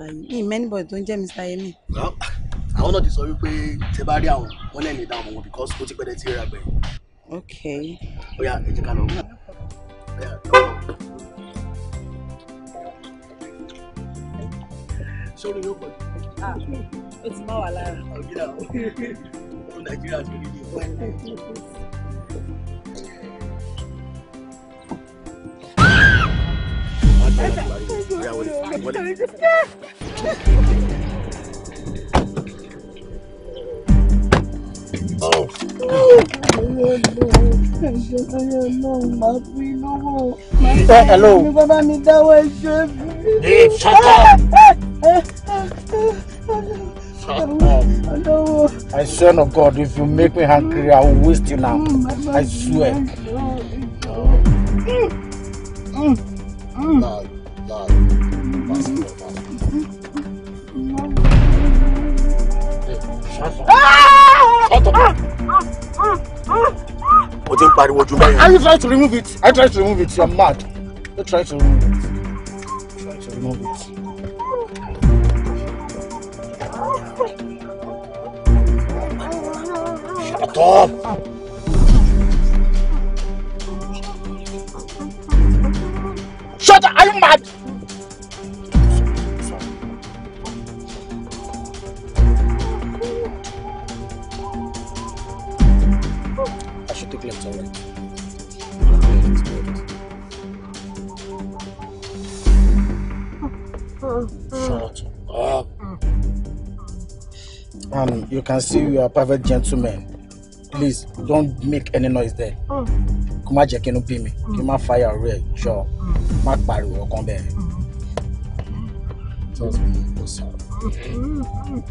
Mr. Yemi ìmọ̀ anybody tó ń jẹ́ Mr. Yemi. àwọn náà ti sọ wípé tẹ bá rí àwọn wọn lẹ́nu ìdá àwọn because ó ti pẹ́ dẹ́ tí rírà gbẹ̀yìn. ok. ó ẹ jẹ́ ká lọ. sọ́run yóò pọ̀ ah, ó ti bá wà lára. ọ̀gídà ó nàìjíríà tó nílé ìwé. Thank you. Ya Hello. Mi bàbá mi shut up! I swear to God, if you make me hungry, I will waste you now. I swear. pariwo jù bẹ́ẹ̀. are you trying to remove it? I try to remove it. You are mad. You try to remove it. Try to remove it. Shut up! can see you are a perfect gentleman please don't make any noise there mm. kó má jẹ́ kí inú bí red mm. kí n má will come there. má pariwo ọkàn bẹ́ẹ̀. Mm.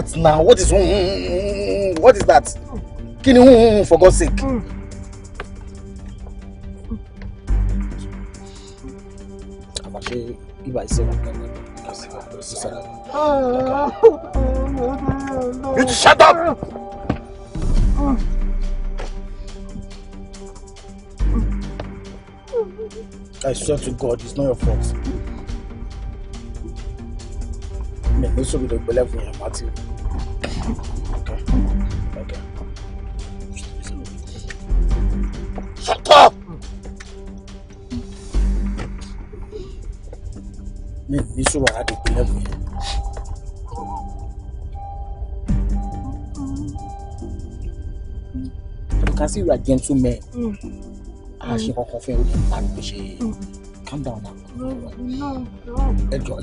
out now what is mm, what is that kí ni mm, for God's sake. Mm. àbàṣe ibà ìṣẹ́wọ̀n kan ní ìṣẹ́wọ̀n. You shut up. I swear to God, it's not your fault. mi ní sóbì ló gbẹlẹ fún yàrá tí. Пока. you Shut up! Mi ní sọ̀rọ̀ àdìgbò lẹ́bùn yẹn. Àbùkà sí ìwà gentleman. A ṣe kankan fẹ́ orí ìpàdé ṣe calm down now. No, jọ ẹ jọ.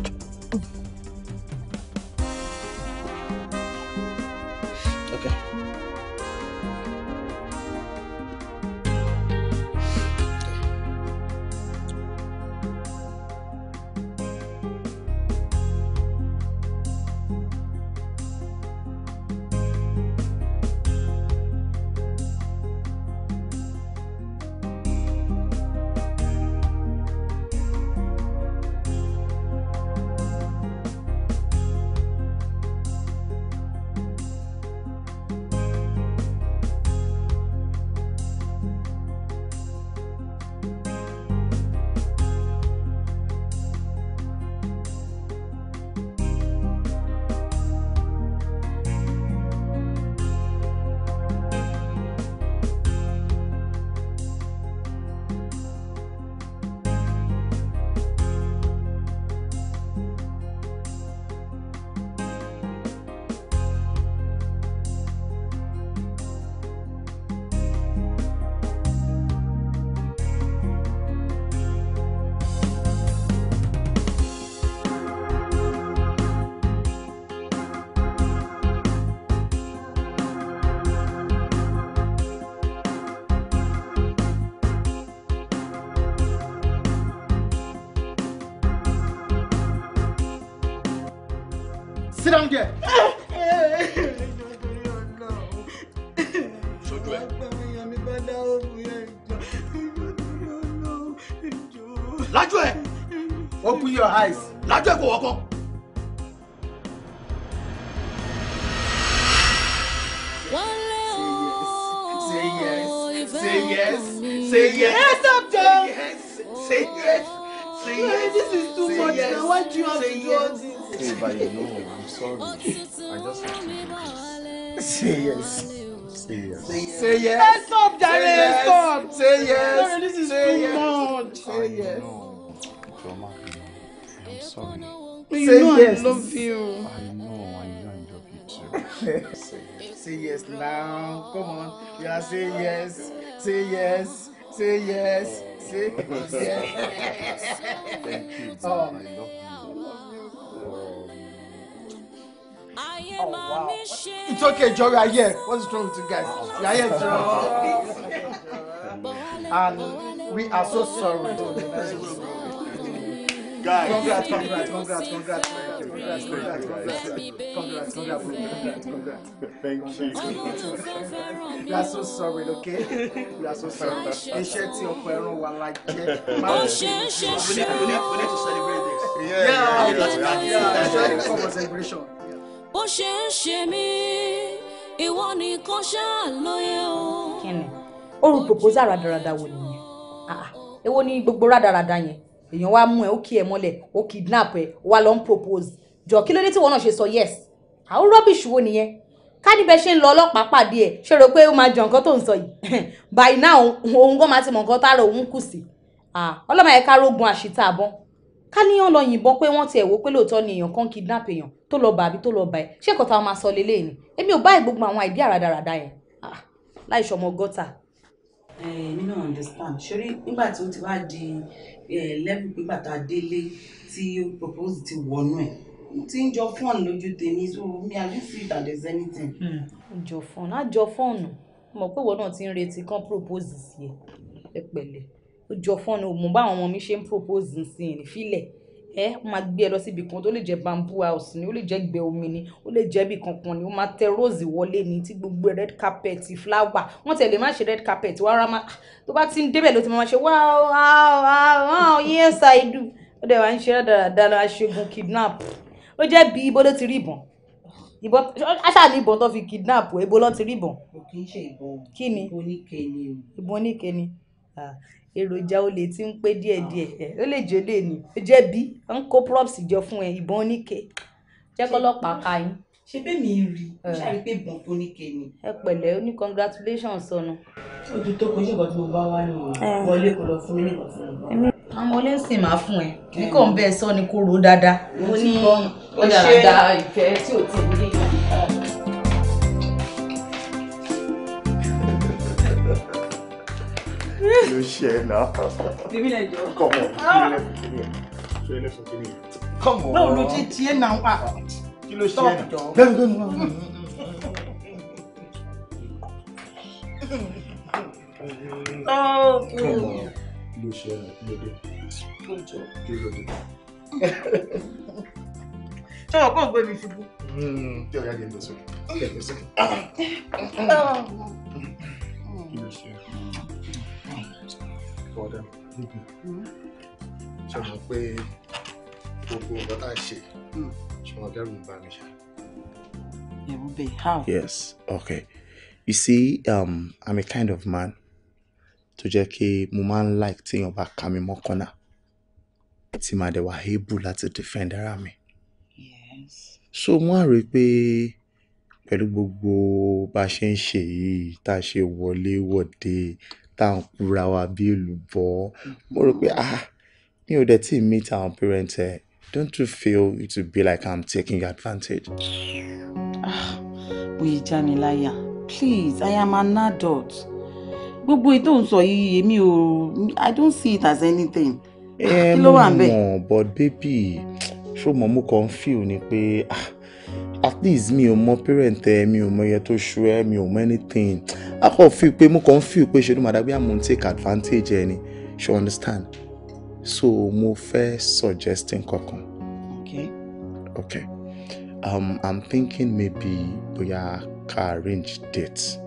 inú I love you. I know, I know, I love you too. say, yes. now. Come on. Yeah, say yes. Say yes. Say yes. Say yes. Thank you, dear. Oh. I love you. Oh, wow. Oh, It's okay, Jora. Yeah. What's wrong with you guys? Yeah, here, Jora. and we are so sorry guy. Congrats, congrats, congrats, congrats, congrats, congrats, congrats, congrats, congrats, congrats. Thank you. We are so sorry, okay? We are so sorry. Iṣẹ́ tí ọ̀pọ̀ ẹran wà la jẹ́. We need we need we need to celebrate this. Yeah, yeah, yeah. yeah. yeah. Come on, celebration. Bó ṣe ń ṣe mí, ìwọ nìkan ṣáà lóye o. Kí ni? Ó rú proposal rádaràda wò nìyẹn. Ah, ah. Èwo ni gbogbo rádaràda yẹn? èèyàn wá mú ẹ ó kí ẹ mọ́lẹ̀ ó kidnap ẹ ó wá lọ ń propose jọ kí ló dé tí wọn náà ṣe yes àwọn rubbish wo nìyẹn ká níbẹ̀ ṣe ń lọ ọlọ́pàá pàdé ẹ̀ ṣe rò pé ó máa jọ nǹkan tó ń by now òun gan máa ti mọ̀ nǹkan tá a rò òun kù sí ọlọ́mọ ẹ̀ka rógun àṣìta àbọ̀n ká níyàn lọ yìnbọn pé wọ́n ti ẹ̀ wò pé lóòótọ́ ni èèyàn kan kidnap èèyàn tó lọ bà àbí tó lọ bà ẹ̀ ṣé nǹkan táwọn máa sọ lélẹ̀ ni èmi ò báyìí gbogbo àwọn àìdí àràdàràdà yẹn láì ṣọmọ gọ́tà. èmi náà understand ṣorí nígbà tí ó ti wá di level pé bàtà délé tí propose ti wọnú ẹ̀ ti ń jọ fọ́ọ̀nù lójú tèmi so mi i don't see that there's anything. àjọ hmm. fọ́ọ̀nù àjọ fọ́ọ̀nù mọ̀ pé ìwọ náà ti ń retí kan propose sí ẹ pẹ̀lẹ́ ó jọ fọ́ọ̀nù mo bá àwọn ọmọ mi ṣe ń propose sí ẹ nífìlẹ̀ ẹ eh, ó máa gbé ẹ lọ síbi kan tó lè jẹ bamboo house ni ó lè jẹ gbẹ omi ni ó lè jẹ ibi kankan ni ó máa tẹ rose wọlé ni tí gbogbo red carpet flower wọn tẹ̀lé má ṣe red carpet wàá rama tó bá ti ń débẹ̀ ló ti máa ṣe wow wow wow yes i do ó dẹ̀ wá ń ṣe dáradára aṣẹ́gun kidnap ó jẹ́ bí ibo ló ti rí ìbọn ìbọn aṣáà ní ìbọn tó fi kidnap ibo ló ti rí ìbọn. kò kí ń ṣe ìbọn kí ni ìbọn oníke èròjà olè tí ń pé díẹ̀díẹ̀ ah. ó lè jẹ́ olè ni ó jẹ́ bí wọ́n kó props jọ fún ẹ ìbọn oníke jẹ́ kọ́lọ́pàá ká yín. ṣé bẹ́ẹ̀ mi rí i ṣáà pé ìbọn tó níke ni. ẹ pẹ̀lẹ́ ó ní congratulations sọnù. ojú tó kọjú ìbọn tí mo bá wá nù eh. wọlé kò lọ fún mi nígbà tí mo bá àwọn olóńsìn máa fún ẹ bí ń bẹ sọ ni kó ro dáadáa. ó ní ó ṣe ìfẹ́ tí ò ti ló ṣe ẹ náà. Come jọ. kọ̀mọ̀ bíbílẹ̀ fún kìnìún ṣe é lè fún kìnìún. kọ̀mọ̀ báwo ló ti tiẹ̀ náà wà. Ah! kí ló ṣe ẹ náà. bẹ́ẹ̀ bẹ́ẹ̀ ni wọ́n. Oh, mm. kọ̀mọ̀ ló ṣe ẹ náà bọ̀dà mm-hmm. mm-hmm. ṣe mọ̀ pé gbogbo nǹkan tá a ṣe mm. ṣe wọn dẹ́rù ń bá mi ṣe. how. yes okay you see um, i'm a kind of man to jẹ́ kí mo like thing about coming more corner. kọ́nà tí màá dẹ̀ wá able láti defend ara mi. yes. so wọ́n á rí i pé pẹ̀lú gbogbo bá a ṣe tá à wa bí èlùbọ́ mm-hmm. mo rò pé ah mi ò dẹ̀ tí ì meet àwọn parents ẹ̀ don't you feel it to be like i'm taking advantage. ah bóyá já please i am an adult gbogbo ètò sọ yìí èmi ò i don't see it as anything. Ah, kí ló ẹ mọ̀ but baby ṣó mọ̀ mo kàn ń feel ni pé ah at least mi ò mọ parent ẹ mi ò mọ iye tó ṣu ẹ mi ò mọ anything a kò fi pé mo kàn fi pé ṣe ló máa dàbí take advantage ẹ ni ṣe understand so mo fẹ́ suggesting kankan. okay. okay um, I'm thinking maybe bóyá ká arrange date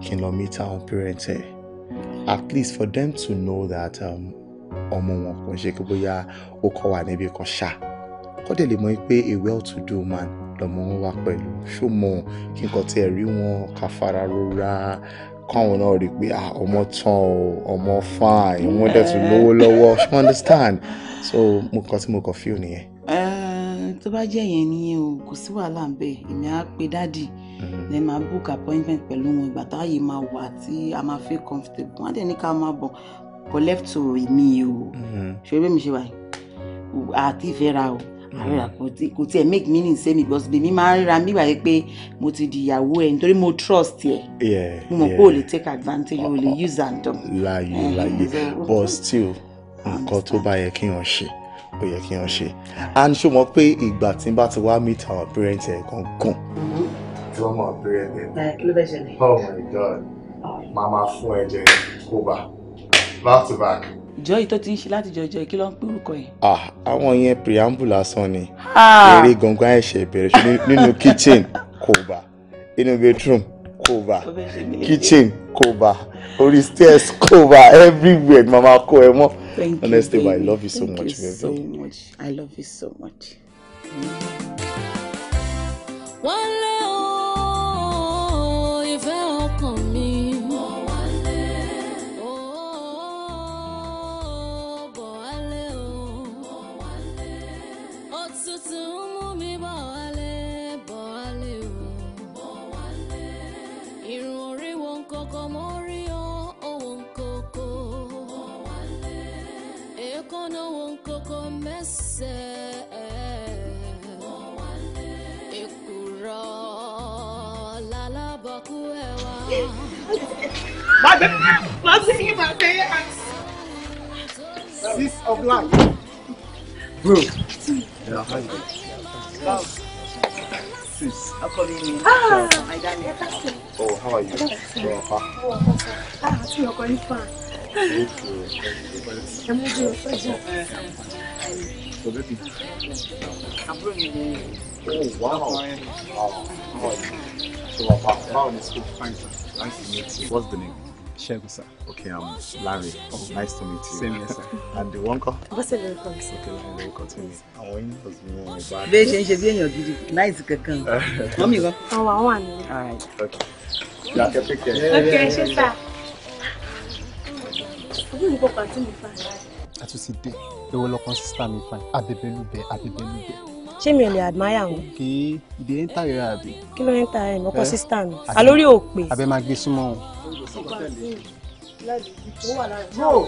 kí n lọ meet our parent ẹ at least for them to know that um, ọmọ wọn kò ṣe kí bóyá ó kọ́ wà níbi kan ṣáà kọ́dẹ̀ lè mọ̀ pé a well-to-do man lọ́mọ wọn wà pẹ̀lú ṣó mọ̀ kí nǹkan tiẹ̀ rí wọn ká fara rora káwọn náà rí i pé ọmọ tán o ọmọ fine wọn dẹ̀ tún lówó lọ́wọ́ ṣé wọ́n understand so mo kàn tí mo kàn feel nìyẹn. Eh, tó bá jẹ́ yẹn nìyẹn o kò sí wàhálà ń bẹ èmi á pe dádì lè mm-hmm. máa book appointment pẹ̀lú wọn ìgbà táyé máa wà tí a máa feel comfortable wọ́n á dẹ̀ ní ká máa bọ̀ collect o èmi o mm-hmm. ṣé bí mi ṣe wà àti ìfẹ́ ra o rárá kò tiẹ̀ make meaning say mi because bèmí máa ń ríra mi gbàgbé pé mo ti di ìyàwó ẹ̀ nítorí mo trust ẹ̀ mo mọ̀ pé o lè take advantage o lè use and done. láyé eh, láyé but still nǹkan tó bá yẹ kí wọ́n ṣe ó yẹ kí wọ́n ṣe and ṣó mọ̀ pé ìgbà tí n bá ti wá meet our parents ẹ̀ gangan. tí mm-hmm. wọ́n mọ̀ parents ẹ̀. Eh, kí ló fẹ́ ṣẹlẹ̀. oh my god oh. màmá fún ẹ jẹ kó bá back to back ìjọ yìí tó ti ń ṣe láti jọjọ kí ló ń pè orúkọ yẹn. Ah, àwọn yẹn preamble lásán ni ah! eré gangan ẹ̀ṣẹ̀ bẹ̀rẹ̀ nínú kitchen kò bá inú bedroom kò bá kitchen kò bá orí stairs kò bá everywhere mama kò ẹ mọ honestly but i love you so Thank much. thank you so much i love you so much. Mm -hmm. ekono wonkoko mẹsẹ èkùrọ́ lálábọkú ẹwà. Màdé màdé yìí màdé yà. Six of life. Bro. Oh, how you doing? Six. I'm calling you. Ah, my darling. Oh, how are you? Oh, ah, I'm calling you. What's the name? Shegun, sir. Okay, I'm Larry. Oh, nice to meet you. Same here, sir. And the one What's the welcome, sir? Okay, Larry, welcome to me. Àwọn yín kò sí mú mi bá. Bẹ́ẹ̀ ṣe ń ṣe bí èèyàn gidi, náìsì kankan. Mọ́mí kan. Àwọn àwọn àná. All right. Okay. Yeah, okay, take care. Okay, ṣe sá àbí òun kọkà tí mo fà. a tún ti dé ewo lọkàn sísá mi fà abẹbẹ lúbẹ abẹbẹ lúbẹ. ṣé mi ò lè admire wọn. kì í ìdè ń tàyè rà bí. kí ló ń ta ẹ̀ mọ́kọ́ sísá mi alórí ò pé. abẹ máa gbé súnmọ́ wọn. yóò.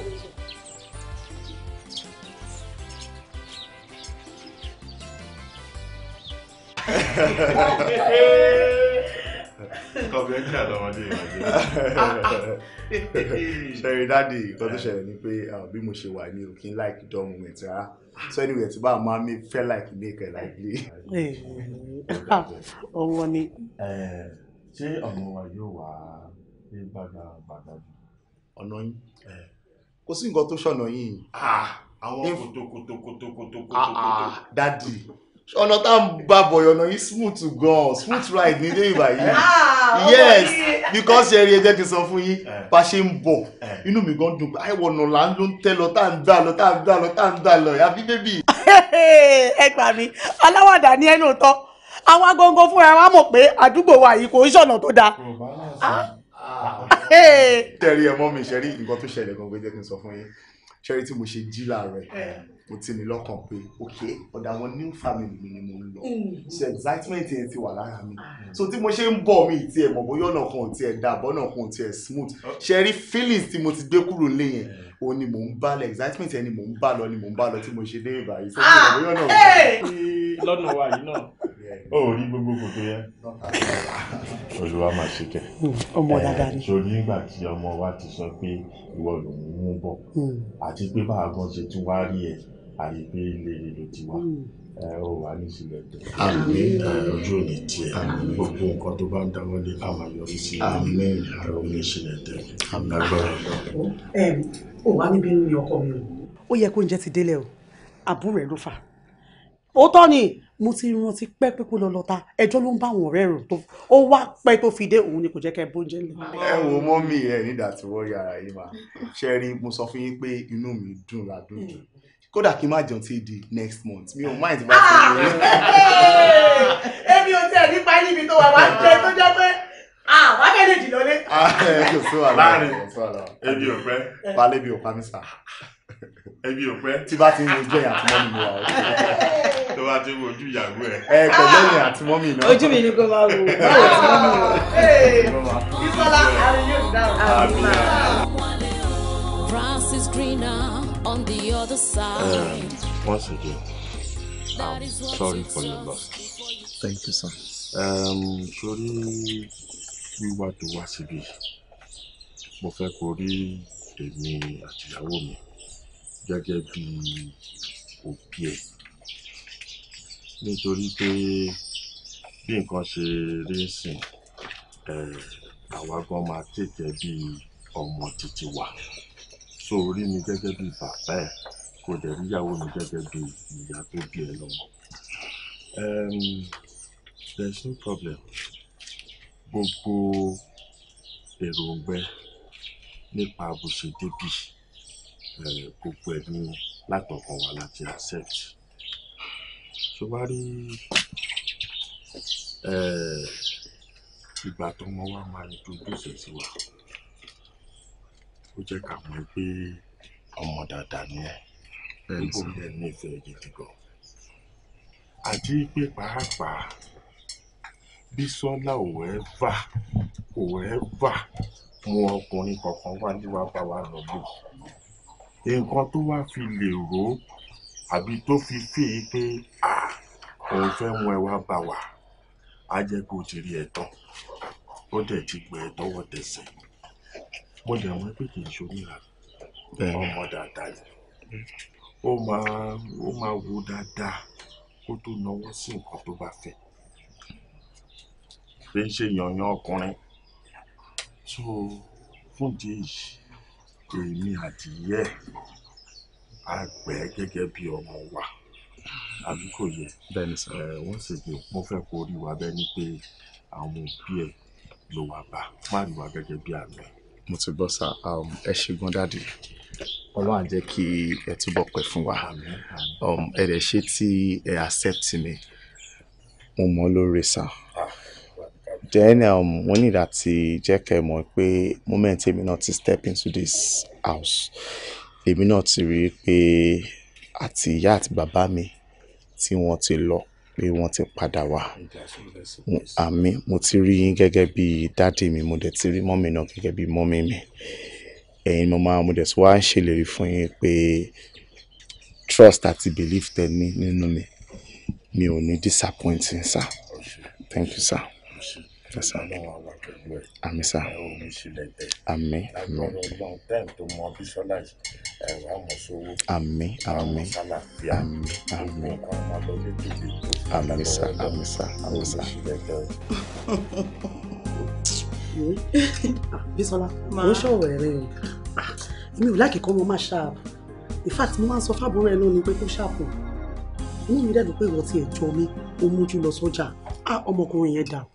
kọ́fíẹ́ntì àtọmọdé ìwádìí. sẹ́rí dáàdì nǹkan tó ṣẹlẹ̀ ni pé uh, bí mo ṣe wà ní òkín like dán moment rárá so anyway tí báwo máa mi fẹ́ like make like play. ọmọ ni. ṣé ọmọ wa yóò wá ní gbàgbàgbà ọ̀nà yín kò sí nǹkan tó ṣọ̀nà yín. Ah, àwọn kòtòkòtòkòtòkòtòkòtò. Ah, ah, dádì ọ̀nà tá à ń bá bọ̀yọ̀ ọ̀nà yìí smooth gan smooth ride ní ilé ìwà yìí ah, yes because ṣe rí ẹ jẹ́ kí n sọ fún yín eh. bá ṣe ń bọ̀ eh. inú mi gan dùn pé àìwọ̀ ọ̀nà là ń ló ń tẹ́ lọ tá à ń dà lọ tá à ń dà lọ tá à ń dà lọ àbí bébì. ẹ gbà mí aláwàdà ní ẹnu tán àwọn agogo fúnra wa mọ̀ pé àdúgbò wa yìí kò ń ṣọ̀nà tó dáa. Ah. tẹ̀rí ẹ̀ mọ́ mi ṣẹ́rí nǹkan tó ṣẹlẹ̀ gan-an jẹ́ kí n sọ fún yín ṣẹ́rí tí mo ṣe jí láàárọ̀ ó ti ní lọ́kàn pé ok ọ̀dà àwọn new family mi ni mo ń lọ ṣe mm-hmm. excitement yẹn ti wà lára mi ah. so tí mo ṣe ń bọ̀ mi ìtì ẹ̀ mọ̀ bóyá ọ̀nà kan ò tiẹ̀ dà bọ́nà kan ò tiẹ̀ smooth oh. ṣe rí feelings tí mo ti gbé kúrò lé yẹn o ni mo ń bá lọ excitement yẹn ni mo ń bá lọ ni mo ń bá lọ tí mo ṣe dé ìbàyí so mo ah, bóyá ọ̀nà ò lọ́nà wa yìí náà ó rí gbogbo kòtò yẹn olúwa máa ṣe kẹ hmm, ọmọ dáadáa ni so eh, nígbà tí ọmọ wa ti sọ pé ìwọ lòún mú bọ̀ hmm. àti pé báwa gan ṣe tún wá rí ẹ àìgbé ilé ìlú tiwa hmm. ẹ ó wà ní ìsìlẹ̀ tó. àmì ọjọ́ òní tiẹ̀ gbogbo nǹkan tó bá ń dáwọ́lé á máa yọrí sí i. àmì àrò ní ìsìlẹ̀ tẹ̀ àmì agbára lọ. ẹ ò wá níbi inú ọkọ mi o. ó yẹ kó oúnjẹ ti délẹ̀ o àbúrò ẹ̀ ló fà òótọ́ ni mo ti rántí pẹ́ pé kó lọ lọ́ta ẹjọ́ ló ń bá àwọn ọ̀rẹ́ rò tó ó wá pẹ́ tó fi dé òun ni kò jẹ́ kẹ́ bóúnjẹ lọ. ẹ wo mọ́mì ẹ nígbà tí wọ́n yàrá yìí máa ṣe mo sọ fún yín pé inú mi dùn ládùn jù kódà kí n má jẹun tí di next month mi ò mind ah! bá ti rí. èmi ò tẹ̀ nípa níbi tó wà wá ń jẹ tó jẹ́ pé wá fẹ́ lè dìlọ́lé. kò sí wàhálà láàrin ebi ò pẹ́. balẹ̀ ebi ò pa mí sà. ebi ò pẹ́. tí bá ti ń wojú ẹ̀yìn àti mọ́mì mi wà ó. tó bá ti ń wojú ìyàwó ẹ̀. ẹ pẹ̀lú ẹ̀yìn àti mọ́mì náà. ojú mi ni kò máa wò ìsọlá àrùn yóò dáhùn is greener on the other side. Um, once again, I'm sorry for your loss. Thank you, sir. Um, sorry, wíwá tó wá síbí mo fẹ́ kó rí èmi àtìyàwó mi gẹ́gẹ́ bí òbí ẹ̀ nítorí pé bí nǹkan ṣe rí sìn àwa gan máa tètè bí ọmọ títí wa so rí mi gẹ́gẹ́ bí bàbá ẹ̀ kò dẹ̀ rí ìyàwó mi gẹ́gẹ́ bí ìyá tó bí ẹ lọ́wọ́. there is no problem gbogbo èròǹgbẹ nípa bó ṣe débì gbogbo ẹ̀ ní látọkàn wa láti accept tó bá rí ìgbà tó mọ wá máa introduce sí wa ó jẹ́ ká mọ̀ pé ọmọ dáadáa ni ẹ́ gbogbo yẹn nífẹ̀ẹ́ gidi gan àti pé pàápàá Bísọ́lá ò ẹ́fà ò ẹ́fà mú ọkùnrin kankan wá ní wàá bá wa lọ bò nǹkan tó wá fi lè rò àbí tó fi fèé pé òun fẹ́ mú ẹ wá bá wa á jẹ́ kó o ti rí ẹ tán ó dẹ̀ ti gbẹ ẹ tọwọ́ tẹsẹ̀ mo lè àwọn pé kì í ṣonira ọmọ dáadáa ni ó máa ó máa wo dáadáa kó tó náwó sí nǹkan tó bá fẹ́ kì í ṣe yànyàn ọkùnrin tó fún ìdí èyí èmi àdìyẹ àgbẹ̀ gẹ́gẹ́ bí ọmọ wa àbí kò yẹ bẹ́ẹ̀ni sọ ẹ wọn sì mo fẹ́ kó rí wa bẹ́ẹ̀ ni pé àwọn òbí ẹ ló wà bá má rí wa gẹ́gẹ́ bí àgbẹ̀ mo ti gbọ́ sá um, ẹ ṣe gan dáàdì ọlọ́run á jẹ́ kí ẹ túbọ̀ pẹ́ fún wa um, ẹ dẹ̀ ṣe tí ẹ accept mi mo mọ̀ lóore sá ah, then um, mo ní láti jẹ́ kẹ́ mọ̀ pé moment èmi náà ti step into this house èmi náà ti rí i pé àti ìyá àti bàbá mi tí wọ́n ti lọ pé wọ́n ti padà wá àmì mo ti rí yín gẹ́gẹ́ bí dáàdì mi mo dẹ̀ ti rí mọ́mì náà gẹ́gẹ́ bí mọ́mì mi ẹ̀yin mo máa mo dẹ̀ ti wá ṣèlérí fún yín pé trust àti belief tẹ ní nínú mi mi ò ní disappointing sir oh, thank you sir ẹsà àmì sà àmì àmì àmì àmì àmì àmì sà àmì sà àmì sà. Bísọ́lá mo ń ṣọ̀wọ̀ ẹ̀rẹ́ o èmi ò láàkì kọ́ mo máa ṣáàpù ah, in fact mo máa ń sọ fábùrọ̀ ẹ lónìí pé kó ṣáàpù inú mi dẹ̀ dùn pé ìwọ ti ẹ̀ jọ mi ó mójú lọ sọ́jà á ah, ọmọkùnrin yẹn dà o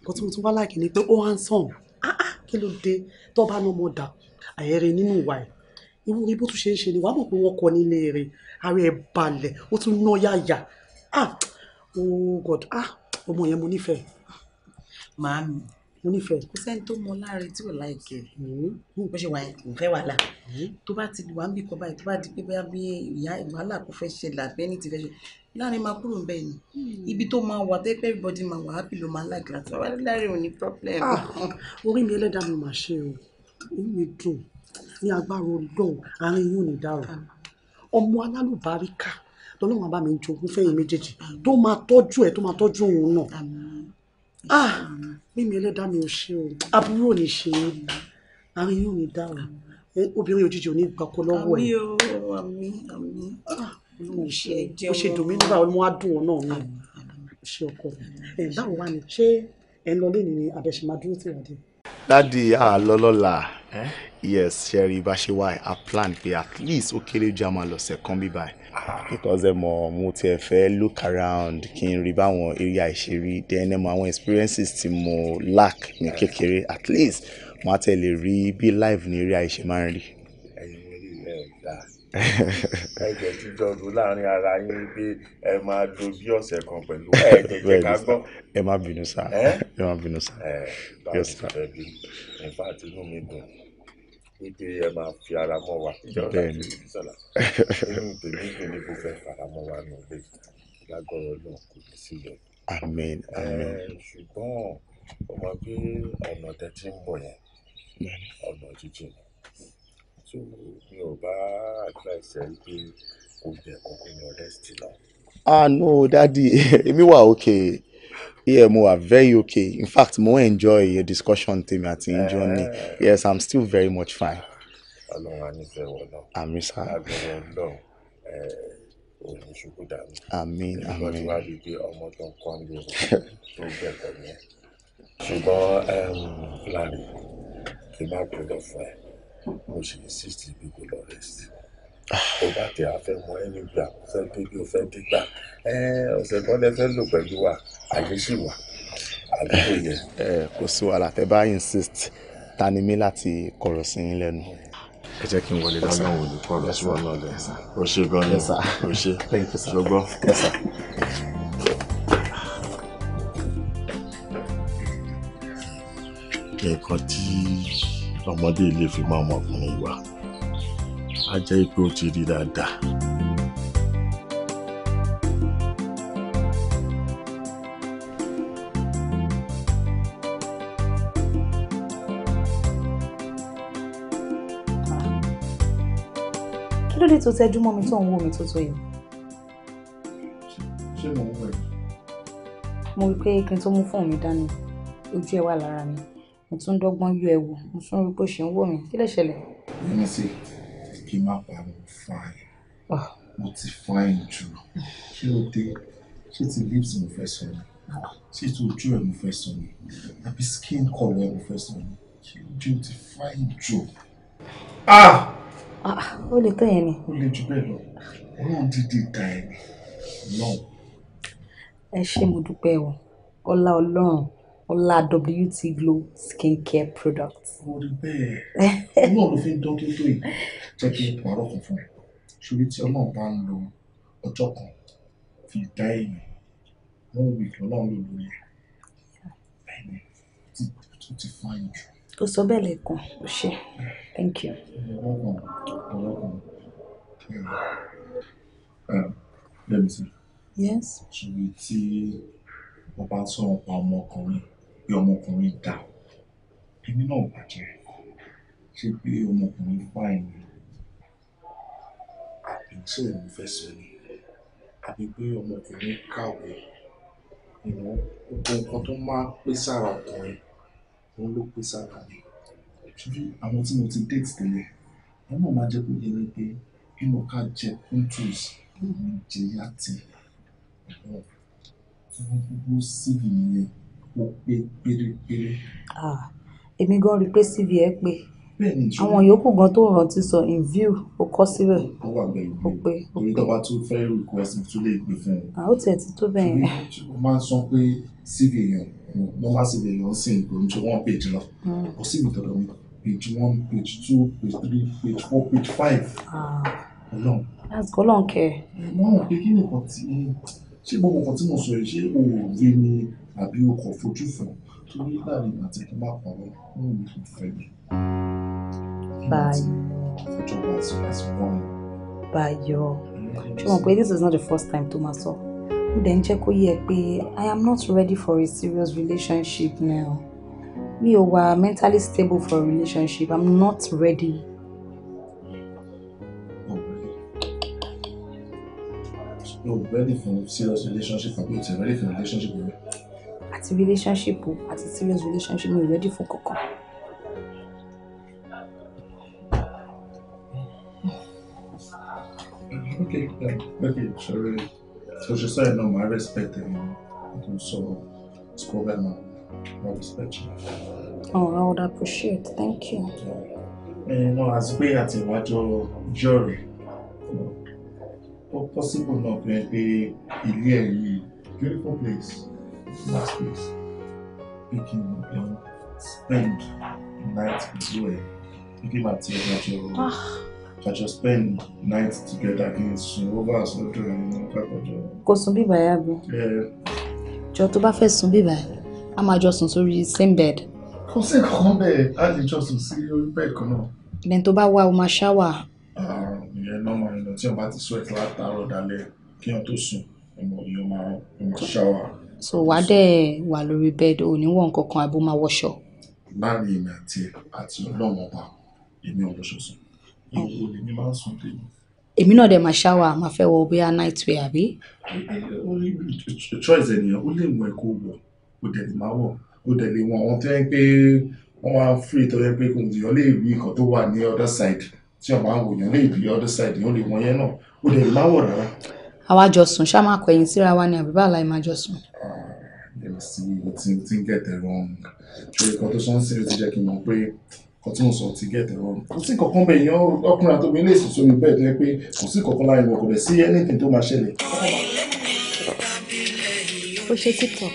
nǹkan tí mo tún wá láìkí ni pé ó handsome ah, ah, kí ló dé tó bá ná ọmọ dà àyẹ̀rẹ̀ nínú ìwà ẹ̀ irú ibi tó ṣe é ṣe ni wàá mọ̀ pé wọ́n kọ nílé rẹ̀ ara ẹ̀ balẹ̀ ó tún ná yáyà ah oh god ah ọmọ yẹn mo nífẹ̀ẹ́. màámi mo nífẹ̀ẹ́. kò sẹ́ni tó mọ láàrin tí ò láìkẹ́ hmm. bó ṣe wà kò fẹ́ wàhálà hmm. tó bá ti wà ń bì kọ́ báyìí tó bá di pé bóyá bí ìyá wàhálà kò fẹ́ ṣẹlẹ̀ àbẹ́ni ti fẹ́ ṣe láàrin máa kúrò nbẹ ni hmm. ibi tó máa wà tó pé everybody máa wà happy ló máa like láti wà láàrin òní problem. Ah! orí mi ẹlẹ́dàá mi máa ṣe o inú mi dùn ní agbára ọlọ́run àárín yóò ní dára ah. ọmọ alálùbáríkà lọ́lọ́run àbá mi jogún fẹ́yìn méjèèjì tó máa tọ́jú ẹ̀ tó máa tọ́jú òun náà ah mímí ẹlẹ́dàá mi ò ṣe o aburú ò ní ṣe é àárín yóò ní dára obìnrin òjijì ò ní gbàkọ lọ́wọ́ ẹ̀. àmì o àmì àmì bó ṣe dùn mí nígbà wọn mo wá dùn wọn náà náà ṣe ọkọ ẹ báwo wá ni ṣé ẹ ń lọ lé ní abẹ́ṣemadúró tí wọ́n dé. dádì àlọ́lọ́la yes ṣẹ́rí bá ṣe wá a plan pé at least ó kéré jù a máa lọ́sẹ̀ kan bí báyìí. because ẹ mọ̀ mo tiẹ̀ fẹ́ look around kí n rí báwọn area ìṣeré then ẹ mọ̀ àwọn experiences tí mo lack ní kékeré at least mo á tẹ̀ lè rí bí live ní area ìṣe máa ń rí ẹ̀jẹ̀ ti dọ̀dù láàrin ara yín pé ẹ máa lo bí ọ̀sẹ̀ kan pẹ̀lú ẹ̀jẹ̀ jẹ́ ká gbọ́. ẹ má bínú sá ẹ má bínú sá. ẹ báwo ti fẹ́ bí in fact inú mi dùn wípé ẹ máa fi ara mọ́ wa ìjọba àti ìbísọ̀lá inú tèmi dùn ní kó fẹ́ fara mọ́ wa nù lé lágọ̀rọ̀ náà kò ní sílẹ̀. amen amen. ṣùgbọ́n ọmọ bí ọ̀nà tẹ́tí ń bọ̀ yẹn ọ̀nà jíjìn ni so mi ò bá advice ẹ pé kò jẹ kókó lọ rest lọ. ah no dadi èmi wà okay yeah mo are very okay in fact mo enjoy your discussion tèmi àti injo ni eh. yes i'm still very much fine. ọlọ́run á nífẹ̀ẹ́ wọ náà. àmín sá. àgbẹ̀wò náà òní ṣubú dànù. àmín àmín. ìgbà tí di pé ọmọ tó ń kọ́ ń lò tó gbẹ̀kọ̀ yẹn. ṣùgbọ́n láàrin kí n má gbọ́dọ̀ fún ẹ mo sì insist pé kò lọ rest tó bá tẹ afẹ́ mọ ẹni gbà mo fẹ́ bébí o fẹ́ dégbà ọ̀sẹ̀ kan lẹ fẹ́ lò pẹ̀lú wa àyè sì wà àdúgbò yẹn. kò sí wàhálà tẹ bá insist ta ni mí láti kọ̀rọ̀ sí yín lẹ́nu ẹ jẹ́ kí n wọlé lọ́sàn án olùkọ́ rẹ̀ sí wọn náà lẹ̀ o ṣe gan ni o ṣe ṣọgbọ́n. nǹkan tí lọ́mọdé ilé fi máa ọmọkùnrin wa á jẹ́ pé ó ti rí dáadáa. kí ló dé tó tẹ́jú mọ́ mi tó ń wò mí tó tó yìí. ṣé mo ń wẹ̀? mo rí i pé kí tó mú fóònù mi dání ojú ẹ wà lára mi mo tún dọ́gbọ́n yọ ẹ wò mo tún rí bó ṣe ń wò mí kí lè ṣẹlẹ̀. Nancy kí n má pariwo fine ah. mo ti fine jù kí ló dé ṣé ti lips mo fẹ́ sọ ni ṣé ti ojú ẹ̀ mo fẹ́ sọ ni àbí skin colour ẹ̀ mo fẹ́ sọ ni kí ló dé o ti fine jù. Ah! Ah, ó lè tó yẹn ni. ó lè jù bẹ́ẹ̀ lọ ọlọ́run dídì da ẹ̀ ni náà. ẹ ṣé mo dúpẹ́ o ọlá ọlọ́run ọlá WT Glow skincare products. ó rí bẹ́ẹ̀ inú ọ̀rọ̀ fi ń dán tó tó yìí jẹ́ kí n pọ̀ ọ̀rọ̀ kan fún ẹ ṣòro tí ọlọ́run bá ń lo ọjọ́ kan fi dá èèyàn one week lọ́lọ́run ló lórí ẹ̀ bẹ́ẹ̀ni tó ti fáyìn jù. o sọ bẹ́ẹ̀ lẹ́ẹ̀kan o ṣe thank you. ọlọ́run ọlọ́run let me see. yes. ṣòro tí wọ́n bá sọ̀rọ̀ pa ọmọkùnrin pé ọmọkùnrin dà èmi náà ò bàjẹ́ ṣé pé ọmọkùnrin fáìní àbí tí òun fẹ́ sọ ni àbí pé ọmọkùnrin kàwé ìwọ̀n gbogbo nǹkan tó máa pé sára ọkùnrin òun ló pé sára mi ṣùgbọ́n àwọn tí mo ti déètì tẹ́lẹ̀ wọ́n náà máa jẹ́ kó yẹ wípé inú ká jẹ kúntùs òun jẹ yàtì ọ̀hún gbogbo síbi nìyẹn mo pé pérépéré. Ah, èmi gan rí i pé cv ẹ pé àwọn yòókù gan tó rántí sọ in view ó kọ síbẹ̀ ó pé ó pé ìjọba tó fẹ́ request tó lè pè fún un. Ah, ó tiẹ̀ ti tó bẹ́ẹ̀ yẹn. ó máa ń sọ pé cv yẹn normal cv yẹn sì ń gbòòrò ju one page lọ ó sì mi tọ̀dọ̀ mi page one page two page three page four page five. Ah. ọlọ́run. that's gọ́lọ́n kẹ́. mo mọ̀ pé kí nìkan tí ṣé gbogbo nǹkan tí mo sọ yìí ṣé òòrùn rí ni àbí o kò fojú fún torí láàrin àti kí n má pààrọ̀ nínú mi kò fẹ́ mi. Báyọ̀ Báyọ̀ this is not the first time tó Then check ó dẹ̀ ń jẹ́ I am not ready for a serious relationship now Me, ò wà mentally stable for a relationship I'm not ready. You're ready for a serious relationship, but ready for a relationship àti relationship o àti serious relationship mi ò ready fún kankan. Okay, um, okay, sorry. So she said no, I respect him. So it's problem. My respect you. Oh, I would appreciate. Thank you. Ẹ̀yin as àti pé àtìwájọ jọ̀rì ó possible náà pé ilé ẹ̀ yìí beautiful place last week picking up your spend night with ah. you picking my tear that your that your spend night together against sun over as lọ́dọ̀ ẹ̀ ní kákọ̀jọ. kò sùn bíbà yá bi. jọ tó bá fẹ́ sùn bíbà a máa jọ sùn sórí same bed. kò sí nǹkan bẹ́ẹ̀ a lè jọ sùn sí orí bẹ́ẹ̀ kan náà. ìdẹ́n tó bá wá o máa ṣáwà. Ah, ìyẹn náà máa ń lọ tí wọn bá ti sweat látàárọ̀ dalẹ́ kí wọn tó sùn ọmọ yìí ó máa ṣáwà so wàá dẹ̀ wà lórí bẹ́ẹ̀dì ò ní wọ̀ nǹkan kan àbó máa wọṣọ. láàrin èmi àti àti ọlọ́run ọba èmi ò lọ́ṣọ sùn oh. ìwọ lèmi máa ń sùn tèmi. èmi náà dẹ̀ máa ṣáwà máa fẹ́ wọ bóyá night wear àbí. choice ènìyàn ó lè wọ ẹ̀kọ́ wọ̀ ó dẹ̀ lè má wọ̀ ó dẹ̀ lè wọ àwọn tó yẹ pé wọ́n wá free tó yẹ pé kò ní ọ lè rí nǹkan tó wà ní other side tí ọba ń wò yàn lè rí other side yàn lè wọ yẹn náà ó dẹ̀ lè má wọ̀ rárá àwa jọ sùn ṣá máa kọ̀yìn síra wa ni àbí báà láì máa jọ sùn. ti ń gẹ̀tẹ̀ rọrùn ṣe nǹkan tó sọ́n sílẹ̀ ti jẹ́ kí n mọ̀ pé nǹkan tí mo sọ ti gẹ̀tẹ̀ rọrùn. kò sí kankan bẹ̀ yan ọkùnrin àtòmí lè sùn sómi bẹ́ẹ̀ tó yẹ pé kò sí kankan láàrin wọn kò dẹ̀ sí anything tó máa ṣẹlẹ̀. ó ṣe tiktok.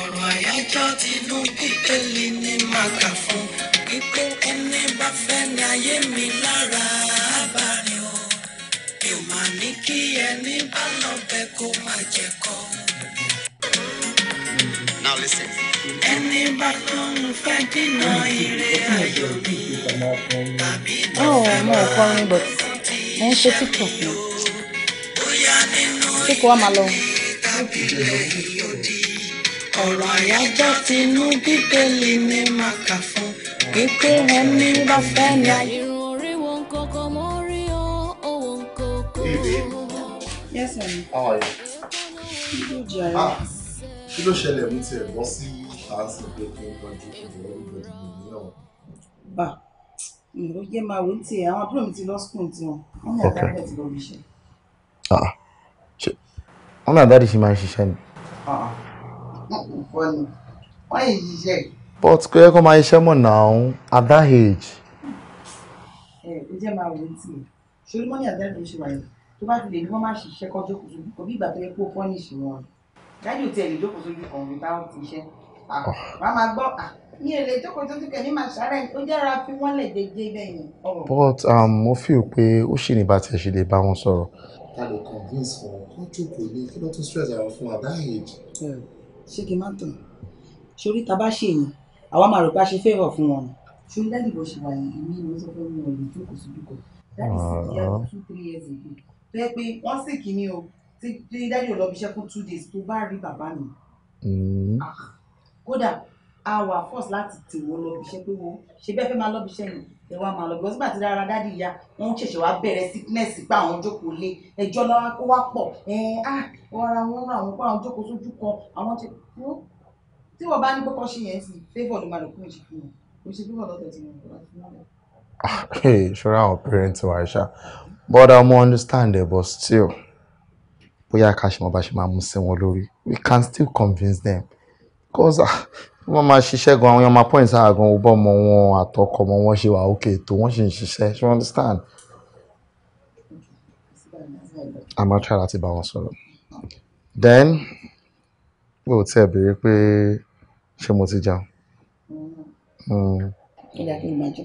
ọ̀rọ̀ àyájọ́ tinú bíbélì ni màkà fún pípé ẹni bá fẹ́ ní ayé mi l bí ẹni bá lọ bẹ kó má jẹ kọ. Now listen. ẹni bá lóun fẹ́ dínà ire ayọ̀ mi tàbí tó fẹ́ máa kọrin bọ̀ mo ń ṣe tiktok ni kíkọ́ wa máa lọ. ọ̀rọ̀ àyájọ́ tinú bíbélì ni màkà fún kíkó wọn bá fẹ́ ní ayé. Yes, sir. How are you? Good, Jerry. Ah, you ló ṣẹlẹ̀ mú tiẹ̀ bọ́ sí àǹsì pé kí n tọ́jú ìwọ ìwọ ìwọ náà? Bà, ó yẹ máa wé tiẹ̀, àwọn àbúrò mi ti lọ school tiwọn. Wọ́n ní àgbà bẹ́ẹ̀ ti lọ bí iṣẹ́. Wọ́n ní àdáàdì ṣe máa ń ṣiṣẹ́ ni. Ah, ah. Wọ́n ní wọ́n yìí ṣiṣẹ́ But kò yẹ kó máa ṣiṣẹ́ mọ̀ náà at that age. Ẹ ẹ jẹ́ máa wé tiẹ̀, ṣòro mọ́ ní àdáàdì ṣe wáyé tó bá fi lè ní má ṣiṣẹ́ kan jókòó sójú ìgbà tó yẹ kó pọ́nìṣì wọn dájú tí ẹ lè jókòó sójú kan òun ti iṣẹ́ wàá ah. máa gbọ́ mi ò lè jókòó sójú kẹ̀mí máa ṣàárẹ̀ ó jára fi wọ́n lẹ̀ jẹjẹ bẹ́yẹn. but um, mo feel pé ó ṣì ní bá tiẹ̀ ṣe lè bá wọn sọ̀rọ̀. ta ló convince wọn kán jókòó lé kí ló tún stress àwọn fún wa báyìí. ṣé kí n má tàn sórí ta bá ṣe yẹn àwa máa rò pé a ṣe favour fún wọn. ṣùgbọ́n dájú bó ṣe wà yìí èmi ni sọ fún mi ò lè jókòó sójú kan that ah. is two three years ago tẹ́ pé wọ́n sì kí ni o tí dájú ò lọ bí iṣẹ́ fún two days tó bá rí bàbá mi. Mm-hmm. Ah, kódà a wà force láti tì wọ́n lọ bí iṣẹ́ pé wọ́n ṣe bẹ́ẹ̀ fẹ́ máa lọ bí iṣẹ́ yìí ẹ wá máa lọ bí wọ́n sígbà tí dára dádì ìyá wọn ṣẹ̀ṣẹ̀ wá bẹ̀rẹ̀ sickness pa àwọn jókòó lé ẹjọ́ lọ́wọ́ kó wá pọ̀ ah, ọ̀rọ̀ àwọn ọ̀rọ̀ àwọn pa àwọn jókòó sójú kan àwọn ti kú tí wọ́n bá ní kókó ṣe yẹn sí favour ló máa lọ kún ìṣèkú wọn kò ṣe favour lọ́tọ̀ tí wọ́n kọ́ ah, ṣọ́ra àwọn parents wa ṣá but I understand it but still bóyá ká ṣe mọ bá ṣe máa mú sí wọn lórí we can still convince them because ah, wọ́n máa ṣiṣẹ́ gan àwọn èèyàn máa point sáà gan ọgbọ́n ọmọ wọn àtọkọ ọmọ wọn ṣe wà ókè tó wọ́n ṣì ń ṣiṣẹ́ you understand a máa try láti bá wọn sọ̀rọ̀ then bó tí ẹ béèrè pé ṣé mo ti jẹun. ìyá hmm. kí n máa jẹ.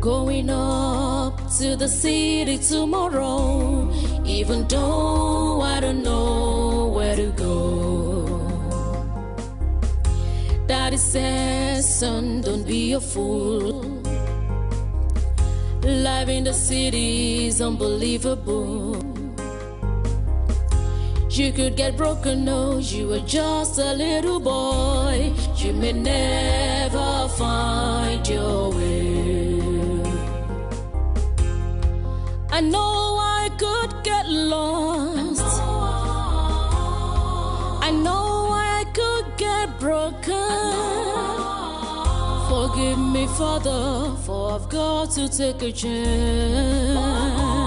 Going up to the city tomorrow, even though I don't know where to go. Daddy says, son, don't be a fool. Life in the city is unbelievable. You could get broken, no, you were just a little boy. You may never find your way. I know I could get lost. I know I could get broken. Forgive me, Father, for I've got to take a chance.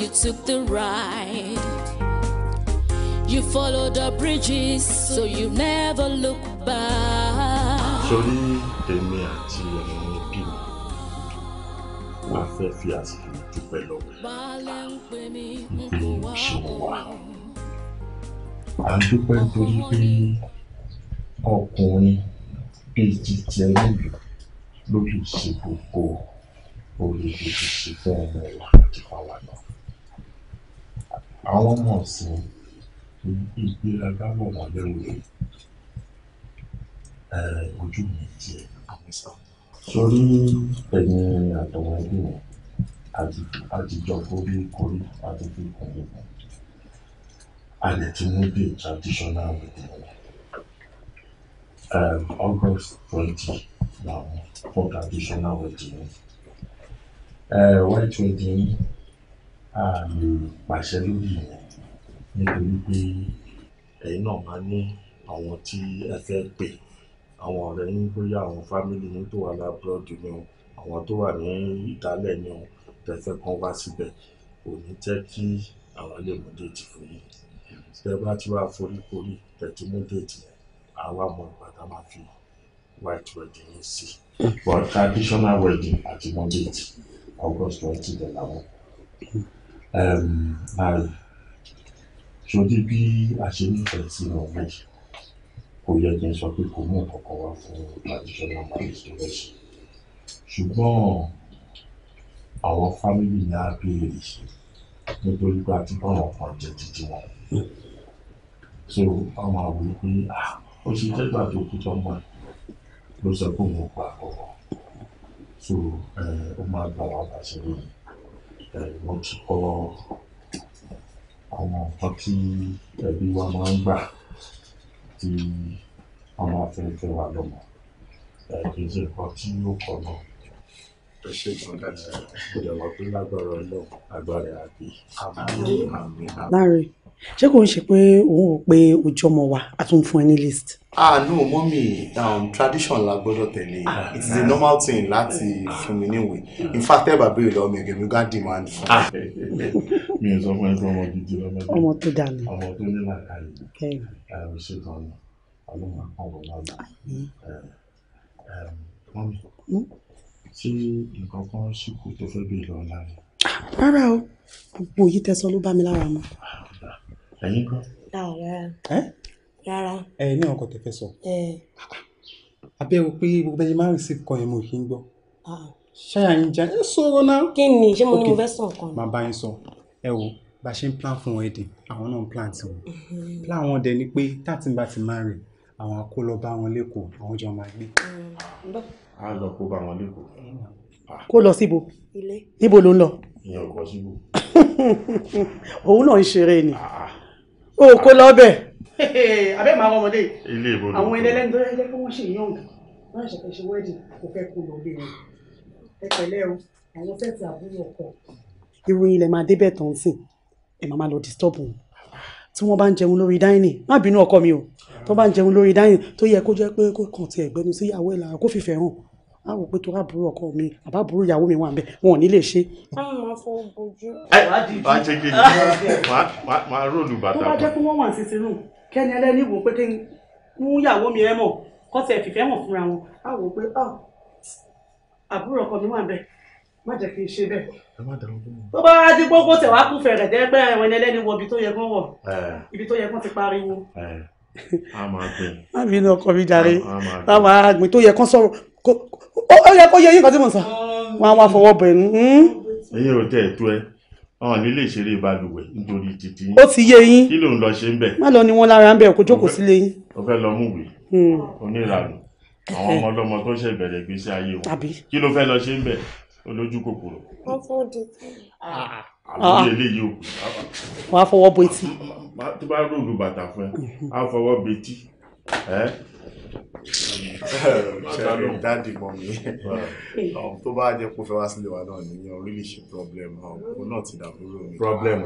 you took the ride. You followed the bridges, so you never look back. Sorry, èmi àti ẹ̀rọ ní bí mi, wọ́n fẹ́ fi àsìkò dúpẹ́ lọ́wọ́. Ìgbé ìṣòro wa. À ń dúpẹ́ nítorí pé ọkùnrin bíi ti tiẹ̀ nílùú ló lè ṣe gbogbo orí ibi ìṣẹ́fẹ́ ẹ̀rọ ìlànà ìfàwọ̀ náà àwọn ọmọ ọ̀sìn ìgbéraga wọ̀ wọ́n lẹ́rù rẹ̀ ojú mi jẹ́ sórí ẹ̀yìn àtọ̀wọ̀ ẹbí wọn àtijọ́ forí korí àti fi kùnú kùn a lè ti traditional wedding wọn um, August twenty làwọn for traditional wedding uh, white wedding a lè pàṣẹ lórí yẹn nítorí pé ẹ̀yin náà máa ní àwọn tí ẹ fẹ́ pè àwọn ọ̀rẹ́ yín bóyá àwọn fámìlì yín tó wà lábúròdì ni o àwọn tó wà ní ìdálẹ̀ ni o tẹ̀fẹ́ kan wá síbẹ̀ kò ní jẹ́ kí àwọn lè mú déètì fún yín tẹ bá ti wá foríkorí tẹ̀tí mú déètì yẹn àwa mọ ìgbà a máa fi white wedding yín sí but traditional wedding àti mọ déètì August twenty de làwọn àrùn ṣojú bí a ṣe nífẹ̀ẹ́ sí ọmọ yìí kò yẹ kí n sọ pé kò mú nǹkan wá fún traditional marriage to rest ṣùgbọ́n àwọn fámìlì ní abéèrè nítorí pé a ti bá wọn kan jẹ títí wọn so wọn máa pé ó ṣe jẹ́gbà tó kú tọ́mọ ló sọ pé òun ò gbà so ó máa gbà wọn bá ṣe lóyún mo àwọn nǹkan tí ẹbí wa máa ń gbà tí wọ́n máa fẹ́ fẹ́ wa lọ́mọ kì ṣe nǹkan tí yóò kọ náà. ẹ ṣe kan dáadáa ìjọba tó lágbára náà agbára àbí. láàrin ṣé kò ń ṣe pé òun ò pé ojú ọmọ wa a tún fún ẹ ní list. ah no mọ́mì um, tradition la gbọ́dọ̀ tẹ̀lé ah, it is a ah. normal thing láti fún mi níwèé in fact ẹ bá béèrè lọ́wọ́ mi gẹ̀mí gá demand fún mi. Ah. mi ò sọ fún ẹ pé ọmọ gidi ọmọ gidi ọmọ tó dànù ọmọ tó ní làkàyè ẹ̀rù ṣe kan ní ọlọ́run àpọ̀wọ̀ lọ́dọ̀ mọ́mì ṣé nǹkan kan ṣì kù tó fẹ́ béèrè ọ̀la rẹ̀. rárá o gbogbo yìí tẹ sọ ló bá mi lára mu ẹ̀yin gbọ́. dáhùn rárá. rárá. ẹ ní àwọn kan tẹ fẹ́ sọ. abẹ́wò pé gbogbo ẹyin máa ń rìsí kan yẹn mo kì í gbọ́. ṣáyà yín jẹ́ ẹ sọ̀rọ̀ náà. kí ni ṣé mo ní mo fẹ́ sọ nǹkan. màá bá yín sọ ẹ wo bá ṣe ń plan fún wọn èdè àwọn náà ń plan tiwọn. Mhm. plan wọn dẹ ni pé tàtí bá ti máa rìn àwọn akó lọ bá wọn lẹ́kọ̀ọ́ àwọn jọ máa gbé. Mm. a lọ kó bá wọn lẹ́kọ̀ọ́. Mm. Ah. kó lọ síbo níbo ló ń lọ. ìyẹn ò kọ síbo. òun náà ń ṣeré ni. Ah, ah o kò lọ bẹ̀. abẹ́ màá wọ ọmọdé ilé ìbò àwọn ẹlẹ́lẹ́ni tó yẹ kí wọ́n ṣe yàn wọ́n ṣẹ̀fẹ̀ ṣe wẹ́ẹ̀dì kò fẹ́ kó lọ lé wọn ẹ pẹ̀lẹ́ o àwọn fẹ́ ti àbúrò ọkọ. ìròyìn ilẹ̀ máa débẹ̀ tán sí ẹ máa máa lọ disturb wọn tí wọ́n bá ń jẹun lórí dáìnì má bínú ọkọ mi o tó bá ń jẹun lórí dáìnì tó yẹ kó jẹ́ pé kó kàn ti ẹ̀gbẹ́ni síyàwó ẹ̀ lára kó fìfẹ́ hàn á wò pé tó bá burú ọkọ mi àbá burú ìyàwó mi wà ń bẹ wọn ò ní lè ṣe. táwọn máa fọ bojú. ẹ wá ṣe kí ni máa róòlù bàtà. tó bá jẹ́ pé wọ́n wà ní sísè rùn kẹ́ni ẹlẹ́ni wò pé kí n mú ìyàwó mi ẹ mọ̀ kọ́sẹ̀ fìfẹ́ hàn fúnra wọn á wò pé ah, àbúrò ọkọ mi wà ń bẹ má jẹ́ kí n ṣe bẹ́ẹ̀. tó bá di gbogbo tẹ̀ wá kúfẹ̀ rẹ̀ dẹ́gbẹ́ ẹ̀wọ̀n ẹlẹ́ni wọ ibi tó yẹ kán máa gbìn tó yẹ kán sọ̀rọ̀ ó yẹ kó yẹ yín kan tí mo sọ um, wọn á wá fọwọ́ bẹ̀ ní. Hmm? ẹ̀yin ò tẹ ẹtọ ẹ ọ̀hún nílé ìṣeré balùwẹ̀ nítorí títí. ó ti yé yín kí ló ń lọ ṣe ń bẹ̀. má lọ ni wọn lára ń bẹ̀ kó jókòó sílé yín. o fẹ́ lọ múwèé hmm. onírànù àwọn ọmọ ọlọ́mọ tó ṣẹ̀ bẹ̀rẹ̀ ìgbésí ayé wọn kí ló fẹ́ lọ ṣe ń bẹ̀ olójú kòkòrò. wọ́n fọ́ di. àbúrò eléyìí ò. wọ́n á fọwọ́ bo etí. tó bá ròdù bàtà fún ẹ á fọwọ́ bo etí dáàdì mọ mi tó bá jẹ́ pé ó fẹ́ wá sílé wa náà nìyẹn orí lè ṣe problem ọkọ náà ti dàbúrò mi. problem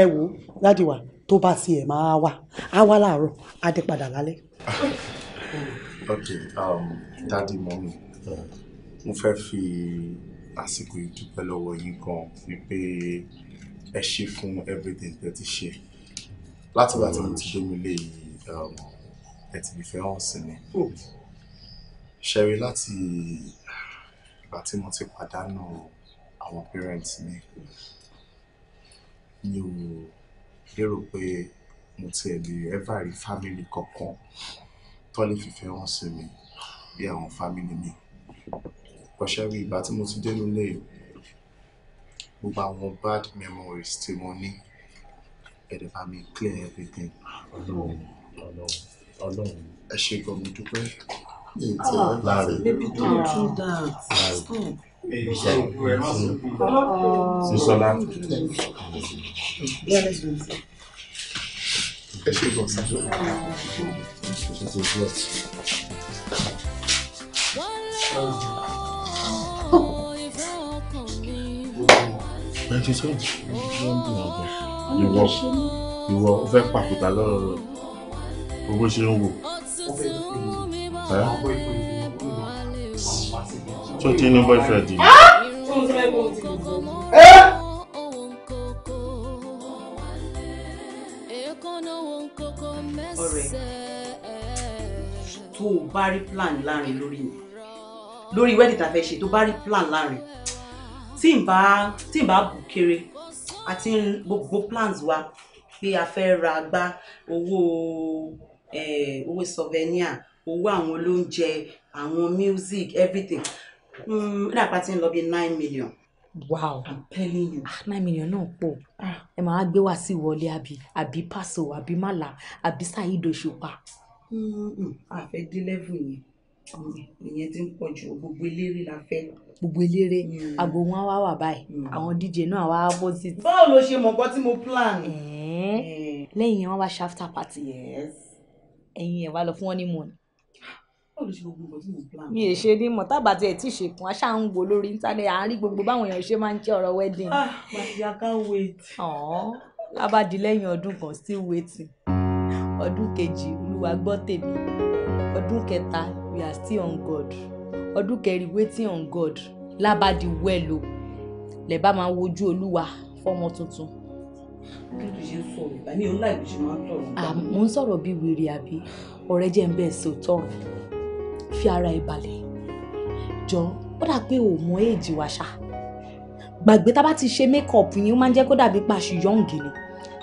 ẹ wo dáàdì wa tó bá tiẹ̀ máa wá á wá láàárọ̀ á dé padà lálẹ́. ok um, dáàdì mọ mi mo fẹ́ fi àsìkò ìdúpẹ́ lọ́wọ́ yín gan wípé ẹ ṣe fún everything tẹ́ ti ṣe látìgbà tí mo ti dé mi lé um, ẹ ti fi fẹ́ràn sí mi oh. ṣẹ̀rí láti ìgbà tí mo ti pàdánù àwọn parents mi mi ò lérò pé mo tiẹ̀ lè ever rí family kankan tó lè fi fẹ́ràn sí mi bí àwọn family mi ṣẹ̀rí ìgbà tí mo ti dé mi lé gbogbo àwọn bad memories tí mo ní. Me ẹ̀rẹ̀ bá mi clear everything. ọlọ́run ọlọ́run ọlọ́run ẹ ṣe gan mi dúpẹ́. láàrin baby don't do that stop. sísọlá ẹ ṣe gan sísọlá. Oh. 92 ìwọ ìwọ ó fẹ́ pàkúta lọ́rọ̀ rẹ̀ o bó ṣe ń wò. tó ti ní boyfriend ni. Ah! Eh? ọ̀rẹ́ tó o bá rí plan láàrin lórí yẹn lórí wedding tá a fẹ́ ṣe tó bá rí plan láàrin tí n bá tí n bá bù kéré àti gbogbo plans wa pé a fẹ́ ra gbá owó owó souvenir owó àwọn olóúnjẹ àwọn music everything rírà hmm, pa ti ń lọ bí nine million. wow i'm telling you. ah nine million náà pọ̀ ah, ẹ máa gbé wá sí ìwọlé àbí àbí pàṣẹ àbí màlà àbí ṣáà ìdòṣùpá. Hmm, hmm, a fẹ́ dé level yẹn ìyẹn ti ń pọ̀ jù gbogbo eléré la fẹ́. gbogbo eléré àgbo hmm. wọn wá wà báyìí hmm. àwọn dj náà wá opposite. báwo ló ṣe mọ̀ nǹkan tí mo plan. Hmm. lẹ́yìn yẹn wọ́n wá ṣáftà pàtì ẹ̀yìn ẹ̀ wá lọ fún wọn ní mọ̀ọ́nì mi ì ṣe ní mọ̀ tábà tí ẹ̀ tí ṣèkún aṣá ń wo lórí íńtánẹ́ẹ̀tì à ń rí gbogbo báwọn èèyàn ṣe máa ń jẹ́ ọ̀rọ̀ wedding. ah my dear can't wait. ọ̀hún lábàdí lẹ́yìn ọdún kan still waiting ọdún kejì olúwa gbọ́ tèmi ọdún kẹta we are still on God ọdún kẹrin waiting on God lábàdí well o lè bá máa wojú olúwa fọmọ tuntun. mo ń sọ̀rọ̀ bí wèrè àbí ọ̀rẹ́ jẹ́ ń bẹ́ẹ̀ sí fi ara ẹ̀ balẹ̀ jọ ó dà pé ò mọ èèjì wa ṣá gbàgbé tá bá ti ṣe mékọ̀pù yìí ó máa ń jẹ́ kó dàbí pàṣẹ yọ̀ǹgì ni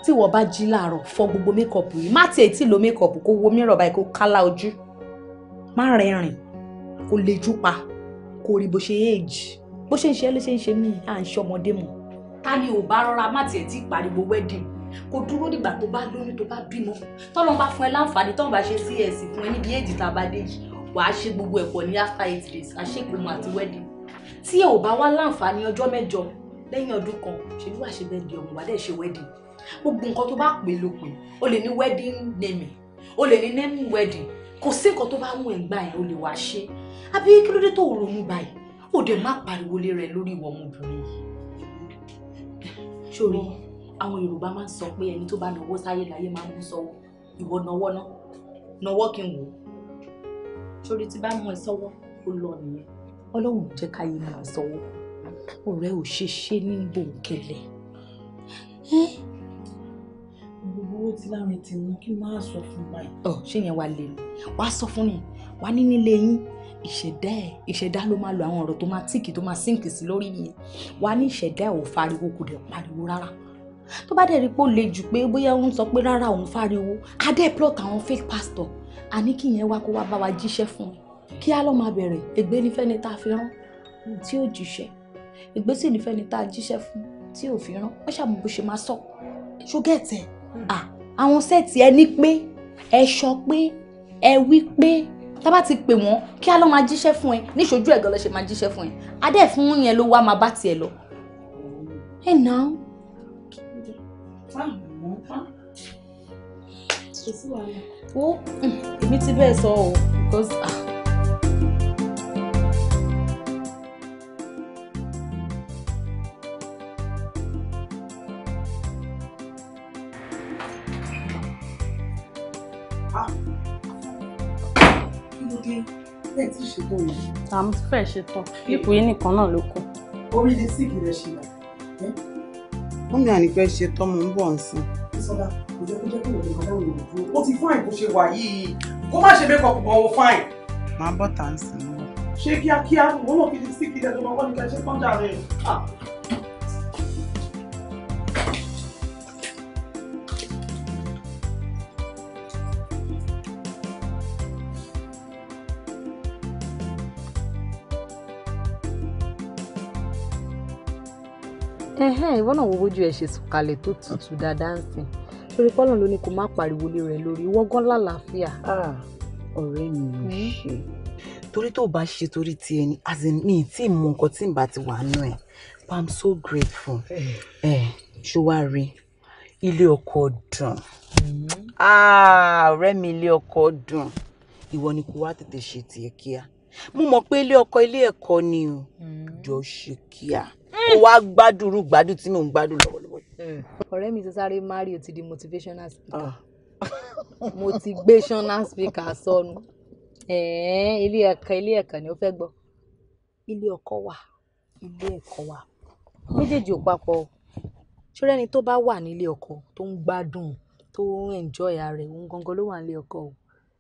tí ìwọ bá jí láàárọ̀ fọ gbogbo mékọ̀pù yìí má tiẹ̀ tí lo mékọ̀pù kó wo mìíràn báyìí kó kálá ojú má rẹ́rìn kó lejú pa kó rí bó ṣe éèjì bó ṣe ń ṣe ló ṣe ń ṣe mí à ń ṣe ọmọdé mọ́. ká ní ò bá rọra má tiẹ̀ tí pariwo wedding kó dúró dìgbà tó bá lóyún tó bá bímọ tọ́lọ́n bá fún ẹ láǹfààní tọ́lọ́n bá ṣe cs fún ẹ níbi éèjì tá a bá dé yìí wàá ṣe gbogbo ẹ̀pọ̀ ní after eight days àṣepinnu àti wedding tí ẹ ò bá wá láǹfààní ọjọ́ mẹ́jọ lẹ́yìn ọdún kan ṣèlú àṣebẹ̀ di ọmọ wàdẹ̀ ṣe wedding gbogbo nǹkan tó bá pè ló pè o lè ní wedding naming o lè ní naming wedding kò sí nǹkan tó bá mú ẹ̀ ń gbà ẹ̀ o lè wá ṣe àbí kí ló dé tó ronú báyìí ó dẹ̀ má pariwo lé rẹ̀ lórí ìwọ ọmọbìnrin yìí. sórí àwọn Yorùbá máa ń sọ pé ẹni tó bá nawọ́ sáyé láyé máa ń mú sọ́wọ́ ìwọ nawọ́ náà nawọ́ kí n wò ó sórí tí bá mú ẹ sọ́wọ́ ó lọ nìyẹn. Ọlọ́run jẹ́ káyé máa sọ́wọ́ ọ̀rẹ́ ò ṣe ṣe ní bòńkẹ́lẹ́ owó tí láàrin ti mú kí n máa sọ fún báyìí. ọ ṣé yẹn wàá lè ní wàá sọ fún ni wàá ní nílé yín ìṣẹ̀dá ẹ̀ ìṣẹ̀dá ló máa lo àwọn ọ̀rọ̀ tó máa tíìkì tó máa síǹkì sí lórí nìyẹn wàá ní ìṣẹ̀dá ẹ̀ ò fariwo kò dẹ̀ pariwo rárá tó bá dẹ̀ rí pé ó le jù pé bóyá ó ń sọ pé rárá òun fariwo adé plot àwọn fake pastor àní kí yẹn wá kó wá bá wa jíṣẹ́ fún un kí á lọ́ máa bẹ̀rẹ̀ ègbé nífẹ̀ẹ́ ni tá a fi rán tí ò jíṣẹ́ ègbé sì nífẹ̀ẹ́ ni tá a jíṣẹ́ fún tí ò fi rán wọ́n ṣàmùbù máa sọ ṣó gẹ̀ẹ́tẹ̀ẹ́ àwọn sẹ́ẹ̀tì ẹ ní pé ẹ sọ pé ẹ wí pé tá bá ti pè wọ́n kí á lọ máa jíṣẹ́ fún ẹ níṣojú ẹ̀gàn lọ́ọ́ ṣe máa jíṣẹ́ fún ẹ adé fún yẹn ló wá máa bá tiẹ̀ lọ. ẹ nà án. wo èmi ti bẹ́ẹ̀ sọ o because. Ah, pé ẹ ti ṣetán yìí. àmì tí fẹ́ẹ̀ ṣetán ipò yìí nìkan náà ló kù. orí ni síìkì rẹ ṣe wà. fún mi àníkẹ́ ṣe tán ń bọ̀ ń sìn. ìsọdá kò jẹ́ kó jẹ́ kó lòdì kọ́dá òun òdúró ó ti fáìn bó ṣe wà yìí kó má ṣe mékọ̀ pọ̀ ó fáìn. màá bọ̀ ń sìn. ṣé kíákíá wọn náà ẹhẹ́n ìwọ náà wo bójú ẹ ṣe sùkalẹ̀ tó tutù dáadáa ń sìn torí pọ́lọ̀ ló ní kó má pariwo lé rẹ̀ lórí wọ́gán lálàáfíà. ọ̀rẹ́ mi ò hmm? ṣe torí tó bá ṣe torí ti ẹni as mi tí ì nǹkan tí n bá ti wà nù ẹ but i'm so grateful ẹ eh. eh, ṣùwárí ilé ọkọ dùn hmm? ọ̀rẹ́ mi ilé ọkọ dùn ìwọ ni kó wá tètè ṣe tiẹ̀ kíá mo mọ̀ pé ilé ọkọ ilé ẹ̀kọ́ ni o hmm? jọ ṣe kíá kó wá gbádùrú gbádùn tí mò ń gbádùn lọ́wọ́lọ́wọ́. Mm. ọ̀rẹ́ mi ti sáré mario ti di motivational speaker ah. motivational speaker sọnù ilé ẹ̀kọ́ ilé ẹ̀kọ́ ni ó fẹ́ gbọ́ ilé ọkọ wà ilé ẹ̀kọ́ wà méjèèjì ò papọ̀ ṣọ́rẹ́ ẹni tó bá wà nílé ọkọ tó ń gbádùn tó ń enjoy ara ẹ̀ òun gangan ló wà nílé ọkọ o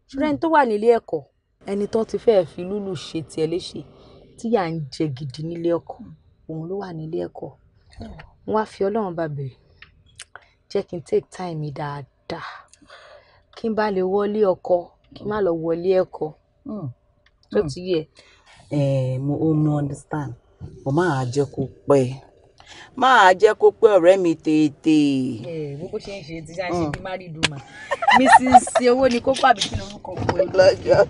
ṣọ́rẹ́ ẹni tó wà nílé ẹ̀kọ́ ẹni tó ti fẹ́ẹ́ fi lúlù ṣe tiẹ̀ léṣe tíyà ń jẹ gidi nílé ọkọ òun ló wà nílé ẹ̀kọ́ mo wá fi ọlọ́run bá bèrè kí n take time mi dáadáa kí n bá lè wọlé ọkọ kí n má lọ wọlé ẹ̀kọ́ tó hmm. ti yẹ. ẹ hmm. eh, mo understand mo máa jẹ́ kó pẹ́ máa jẹ́ kó pé ọ̀rẹ́ mi tètè. ẹ eh, bó ṣe ń ṣe ti ṣáà ṣe mm. bí mary duma mrs owó ni kókó àbí kí lorúkọ pé lọ́jọ́.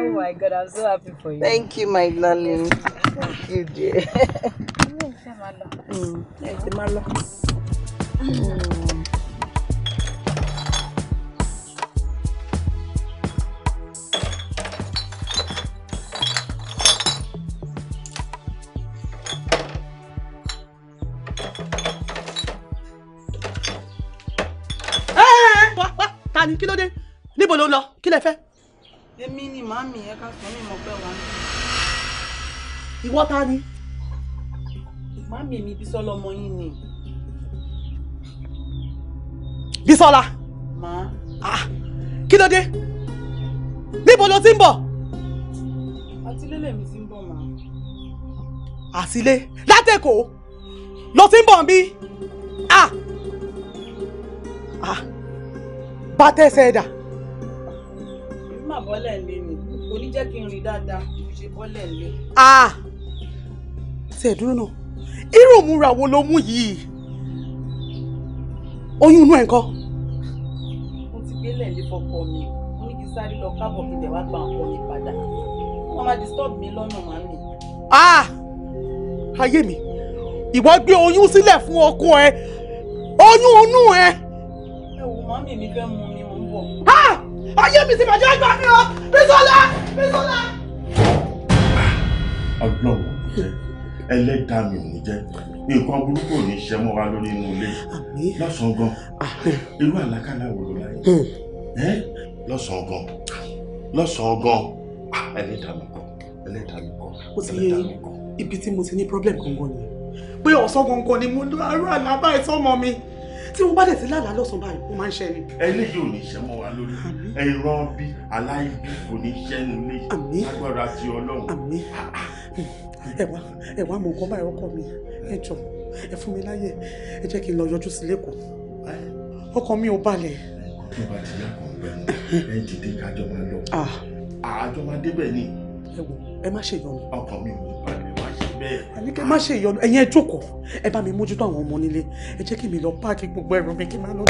oh my god i'm so happy for you. thank you my darling thank you dear. Mm, mm, ẹ ti máa lọ. ta ni kí ló dé níbo ló lọ kí lẹ fẹ́. èmi ni màámi ẹ ká sọ mí mọ pé wà á. ìwọ ta ni. màámi mi Bísọ́lá ọmọ yín ni. Bísọ́lá. màá. ah kí ló dé níbo ló ti ń bọ̀. àtilé lèmi ti ń bọ̀ màá. àtilé látẹ̀kọ̀ ló ti ń bọ̀ bí. ah ah pátẹ́sẹ̀ ẹ̀dà. má bọ́lẹ̀ lé mi kò ní jẹ́ kí n rìn dáadáa mo ṣe bọ́lẹ̀ lé. ṣèdúró náà irú òmùra wo ló mú yìí oyún inú ẹ̀ ń kọ́. mo ti gbélé ilé fọkọ mi mo ní kí n sáré lọ káàbọ̀ kí ìdẹ̀wà gba ọkọ mi padà wọ́n máa disturb mi lọ́nà máa ń mi. ayé mi ìwọ gbé oyún sílẹ̀ fún ọkọ ẹ oyún inú ẹ. ẹ wò mọ́mì mi fẹ́ mu wọ̀. ayé mi ti bàjẹ́ gbà mí o Bísọ́lá Bísọ́lá. ọlọ́run ò ní jẹ́ ẹlẹ́dàá mi ò ní jẹ́ nǹkan burúkú ò ní ṣe mọ́ wa lórí inú ilé lọ́sàn-án gan irú àlákàlà wo ló láyé hmm. lọ́sàn-án gan lọ́sàn-án gan ẹlẹ́dàá mi kọ́ ẹlẹ́dàá mi kọ́ ẹlẹ́dàá mi kọ́. ibi tí mo ti ní problem gangan nìyẹn pé ọ̀sán gangan ni mo lọ arú àlábá ìsọmọ mi tí mo bá dẹ̀ ti lálàá lọ́sàn-án báyìí mo máa ń ṣẹ́ ni. eléyìí ò ní ṣe mọ́ wa lórí ẹran bí aláìbí kò ní ṣẹ́ nu lé lágbára ti ọlọ́run. àmín ẹ̀wá ẹ̀wá mo kọ́ báyìí ọkọ mi ẹ jọ ẹ fún mi láyè ẹ jẹ́ kí n lọ yọjú sí lẹ́kọ̀ọ́ ọkọ mi ò balẹ̀. tó bá ti yá kan bẹ́ẹ̀ ẹ dìde kájọ máa lọ àjọ ah. máa débẹ̀ ni. ẹ wo ẹ má ṣèyàn mi. ọkọ mi ò balẹ̀ àníkẹ́ má ṣe ìyọnu ẹ̀yin ẹ jókòó ẹ bá mi mójútó àwọn ọmọ nílé ẹ jẹ́ kí mi lọ páàkì gbogbo ẹrù mi kí n máa lọ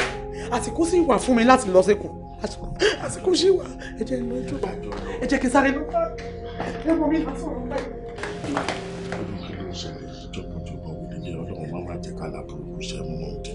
àsìkò sì wà fún mi láti lọ sẹ́kù àsìkò sì wà ẹ jẹ́ lọ jókòó ẹ jẹ́ kí n sáré lọ páàkì ẹ mọ mi láti ọ̀rọ̀ báyìí. ọdún kí ṣẹlẹ̀ ìjọba ìjọba òwúlélẹ̀ ọlọ́run má má jẹ́ ká lábúrò kó ṣe mú un dé.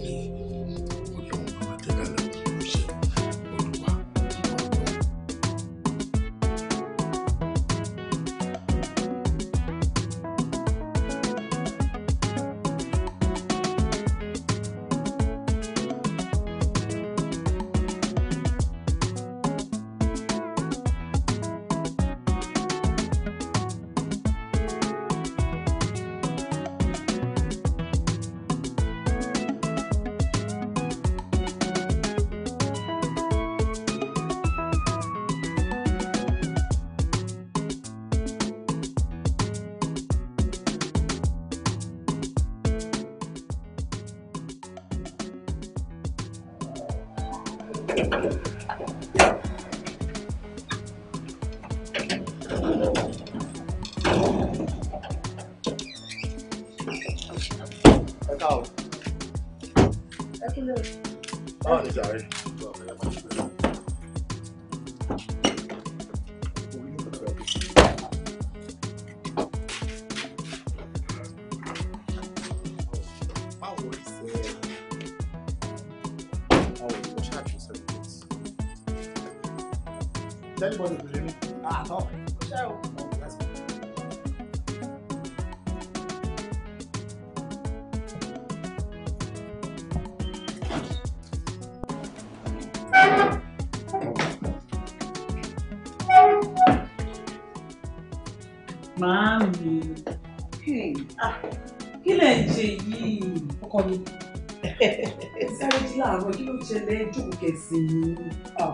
ẹ sáré jí láàárọ̀ kí ló ṣẹlẹ̀ jókòó kẹsì ni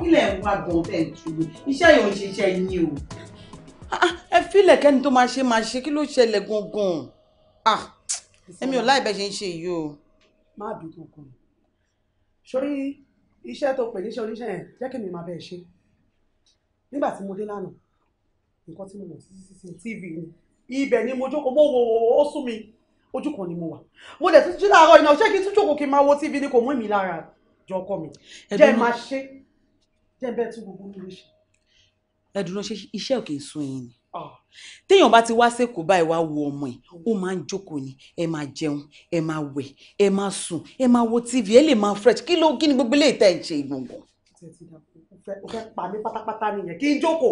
ilẹ̀ ń wá gan tẹ̀ ń túbú iṣẹ́ yóò ṣe iṣẹ́ yín o. ẹ fílẹ̀ kẹ́ni tó máa ṣe máa ṣe kí ló ṣẹlẹ̀ gangan èmi ò láì bẹ́ẹ̀ ṣe ń ṣe yìí o. má dùn kankan sórí iṣẹ́ tó pè níṣẹ́ oníṣẹ́ yẹn jẹ́ kí mi máa bẹ́ẹ̀ ṣe nígbà tí mo dé lánàá nǹkan tí mo mọ̀ sí sí sí tv ni ibẹ̀ ni mo jókòó mo wò ó sún mi ojú kan ni mo wà mo dẹ̀ tún jí láàárọ̀ iná ṣé kí n tún jókòó kí n máa wo tv ni kò mú èmi lára jọ ọkọ mi jẹ́ máa ṣe jẹ́ bẹ́ẹ̀ tún gbogbo mi ṣe. ẹ̀dùn ṣe iṣẹ́ òkè sún ẹ̀yìn ni téèyàn bá ti wá sẹ́kọ̀ọ́ báyìí wá wo ọmọ ẹ̀ ó máa ń jókòó ni ẹ máa jẹun ẹ máa wẹ̀ ẹ máa sùn ẹ máa wo tv ẹ lè máa fresh kí ló kí ni gbogbo ilé ìta ẹ̀ ń ṣe ìgbọ̀ngàn o fẹ́ pa mí pátápátá nìyẹn kí n jókòó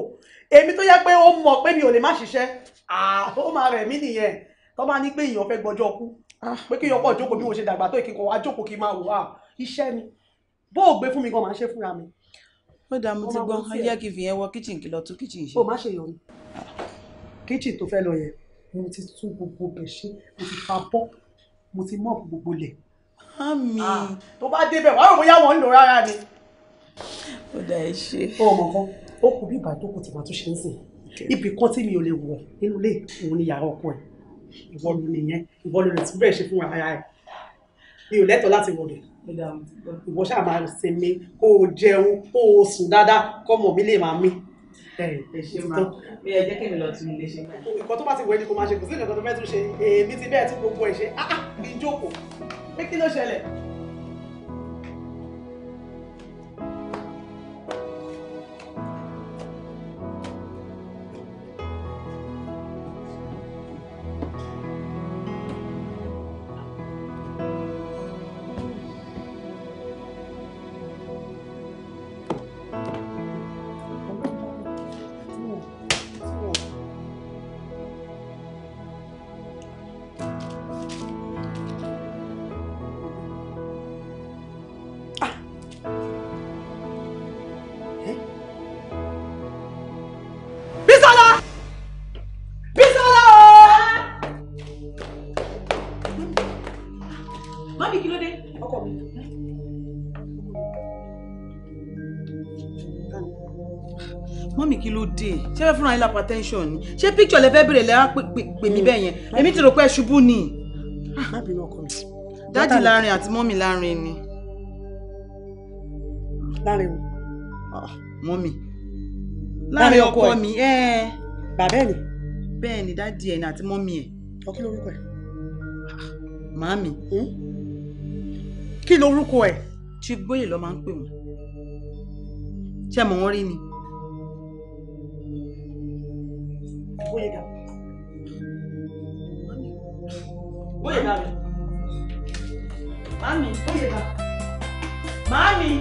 èmi tó yẹ pé ó mọ̀ pé mi ò lè má ṣiṣẹ́ ó máa rẹ̀ mí nìyẹn tó bá ní pé èèyàn fẹ́ gbọ́jọ́ kú ah. pé kí èèyàn pọ̀ jókòó bí mo ṣe dàgbà tó ìkíkọ̀ wá jókòó kí n máa wò á ah, iṣẹ́ ni bó o gbé fún mi gan máa ṣe fúnra mi. ó dáa mo ti gbọ́ ayé kí n fi yẹn wọ kíchìn kí tún kíchìn ṣe. o má ṣe yọ ni kíchìn tó fẹ́ lọ yẹn mo ti tún gbogbo bẹ̀ ṣe mo ti fa bọ́ mo ti mọ̀ gbogbo lẹ̀. àmì. Ah, tó bá débẹ̀ wàá rò bóyá wọ́n ń lò rárá ni. ó dà ẹ ṣe. ó mọ̀ kan ó kù bí ìbàdókò tí màá tún ṣe ń sìn ibì kan tí mi ò lè wọ̀ nínú ìwọ ló nìyẹn ìwọ ló lè tún bẹ̀rẹ̀ ṣe fún ara ẹ̀ mi ò lẹ́tọ̀ọ́ láti wọlé ìwọ ṣáà máa sinmi kó o jẹun kó o sùn dáadáa kọ́mọ mi lè máa mí nǹkan tó bá ti wọ ẹni kò máa ṣe kò sí nǹkan tó bẹ́ẹ̀ tún ṣe èmi ti bẹ́ẹ̀ tún gbogbo ẹ̀ ṣe ah mi ah, jókòó pé kí ló ṣẹlẹ̀. ṣé fẹ́ fúnra yín lápá tẹ́ńṣọ̀n ni ṣé píkṣọ̀ lẹ fẹ́ bèrè lẹ́wà pè mí bẹ́ẹ̀ yẹn èmi ti rò pé ẹ ṣubú ni. Ah, dáàdì láàrin àti mọ́mì láàrin ni. láàrin o. Ah, mọ́mì láàrin ọkọ mi ẹ. bàbá ẹ ni. bẹ́ẹ̀ ni dáàdì ẹ̀ ni àti mọ́mì ẹ̀. ọkí lórúkọ ẹ. màámi. Hm? kí lórúkọ ẹ. Chief Boye ló máa ń pè wọ́n ṣé mọ̀ wọ́n rí ni. Bóyá dà mí. Bóyá dà mí. Màámi, bóyá dà. Màámi.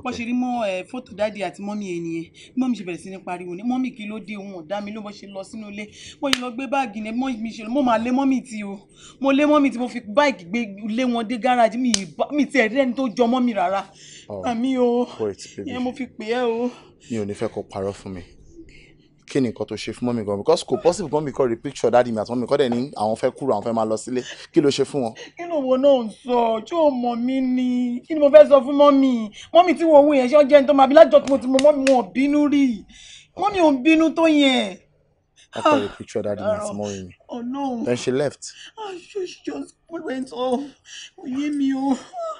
wọ́n ṣe rí mọ́ fótó eh, dáàdì àti mọ́mì ẹ̀ nìyẹn mọ́mì ṣe bẹ̀rẹ̀ sí ní pariwo ni mọ́mì kí ló dé òun ọ̀dá mi ló bọ́ ṣe lọ sínú ilé mo yìí lọ gbé báàgì ni mọ́mì ṣe mo máa lé mọ́mì tí o mo lé mọ́mì tí mo fi báàgì gbé lé wọn dé gáràjì mi mi ti ẹ̀rí ẹni tó jọ mọ́mì rárá oh, àmì o ìyẹn mo fi pè é o. mi ò ní fẹ́ kó parọ́ fún mi kí ni nǹkan tó ṣe fún mọ́mí gan because kò possible gan mi kọ́ picture dáàdi mi àti mọ́mí kọ́ dẹ̀ ní àwọn fẹ́ kúrò àwọn fẹ́ máa lọ sílé kí ló ṣe fún wọn. kí ló wo náà ń sọ tí ò mọ̀ mí ni kí ni mo fẹ́ sọ fún mọ́mí mọ́mí tí wọ́n wù yẹn ṣé ó jẹ́ ní tó máa bí lájọ tí mo ti mọ mọ́mí wọn ò bínú rí mọ́mí ò bínú tó yẹn. after the picture dáàdi mi àti ah, mọ́mí mi oh no then she left. ah she just went home oye mi o.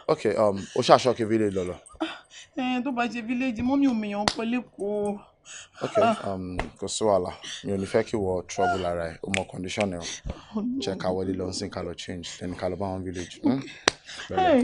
okay um o ṣàṣọ kí village lọ lọ. ẹ ah, eh, tó bá ṣe village mọ́mí ò mèèyàn pọ̀ lẹ́kọ̀ọ́. Okay. Ah. um kò sí wàhálà mi ò ní fẹ́ kí wọ trouble ara ẹ̀ o mọ condition ẹ̀ o oh, jẹ́ ká wọlé lọ sí ká lọ change then ká lọ bá wọn village. Hmm? bẹ́ẹ̀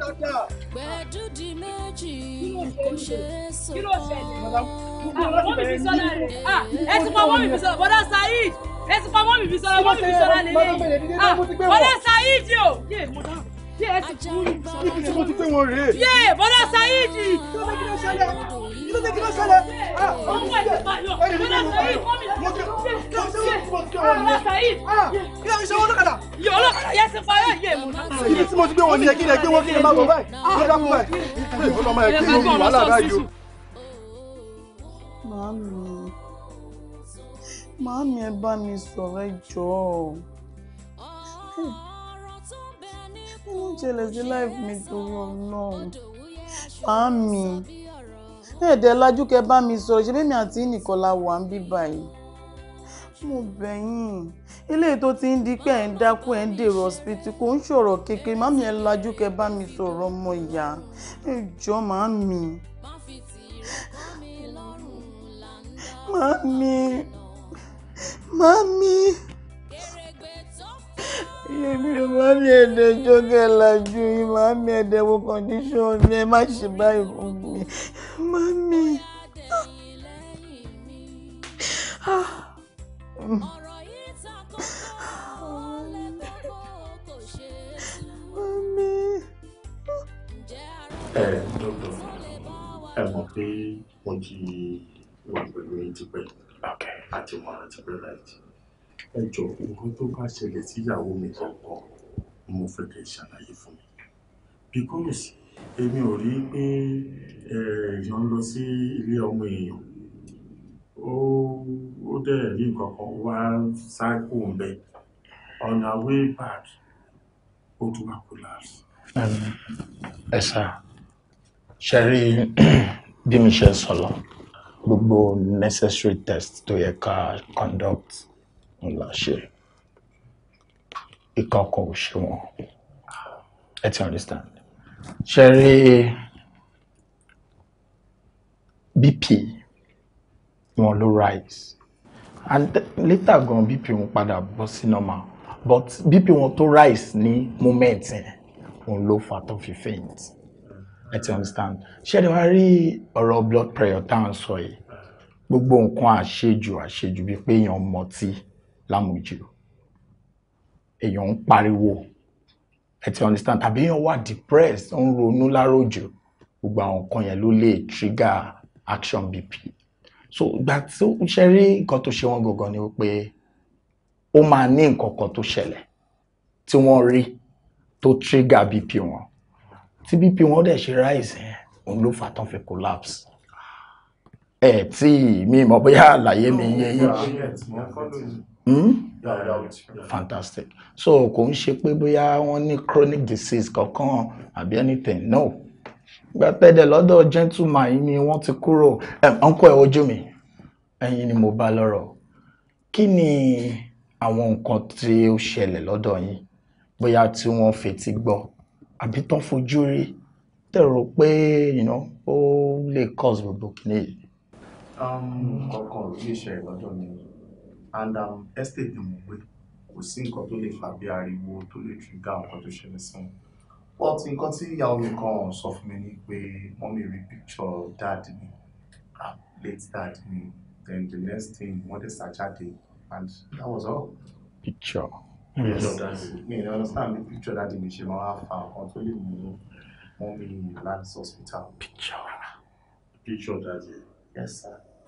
dáadáa. gbẹ̀dú di méjì kò ṣe é sọ. kí ló ṣẹlẹ̀ àwọn mi fi sọ́ra rẹ̀ ah, ẹ ti fọwọ́ mi fi sọ́ra bọ́dá Saheed ẹ ti fọwọ́ mi fi sọ́ra bọ́dá mi fi sọ́ra lélẹ́yìn ah, bọ́dá Saheed o díẹ̀ sì kúrú. kí ni mo ti pé wọn rèé. yé bọ́lá sayidi. kí ló dé kí ló ṣẹlẹ̀ kí ló dé kí ló ṣẹlẹ̀. ọmọ ẹ̀ ti bàyọ̀ bọ́lá sayidi mọ́mí ló ti ṣe bọ́lá sayidi. kí ló ń ṣe owó lọ́kadà. yọ ọlọ́kadà yẹ ti payọ́ yé mu. ibi tí mo ti gbé wọn nìyẹn kí ni ẹ gbé wọn kí ni má bọ̀ báyìí. lọ́dà fún ẹ ọlọ́mọ ẹ kí ni wàhálà báyìí o. Màámi, màámi ẹ bá mi sọ̀rọ̀ ẹ jọ̀ọ́ ló ń the sí life mi torí ọlọ́run fàámi ẹ̀ẹ́dẹ̀ lajú kẹ bá mi sọ̀rọ̀ ṣe bẹ́ẹ̀ àti nìkan la wà ń bí báyìí mo bẹ̀ yín eléyìí tó ti ń di pé ẹ̀ ń dákú ẹ̀ ń dèrò hospital kò ń ṣọ̀rọ̀ kékeré màmí ẹ̀ lajú kẹ bá mi sọ̀rọ̀ ọmọ ìyá ẹ jọ̀ọ́ màmí màmí èmi ò máa mi ẹ̀dẹ̀ jọ́gẹ̀ làjú yìí máa mi ẹ̀dẹ̀ wo condition mi ẹ má ṣe báyìí fún mi má mi. ẹ dọ́dọ̀ ẹ mọ̀ pé mo ti wà pẹ̀lú yín tipẹ́ àti mọ̀ àti pẹ́ láti ẹ jọ nǹkan tó bá ṣẹlẹ̀ síyàwó mi kọ̀ọ̀kan ni mo fẹ́ kẹ́ ṣàlàyé fún mi because èmi ò rí pé èèyàn ń lọ sí ilé ọmọ èèyàn ó dẹ̀ rí nǹkan kan wá ṣáàkù ń on our way back ó tún wá collapse. ẹ sá ṣe rí bí mi ṣe sọ lọ gbogbo necessary test tó yẹ ká conduct ńlá ṣe ìkọ̀kọ̀ ò ṣe wọn ẹ ti understand ṣe BP wọn ló rise and later gan BP wọn padà bọ́ sí normal but BP wọn tó rise ní moment yẹn òun ló fa tó fi faint ẹ ti understand ṣe ẹ wá rí ọ̀rọ̀ blood pressure tá à ń sọ yìí gbogbo nǹkan àṣejù àṣejù bíi pé èèyàn mọtí lámùjù èèyàn ń pariwo ẹ ti understand tàbí èèyàn wà depressed ń ronú láròjù gbogbo àwọn nǹkan yẹn ló lè trigger action BP so ìgbà tó ṣe rí nǹkan tó ṣe wọ́n gangan ni pé ó máa ní nǹkan kan tó ṣẹlẹ̀ tí wọ́n rí tó trigger BP wọn tí BP wọn dẹ̀ ṣe rise yẹn òun ló fà tán fi collapse ẹ̀ tí mi mọ̀ bóyá àlàyé mi yé yín. Hmm? fantastic so kò ń ṣe pé bóyá wọ́n ní chronic disease kankan àbí anything no gbàtẹ́dẹ̀ lọ́dọ̀ gentleman yìí ni wọ́n ti kúrò ọ̀nkọ́ ẹ̀ ojú mi ẹ̀yin ni mo bá lọ́rọ̀ kí ni àwọn nǹkan tí ó ṣẹlẹ̀ lọ́dọ̀ yín bóyá tí wọ́n fetí gbọ́ àbí tán fojú rí tẹ̀rọ pé ó lè cause gbogbo kìnìyàn. Um, kankan ò lè ṣẹlẹ̀ lọ́dọ̀ mi and um, estate ni mo gbé kò sí nǹkan tó lè fà bí ariwo tó lè trigger nǹkan tó ṣẹlẹ̀ sí mi but nǹkan tí ìyàwó mi kan sọ fún mi ni pé wọ́n mi rí picture dad mi ah late dad mi then the next thing wọ́n dẹ̀ ṣàjáde and that was all. picture. yes mi understand bí picture dad mi ṣe máa fa nǹkan tó lè mú wọ́n picture. picture dad. yes sir.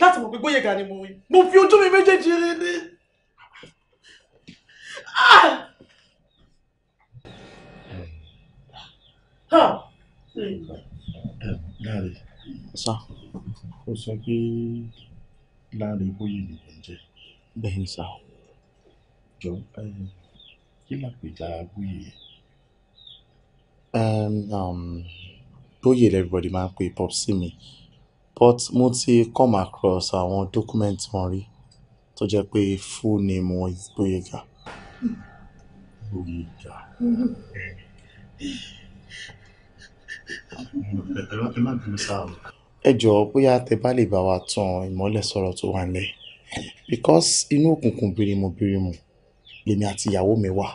láti mọ̀ pé Gbóyèga ni mo rí mo fi ojú mi méjèèjì rí ni. Ah! Ah! Láre sá ó sọ pé Láre Bóyè ni mò ń jẹ. Bẹ́ẹ̀ ni sá. Jọ kí làpèjà Bóyè yẹn. Um, bóyè everybody máa ń pe pop sí mi. But mo ti come across àwọn document wọn rí tó jẹ́ pé full name wọn is Gboyega. Gboyega. Ẹ má bínú sá o. Ẹ jọ̀ọ́ bóyá tẹ bá lè bá wa tan ìmọ́lẹ̀ sọ̀rọ̀ tó wà nílẹ̀. Because inú òkùnkùn birimùbirimù lèmi àti ìyàwó mi wà.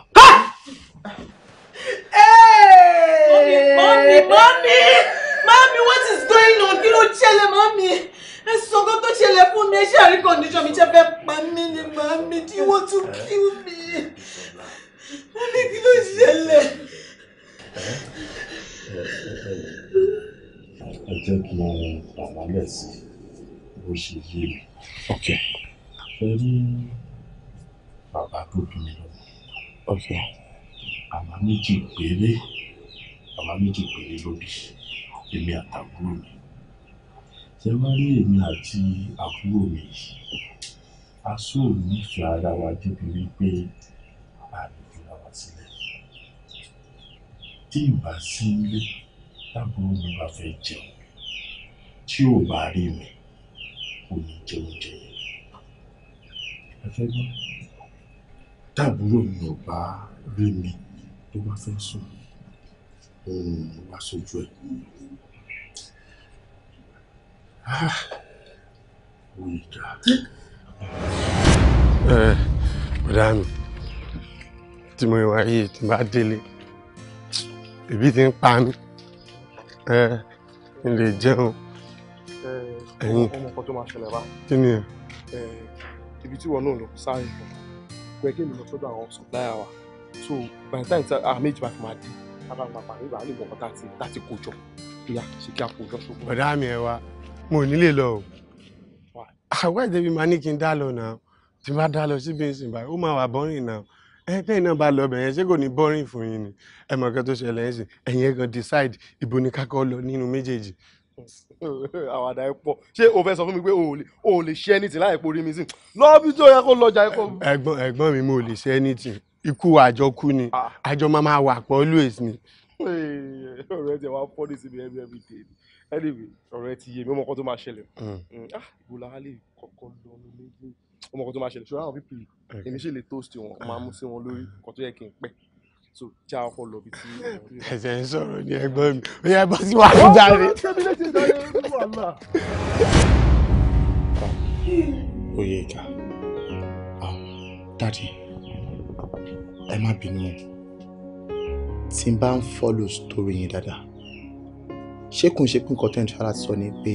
Mọ́mí mọ́mí mọ́mí. Mami, what is going on? Kí ló ṣẹlẹ̀ mami? Ẹ sọ nǹkan tó ṣẹlẹ̀ fún mi, ẹ ṣe àrí condition mi ṣe fẹ́ pa mí ni mami, do you want to kill me? Mami, kí ló ṣẹlẹ̀? Ẹ jẹ́ kí n àlàyé sí bó ṣe Okay. mi. Ok. Ẹ rí bàbá Okay. bí mi lọ. Ok. Àmà méjì péré, àmà méjì péré ló bí èmi àtàbúrò mi ṣe wá rí èmi àti àbúrò mi yìí a sóò nífẹ̀ẹ́ ara wa débi wípé a lè fira wa sílẹ̀ tí ìbá sí ilé tábúrò mi bá fẹ́ jẹun tí ò bá rí mi kò ní jẹ ẹ fẹ́ gbọ́ tábúrò mi ò bá rí mi tó bá fẹ́ sùn òun wá sójú ẹ̀ ọ̀dà ah. eh, mi tí mo wà yìí tí bá délé ebi ti ń pa mí eh, n lè jẹun eh, ẹyin kí ni ẹ. ibi tí wọn náà lọ sáré lọ pé kí èmi lọ sọ́dọ̀ àwọn supplier wa so by the time tí a méjì bá fi máa dé a bá máa pàdé ìbáraẹnìbọn kan tá a ti kó jọ kí a kó jọ ṣùgbọ́n. ọ̀dà mi ẹ wa mo ò nílé lọ o àwọn ìdẹ́bí máa ní kí n dá lọ náà tí n bá dá lọ síbi ìsìn báyìí ó máa wà bọ́rìn náà ẹ̀ẹ́dẹ́yìn náà bá lọ bẹ̀ yẹn ṣé kò ní bọ́rìn fún yín ni ẹ mọ̀ kan tó ṣẹlẹ̀ ẹ̀sìn ẹ̀yin ẹ̀gan decide ibo ni kákọ́ lọ nínú méjèèjì. àwàdà ẹ pọ̀ ṣé o fẹ́ sọ fún mi pé o ò lè ṣe anything láì porí mi sí lọ́ọ́bí tó yẹ kó lọ́jà ẹ̀kọ́. ẹ̀gbọ́n ẹ̀gbọ́n mi mo lè ṣe anything ikú àjọkú ni ah. àjọ máa máa wà pọ̀ always ni. ọ̀rẹ́ tẹ wá fọ́ọ̀dì síbi every every day anyway ọ̀rọ̀ ẹ ti yé mi ọmọ kan tó máa ṣẹlẹ̀ hmm. Hmm, ah ìbò làwa lè kọ́kọ́ lọ ní méjì ọmọ kan tó máa ṣẹlẹ̀ ṣùgbọ́n àwọn pípì èmi ṣe lè toast wọn máa mú sí wọn lórí nǹkan tó yẹ kí n pẹ́ so já ọkọ lọ bí tí. ẹsẹ̀ ń sọ̀rọ̀ ní ẹgbọ́n mi ó yẹ bọ́ sí wàhálà jáde. oyè ìka dáàdi ẹ má bínú tí n bá ń fọ́lọ̀ sítórì yín dáadáa ṣé kò ń ṣe pé nǹkan tó ń ṣe sọ ni pé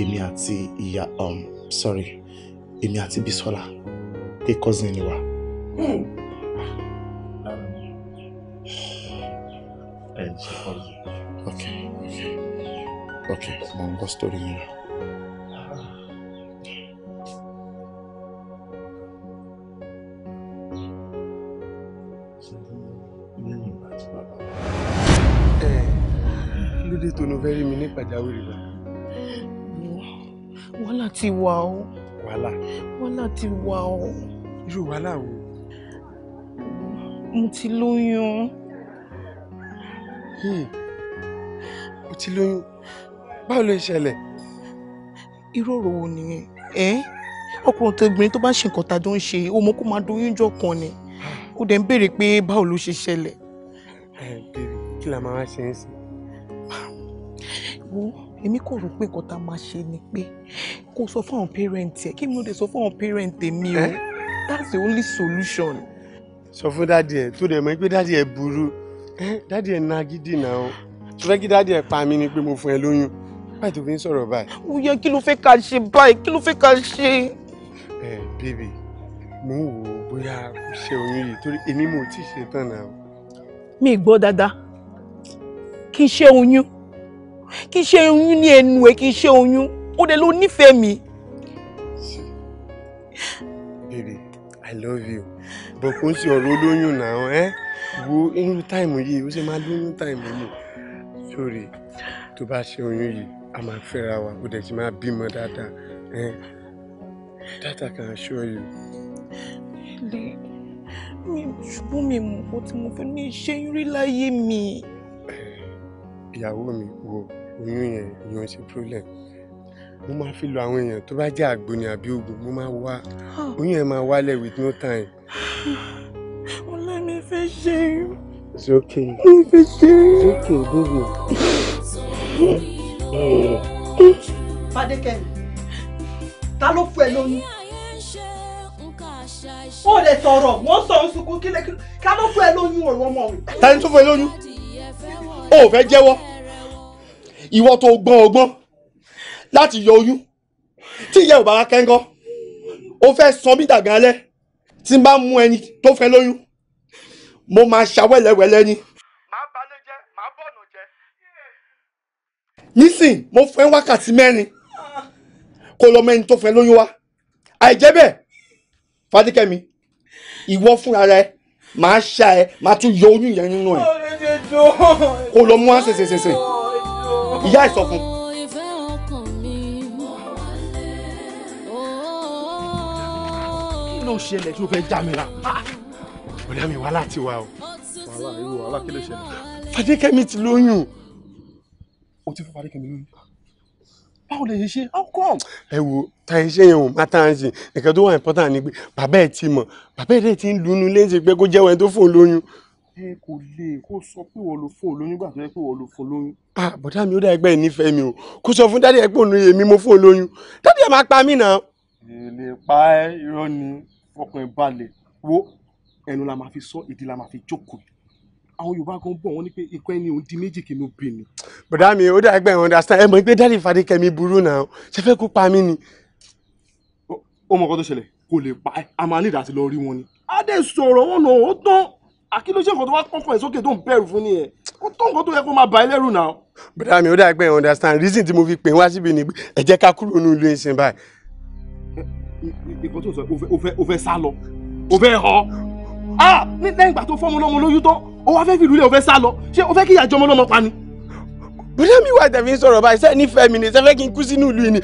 èmi àti ìyá um sorry èmi àti Bisola pé cousin ni wa. Hmm. Okay, okay, okay, mo ń gbọ́ story yẹn. tó nu fẹ́ rí mi ní pàjáwìrì bá. wàhálà ti wà o. wàhálà. wàhálà ti wà o. irú wàhálà wo. mo ti lóyún. Hmm. mo ti lóyún báwo ló ṣẹlẹ̀. irú ọ̀rọ̀ wo nìyẹn ọkùnrin tẹ̀gbìn tó bá ṣe nǹkan tá a jọ ń ṣe ọmọ kó máa dún yíjọ kan ni ó ah. dẹ̀ ń béèrè pé báwo ló ṣe ṣẹlẹ̀. kí la máa ṣe ń sìn wo èmi kò rò pé nǹkan tá a máa ṣe ni pé kó sọ fún àwọn parent ẹ kí mi ò lè sọ fún àwọn parent mi o that's the only solution. sọ fún dáàdì ẹ tó dẹ̀ mọ̀ pé dáàdì ẹ burú dáàdì ẹ na gidi náà tó fẹ́ kí dáàdì ẹ pa mí ni pé mo fún ẹ lóyún báyìí tó fi ń sọ̀rọ̀ báyìí. ó yẹ kí ló fẹ́ ká ṣe báyìí kí ló fẹ́ ká ṣe. ẹ bèbè mo ń wò ó bóyá kò ṣe oyún yìí torí èmi mo ti ṣe tán náà. mi gbọ́ dáadáa kì í ṣe oyún kì í ṣe oyún ní ẹnu ẹ kì í ṣe oyún ó dẹ̀ ló nífẹ̀ẹ́ mi. baby i love you bọ̀ kò ń ṣe ọ̀rọ̀ olóyún náà ẹ́ wo inú táìmù yìí ó ṣe máa lóyún táìmù yìí sórí tó bá ṣe oyún yìí a máa fẹ́ra wa ó dẹ̀ ṣe máa bímọ dáadáa ẹ́ that I can assure you. mi ṣùgbọ́n mi mọ̀ ọ́ tí mo fẹ́ ní ṣẹ́yún rí láyé mi ìyàwó mi wo oyún yẹn ìyẹn ti problem mo máa fi lo àwọn èèyàn tó bá jẹ́ àgbo ni àbí oògùn mo máa wá ah. oyún yẹn máa wálẹ̀ with no time. ọ̀la mi fẹ́ ṣe é. it's okay. mi fẹ́ ṣe é. it's okay baby. Fadékẹ́mi ta ló fún ẹ lóyún ó lè sọ̀rọ̀ wọ́n sọ oṣù kú kílẹ̀ ló fún ẹ lóyún ọ̀rọ̀ ọmọ mi. ta ni tó fún ẹ lóyún o fẹ́ jẹ́wọ́ ìwọ tó gbọ́n ọgbọ́n láti yọ oyún tí ìyá ò bá kẹ́ńgọ́ o fẹ́ sọ mí dàgbà alẹ́ tí n bá mú ẹni tó fẹ́ lóyún mo máa ṣàwẹ́lẹ́wẹ́lẹ́ ni. màá balẹ̀ jẹ́ màá bọ̀nà jẹ́. nísìn mo fẹ́ wákàtí mẹ́rin kó lọ mẹ́ni tó fẹ́ lóyún wá àìjẹ́ bẹ́ẹ̀ fadékẹ́mi ìwọ fúnra rẹ màá ṣá ẹ màá tún yọ oyún yẹn nínú ẹ kó lọ mú àṣẹṣẹṣẹṣẹ ìyá ẹ̀ sọ fún. kí ló ṣẹlẹ̀ tó fẹ́ já mi ra ọ̀rẹ́ mi wàhálà ti wà o. wàhálà irú wàhálà kí ló ṣẹlẹ̀. fadékẹ́mi ti lóyún. o ti fún fadékẹ́mi lóyún báwo lè ṣe how come. ẹ wo ta iṣẹ́ yẹn ò máa tá à ń ṣe nǹkan tó wà important ni pé bàbá ẹ̀ ti mọ̀ bàbá ẹ̀ dẹ̀ ti ń lu inú léṣe pé kó jẹ́wọ́ ẹni tó fún un lóyún ẹ kò lè kó sọ pé wọ́n lo fóònù lóyún gbà tó yẹ pé wọ́n lo fóònù lóyún. ah bọ̀dá mi ó dá ẹgbẹ́ ìnífẹ̀ẹ́ mi o kó sọ fún dádì ẹ pé òun èmi mo fóònù lóyún dádì ẹ máa pa mí náà. èlé pa ẹ irọ́ ni ọkàn balẹ̀ wo ẹnu la máa fi sọ ìdí la máa fi jókòó àwọn yorùbá gan bọ̀ wọ́n ní pé ikọ́ ẹni òun di méjì kì bì ní. bọ̀dá mi ó dá ẹgbẹ́ ẹ̀ understand ẹ mọ̀ pé dádì fadékẹ́mi burú náà ṣe fẹ́ kó pa mí ni. ó mọ̀ kó tó ṣẹlẹ̀ kò lè pa ẹ́ a máa ní ìdásí lọ rí wọn ni. adé sọ̀rọ̀ wọn nà ó tán àkílóṣe nǹkan tó wá pọ́npọ́n ẹ̀ sókè tó ń bẹ̀rù fún nìyẹn kó tó nǹkan tó yẹ kó máa bà ẹ́ lẹ́rù náà. bùdá mi ó dà pé understand reason tí mo fi pè wá síbi ni ẹ jẹ́ ká kúrò nínú ilé ìsìn báyìí. ìkan tó sọ o fẹ́ sá lọ o fẹ́ họ ah ní lẹ́yìn ìgbà tó fọ́mọ lọ́mọ lóyún tán o wá fẹ́ fi ìlú lẹ̀ o fẹ́ sá lọ ṣé o fẹ́ kí ìyá jọmọ lọ́mọ pa ni bóyá mi wà tẹ̀fí ń sọ̀rọ̀ báyìí sẹ́ẹ̀ nífẹ̀ẹ́ mi ni sẹ́ẹ̀ fẹ́ kí n kú sínú ìlú yìí ni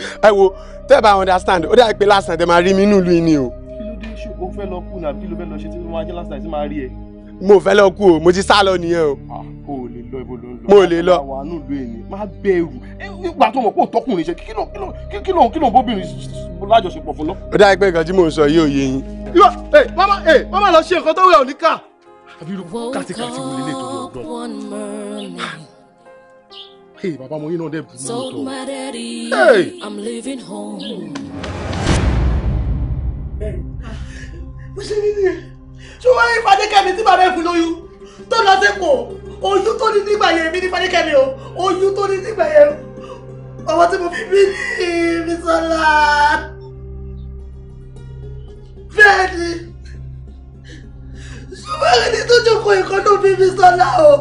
tẹ́ ẹ bá understand ó dà pé lásán tẹ máa rí mi nínú ìlú yìí o. kí ló dé ṣùgbọ́n fẹ́ lọ kùnà kí ló fẹ́ lọ ṣe tí wọ́n á jẹ́ lásán tí máa rí ẹ mo fẹ́ lọ kú o mo ti sá lọ nìyẹn o. Ah, o lè lọ ibo ló lọ. mo lè lọ. àwọn àánú ìlú èyí máa bẹ̀rù nígbà tó mọ̀ pé òtọ́kùnrin ṣe kí ló kí ló kí ló bóbìnrin lájọṣepọ̀ fún lọ. ó dáa pé nǹkan tí mò ń sọ yìí yé yín. yọ ẹ mama ẹ mama lọ ṣe nǹkan tó wẹ̀ òní ká. àbí irú kàtìkàtì wo lélẹ̀ tó lọ gbọ́n. ee bàbá mo yín náà dẹ̀ bí ah, mo tọ̀. bó ṣe ní nìyẹn ṣùgbọ́n ìfàdékẹ́mi tí bàbá ẹ̀ fún lóyún tó lọ sẹ́kọ̀ oyún tó ní nígbà yẹn mi ní ìfàdékẹ́mi o oyún tó ní nígbà yẹn ọmọ tí mo fi bí ní Bísọ́lá bẹ́ẹ̀ ni ṣùgbọ́n ẹni tó jókòó ìkọ́nú bí Bísọ́lá o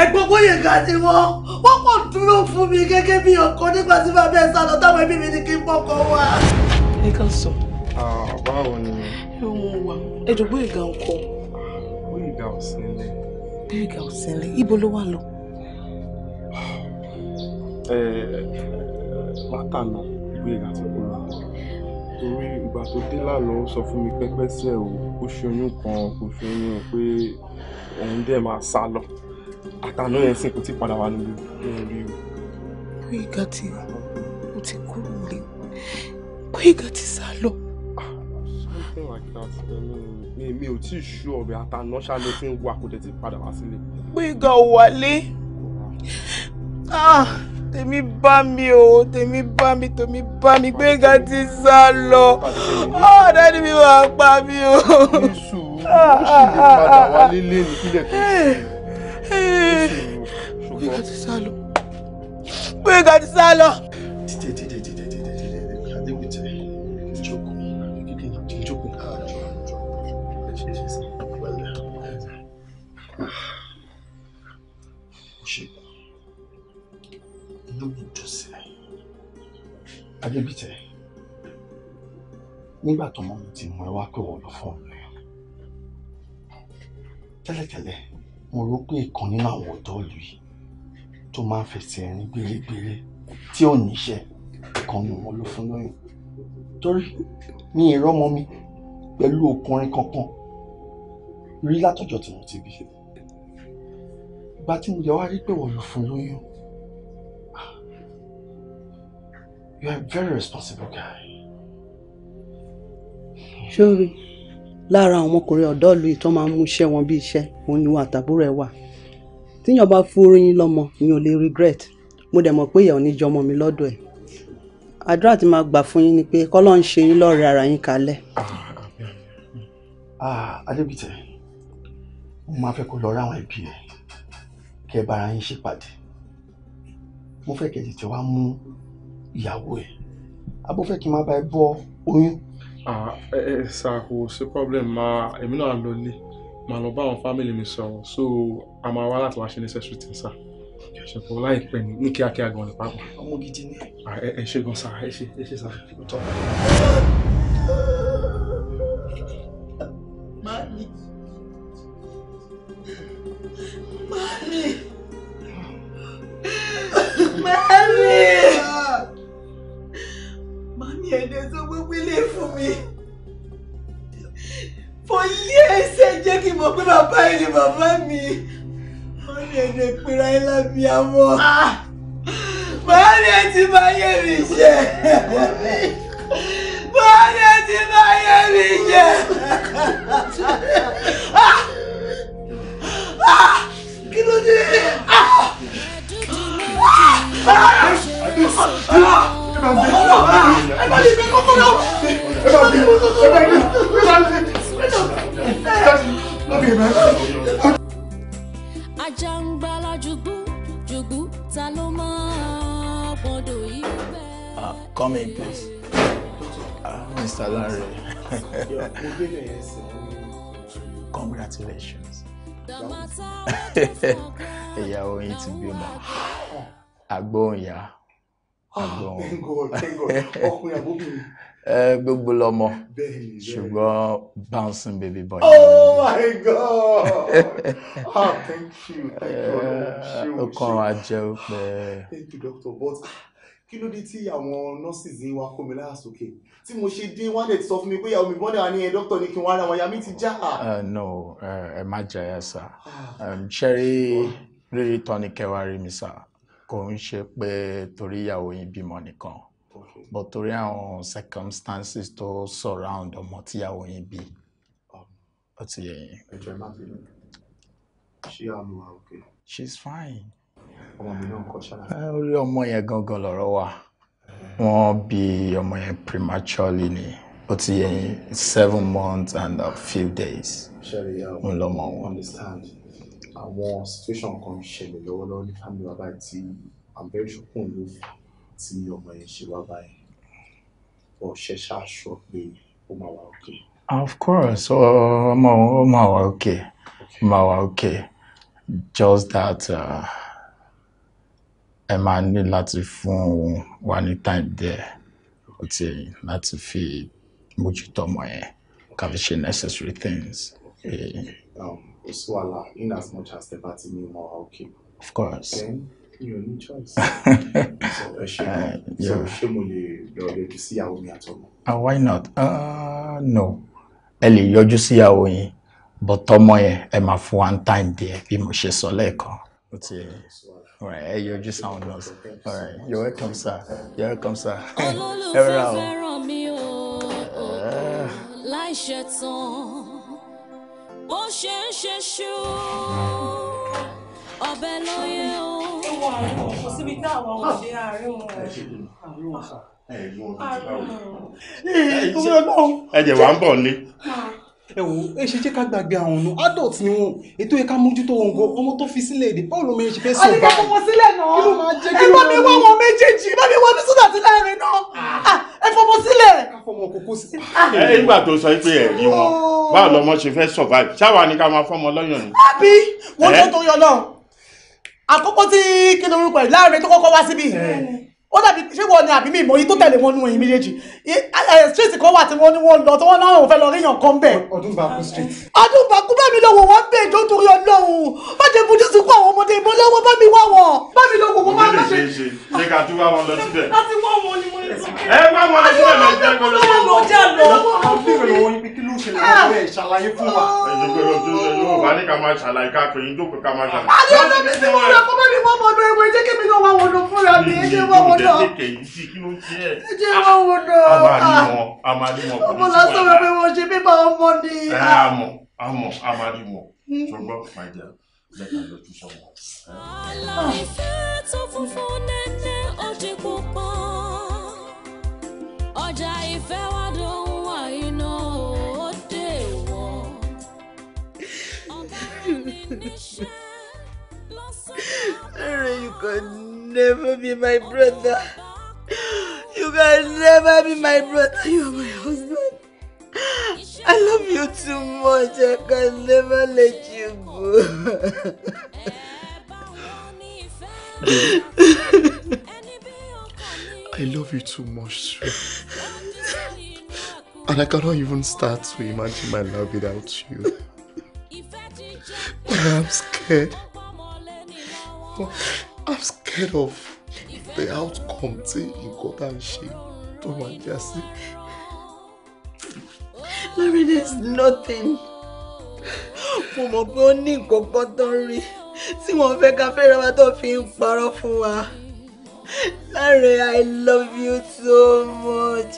ẹ̀gbọ́n bóyè ga ni wọ́n wọ́n pọ̀ dúró fún mi gẹ́gẹ́ bí ọkọ nígbà tí bàbá ẹ̀ sá lọ táwọn ẹbí mi ní kí n bọ́kọ wá. ẹ kàn sọ. Ah, báwo ni ọmọ wa ẹjọ Gbóyèga ńkọ́. Gbóyèga ò sínlé. Gbóyèga ò sínlé ibo ló wà lọ. látànà Gbóyèga ti kú lọ torí ìgbà tó dé lálọ́ sọ fún mi pẹ́pẹ́sẹ̀ o kò ṣoyún kan kò ṣoyún pé òun dẹ̀ máa sá lọ àtànà yẹn sì kò tí padà wà nílùú rí o. Gbóyèga ti kú ti kú lè Gbóyèga ti sá lọ that mi mi ò tí ì ṣú ọ̀rẹ́ àtànáṣá ló ti ń wà kó tẹ̀ ti padà wá sílé. gbígan wálé ah, tèmi bá mi o tèmi bá mi tèmi bá mi gbéga ti sá lọ ah, dáàdi mi wà pa mi o. ní ó sì lè padà wálé lé ní tó ṣe é. ti sá lọ gbéga ti sá lọ. Adébítẹ̀, nígbà tọ́mọ mi ti mú ẹ wá pé wọ́n lọ fún mi. Tẹ́lẹ̀tẹ́lẹ̀, mo rò pé ìkan nínú àwọn ọ̀dọ́ ìlú yìí tó máa ń fẹsẹ̀ rìn gbérégbéré tí ò níṣẹ́ ìkan ni wọ́n ló fún lóyún. Torí ní ìrọ́mọ mi pẹ̀lú ọkùnrin kankan rí látọ̀jọ́ tí mo ti bí. Ìgbà tí mo jẹ́ wá rí pé wọ́n lọ fún lóyún. You are a very responsible guy. Ṣórí, lára àwọn ọmọkùnrin ọ̀dọ́ ìlú ìtọ́ máa ń mú iṣẹ́ wọn bí iṣẹ́, òun ni wọn àtàbúrò ẹ̀ wà. Tíyàn bá fún oríyìn lọ́mọ, ìyẹn ò lè regret. Mo dẹ̀ mọ̀ pé ìyà ò ní jẹ ọmọ mi lọ́dọ̀ ẹ̀. Àdúrà tí máa gbà fún yín ni pé kọ́lọ́ ń ṣe yín lọ́rẹ̀ẹ́ ara yín kalẹ̀. Ah, Adébítẹ̀, mo máa fẹ́ kó lọ rí àwọn ẹbí ẹ̀ kẹ́ bára yín ṣèpàdé. Mo fẹ́ kẹ́ tètè wá mú ìyàwó ẹ̀ abó fẹ́ kí n máa bá ẹ bọ́ oyún. ẹ ẹ sà kò sí problem máa èmi náà lọ lé màá lọ bá àwọn fámìlì mi sọ̀rọ̀ so a máa wá láti wá ṣe necessary thing sà ṣèpọ̀ láìpẹ́ ní kíákíá gan ni pàápàá. ọmọ gidi ni. ẹ ṣe gan sà ẹ ṣe ẹ ṣe sà Mami. Mami. Mami mi ẹ̀dẹ̀ tó gbogbo ilé fún mi for years ẹ jẹ́ kí n mọ̀ pé bàbá ẹ̀ ni bàbá mi wọ́n ní ẹ̀dẹ̀ pera ẹ̀ lábí àmọ́ báyọ̀ ni ẹ ti máa yẹ mi jẹ́ báyọ̀ ni ẹ ti máa yẹ mi jẹ́. Kí ló dé? Ah! Ah! Ah! Ah! ajá ń gbá lájúgbó jùgbú ta ló máa gbọ́dọ̀ yìí ah, come in please ah, Mr. Larry congratulations ìyàwó yín ti bímọ àgbóhùn yá. Ah. thank god thank god ọkùnrin àbókùnrin. ẹ eh, gbogbo lọmọ ṣùgbọ́n bouncing baby boy. oh my god Oh, thank you thank you ṣeun eh, ṣeun. ó kàn thank you doctor but kí ló dé tí àwọn nurses ń wá kó mi láyà sókè tí mo ṣe dé wọn lè sọ fún mi pé ìyàwó mi bọ́dà ní ẹ dókítà ní kí n wá ra wọn ya mi ti já. Eh, no ẹ má jẹ ẹ sá ah. um, ṣẹ́rí rírí tọ́ni kẹwàá rí mi sá kò ń ṣe pé torí ìyàwó yín bímọ nìkan but torí àwọn circumstances tó surround ọmọ tíyàwó yín bí ó ti yẹ yín. ẹ má bínú ṣé àmọ́ àwòké. she is fine. ọmọ mi náà kọ́ ṣáláṣí. Eh, orí ọmọ yẹn gangan lọ̀rọ̀ wà wọ́n bí ọmọ yẹn prematurely ni ó ti yẹ yín seven months and a few days. ṣe rí àwọn understand àwọn situation kan ṣẹlẹ̀ lọ́wọ́lọ́wọ́ ní family wa báyìí tí i'm very sure pé òun ló ọmọ yẹn ṣe wá báyìí ọ̀ ṣe ṣáṣọ pé ó máa wà òkè. of course ọmọ ó máa wà òkè máa wà òkè just that uh, ẹ máa ní láti fún wa ní time there ó ti láti fi mójútó ọmọ yẹn kàfi ṣe necessary things. Okay. Um, Oswala in as much as ẹ bá ti ní wọn Of course. Then mi ò ní choice. Ẹ ṣe ṣé mo lè lọ yọjú sí ìyàwó mi àtọmọ. Ah, why not? Uh, no, ẹ you just see how we. but tomorrow, I'm a máa one time díẹ̀ We must ṣe sọ lẹ́ẹ̀kan. Ó ti ọ̀rẹ́ ẹ yọjú sáwọn nọ́ọ̀sì. you're welcome sir, you're welcome sir. Olólùfẹ́ fẹ́ràn mi o, eh bó ṣe ń ṣe ẹ wo ẹ ṣe jẹ́ ká gbàgbé àwọn ọ̀nà adult ni wọn ètò ẹ̀ka mójútó wọn gan ọmọ tó fi sílẹ̀ èdè báwo ló mẹ́rin ṣe sọ báyìí. ọ̀nìkà fún sílẹ̀ náà kí ló máa jẹ́ kí ló máa ẹ bá mi wá wọn méjèèjì bá mi wá mi sódà sí láàrin náà ah! ẹ fọmọ sílẹ̀. Ah! ẹ nígbà tó sọ pé ẹ rí wọn oh. báwo lọmọ ṣe fẹ́ survive ṣáwa ni ká máa fọmọ lọ́yàn ni. àbí wọn tó tó yọ náà àkókò tí kí ó dàbí ṣé wọ́n ni àbí mi ìmọ̀ yìí tó tẹ̀lé wọn nú ẹ̀yìn méjèèjì street kan wà tí wọ́n ní wọ́n lọ tí wọ́n náà fẹ́ lọ ríyàn kan bẹ̀. ọdún bàkú street. ọdún bàkú bá mi lọ́wọ́ wọ́n bẹ̀ jọ́ torí ọlọ́run má jẹ́ fojú sí kó àwọn ọmọdé ìbọn lọ́wọ́ bá mi wá wọn. bá mi lọ́wọ́ wọn má lọ ṣe. ṣe ṣe ká tún wá wọn lọ síbẹ̀. láti wá wọn ni mo lè sọ. ẹ má wọn lọ síbẹ̀ lọ jẹ́ kọ́ lọ́wọ́. jẹ́ lọ. àwọn bíbélì wọn ni kí ló ṣe lọ́wọ́ ẹ̀ ṣàlàyé fún wa. ẹ jẹ́ pé ojú yóò bá ní ká máa ṣàlàyé ká pè é jókòó ká máa ṣàlàyé. àti ọ̀dọ́ mi ti mú ọ̀rọ̀ kọ́ bá mi wọ́n mọ̀ ọdún ẹ̀wọ̀n jẹ́ lọ ẹ jẹ́ wọn wò lọ ọmọ lásán wẹ́n pé wọ́n ṣe bíbá ọmọ ni. àmọ́ àmọ́ àmàlí wọn hmm. ṣùgbọ́n my dear lẹ́ka lójú sọ̀rọ̀. aláìfẹ́ tó funfun nẹ́nẹ́ ó di púpọ̀ ọjà ìfẹ́ wa dùn wá iná ó dé wọ̀ ọ̀gá mi níṣẹ́ lọ́sàn-án. never be my brother. You can never be my brother. You are my husband. I love you too much. I can never let you go. I love you too much. And I cannot even start to imagine my love without you. I am scared. I'm scared of the outcome tí nǹkan tá à ń ṣe tó máa Larry there's nothing. for my pé ó ní nǹkan kan tó ń rí tí wọ́n fẹ́ Larry I love you so much.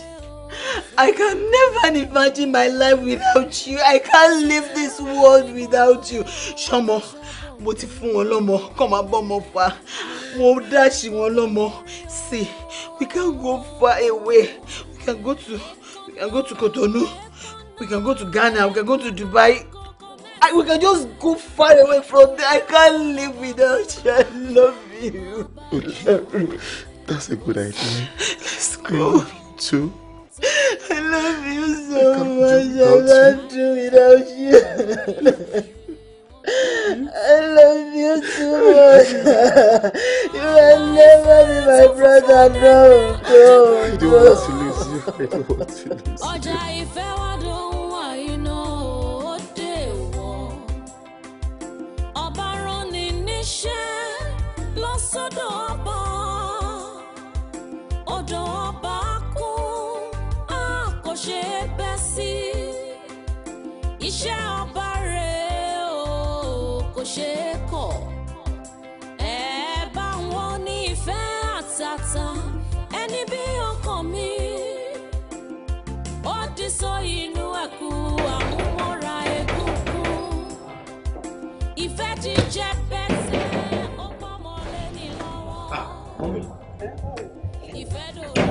I can never imagine my life without you. I can't live this world without you. Ṣọmọ. Sure mo ti fún wọn lọ́mọ kàn máa bọ́mọ fa mo dáṣì wọn lọ́mọ sí we can go far away we can go to we can go to Cotonou we can go to Ghana we can go to Dubai I, we can just go far away from there I can't live without you I love you. That's a good idea. Let's go. Too. I love you so much. I can't do without you. I love you too much. you will never be my brother. No, no. They want to lose you. They want to lose you. Ọjà ìfẹ́ ṣe é kọ̀ ẹ bá wọn ní ìfẹ́ àtàtà ẹni bí ọkàn mi ó di sọ inú ẹ̀kú àmúmọ́ra egungun ìfẹ́ jíjẹ pẹ́sẹ́ ó pọ́nmọ́ lẹ́ni lọ́wọ́ ah, ìfẹ́ dòdò.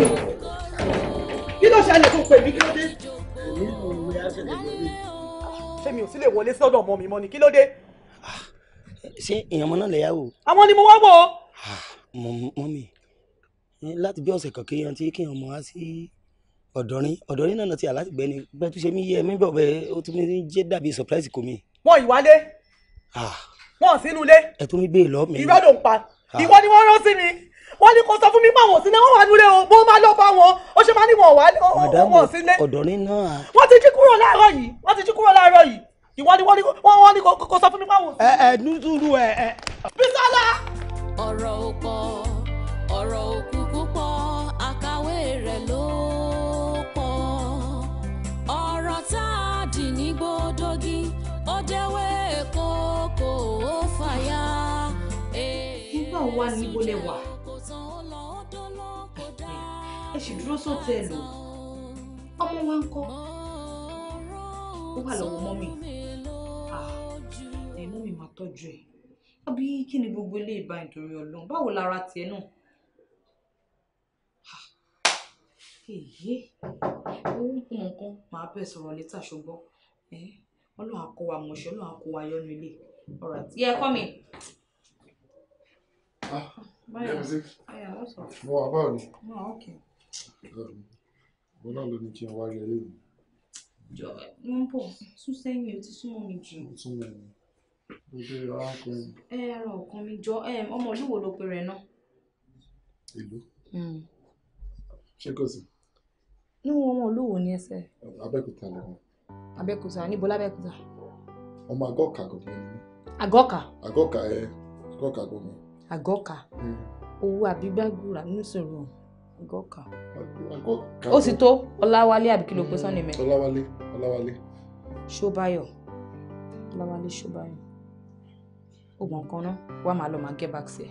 Huh? kí ló ṣàlẹ̀ tó pè mí kí ló dé. èmi kò wé àṣẹlẹ̀ lórí. ṣé mi ò sí lè wọlé sọ́dọ̀ ọmọ mi mọ́ ni kí ló dé. ṣé èèyàn ọmọ náà lè yá wò. àwọn ni mo wá wò. Ah, mọ mi láti bí ọ̀sẹ̀ kan kéèyàn tí kéèyàn mọ̀ á sí ọ̀dọ́rin ọ̀dọ́rin náà ti àlátìgbẹ́ ni bẹ́ẹ̀ tún ṣe mí yẹ mí bọ̀bẹ̀ ó tún ní jẹ́ dàbí surprise kò mí. wọn ìwálé ah. wọn sínú ilé. ẹ tún gbé e lọ mi. ìrọ́dọ̀ pa ah. ìwọ ni wọ́n rán sí mi wọ́n ní kó sọ fún mi pé àwọn òsínlẹ̀ wọ́n wà nílé o mo máa lọ bá wọn ó ṣe máa ní wọn wà wọn òsínlẹ̀. ọ̀dọ́rin náà. wọ́n ti jí kúrò láàárọ̀ yìí wọ́n ti jí kúrò láàárọ̀ yìí ìwọ ni wọ́n ní kó sọ fún mi pé àwọn òsínlẹ̀. ẹ ẹ nùtúrú ẹ ẹ. Bísọ́lá. ọ̀rọ̀ ò pọ̀ ọ̀rọ̀ ò kúkú pọ̀ àkàwé rẹ̀ ló pọ̀ ọ̀rọ̀ tá a dì ní gbódógí ó déwé kókó ó fàyà. nígbà wo wá ní ibo lẹ wà àgùntàn ó lọ ó dọ́lọ́ kò dá. ẹ sì dúró sọ́tẹ́ẹ̀lì ọmọ wa ń kọ́ ó wà lọ́wọ́ mọ́mì ẹ̀ mọ́mì máa tọ́jú ẹ̀ àbí kí ni gbogbo ilé ìbá nítorí ọlọ́run báwo lára tiẹ̀ náà. èyí ó ń kún nǹkan màá bẹ̀ sọ̀rọ̀ létà ṣùgbọ́n ọlọ́run á wa mọ̀ṣẹ́ ọlọ́run á wa yọ́nu ilé ọ̀rọ̀ àti ẹ̀ kọ́ mi. Ah. Báyọ̀ Báyọ̀ what's up? Mo wà báwo ni? Mo wà okay. Mo náà ló ní kí n wá rí ẹlẹ́yìn. Jọ mo ń bọ̀ sún sẹ́yìn o ti súnmọ́ mi jù. Ó tún mọ̀ mi. Gbogbo ẹ̀rọ ọkùnrin. Ẹ ẹ̀rọ ọkùnrin mi jọ ọmọ olúwo ló pe rẹ̀ náà. Ìlú. Hmm. Ṣé kò sí? Ní wọn ọmọ olúwo ni ẹsẹ̀. Abẹ́òkúta lè mọ̀. Abẹ́òkúta níbo lábẹ́òkúta? Ọmọ Agọ́ka gbọ̀ngàn ni àgọ́ka hmm. owó àbígbàgbùrà ní ìṣòro àgọ́ka ó sì tó ọláwálé àbí kí ló pe hmm. sọ́ni mẹ́. ọláwálé ọláwálé. ṣóbáyọ̀ ọláwálé ṣóbáyọ̀ oògùn kan náà wàá máa lọ máa gẹ́ back sí ẹ.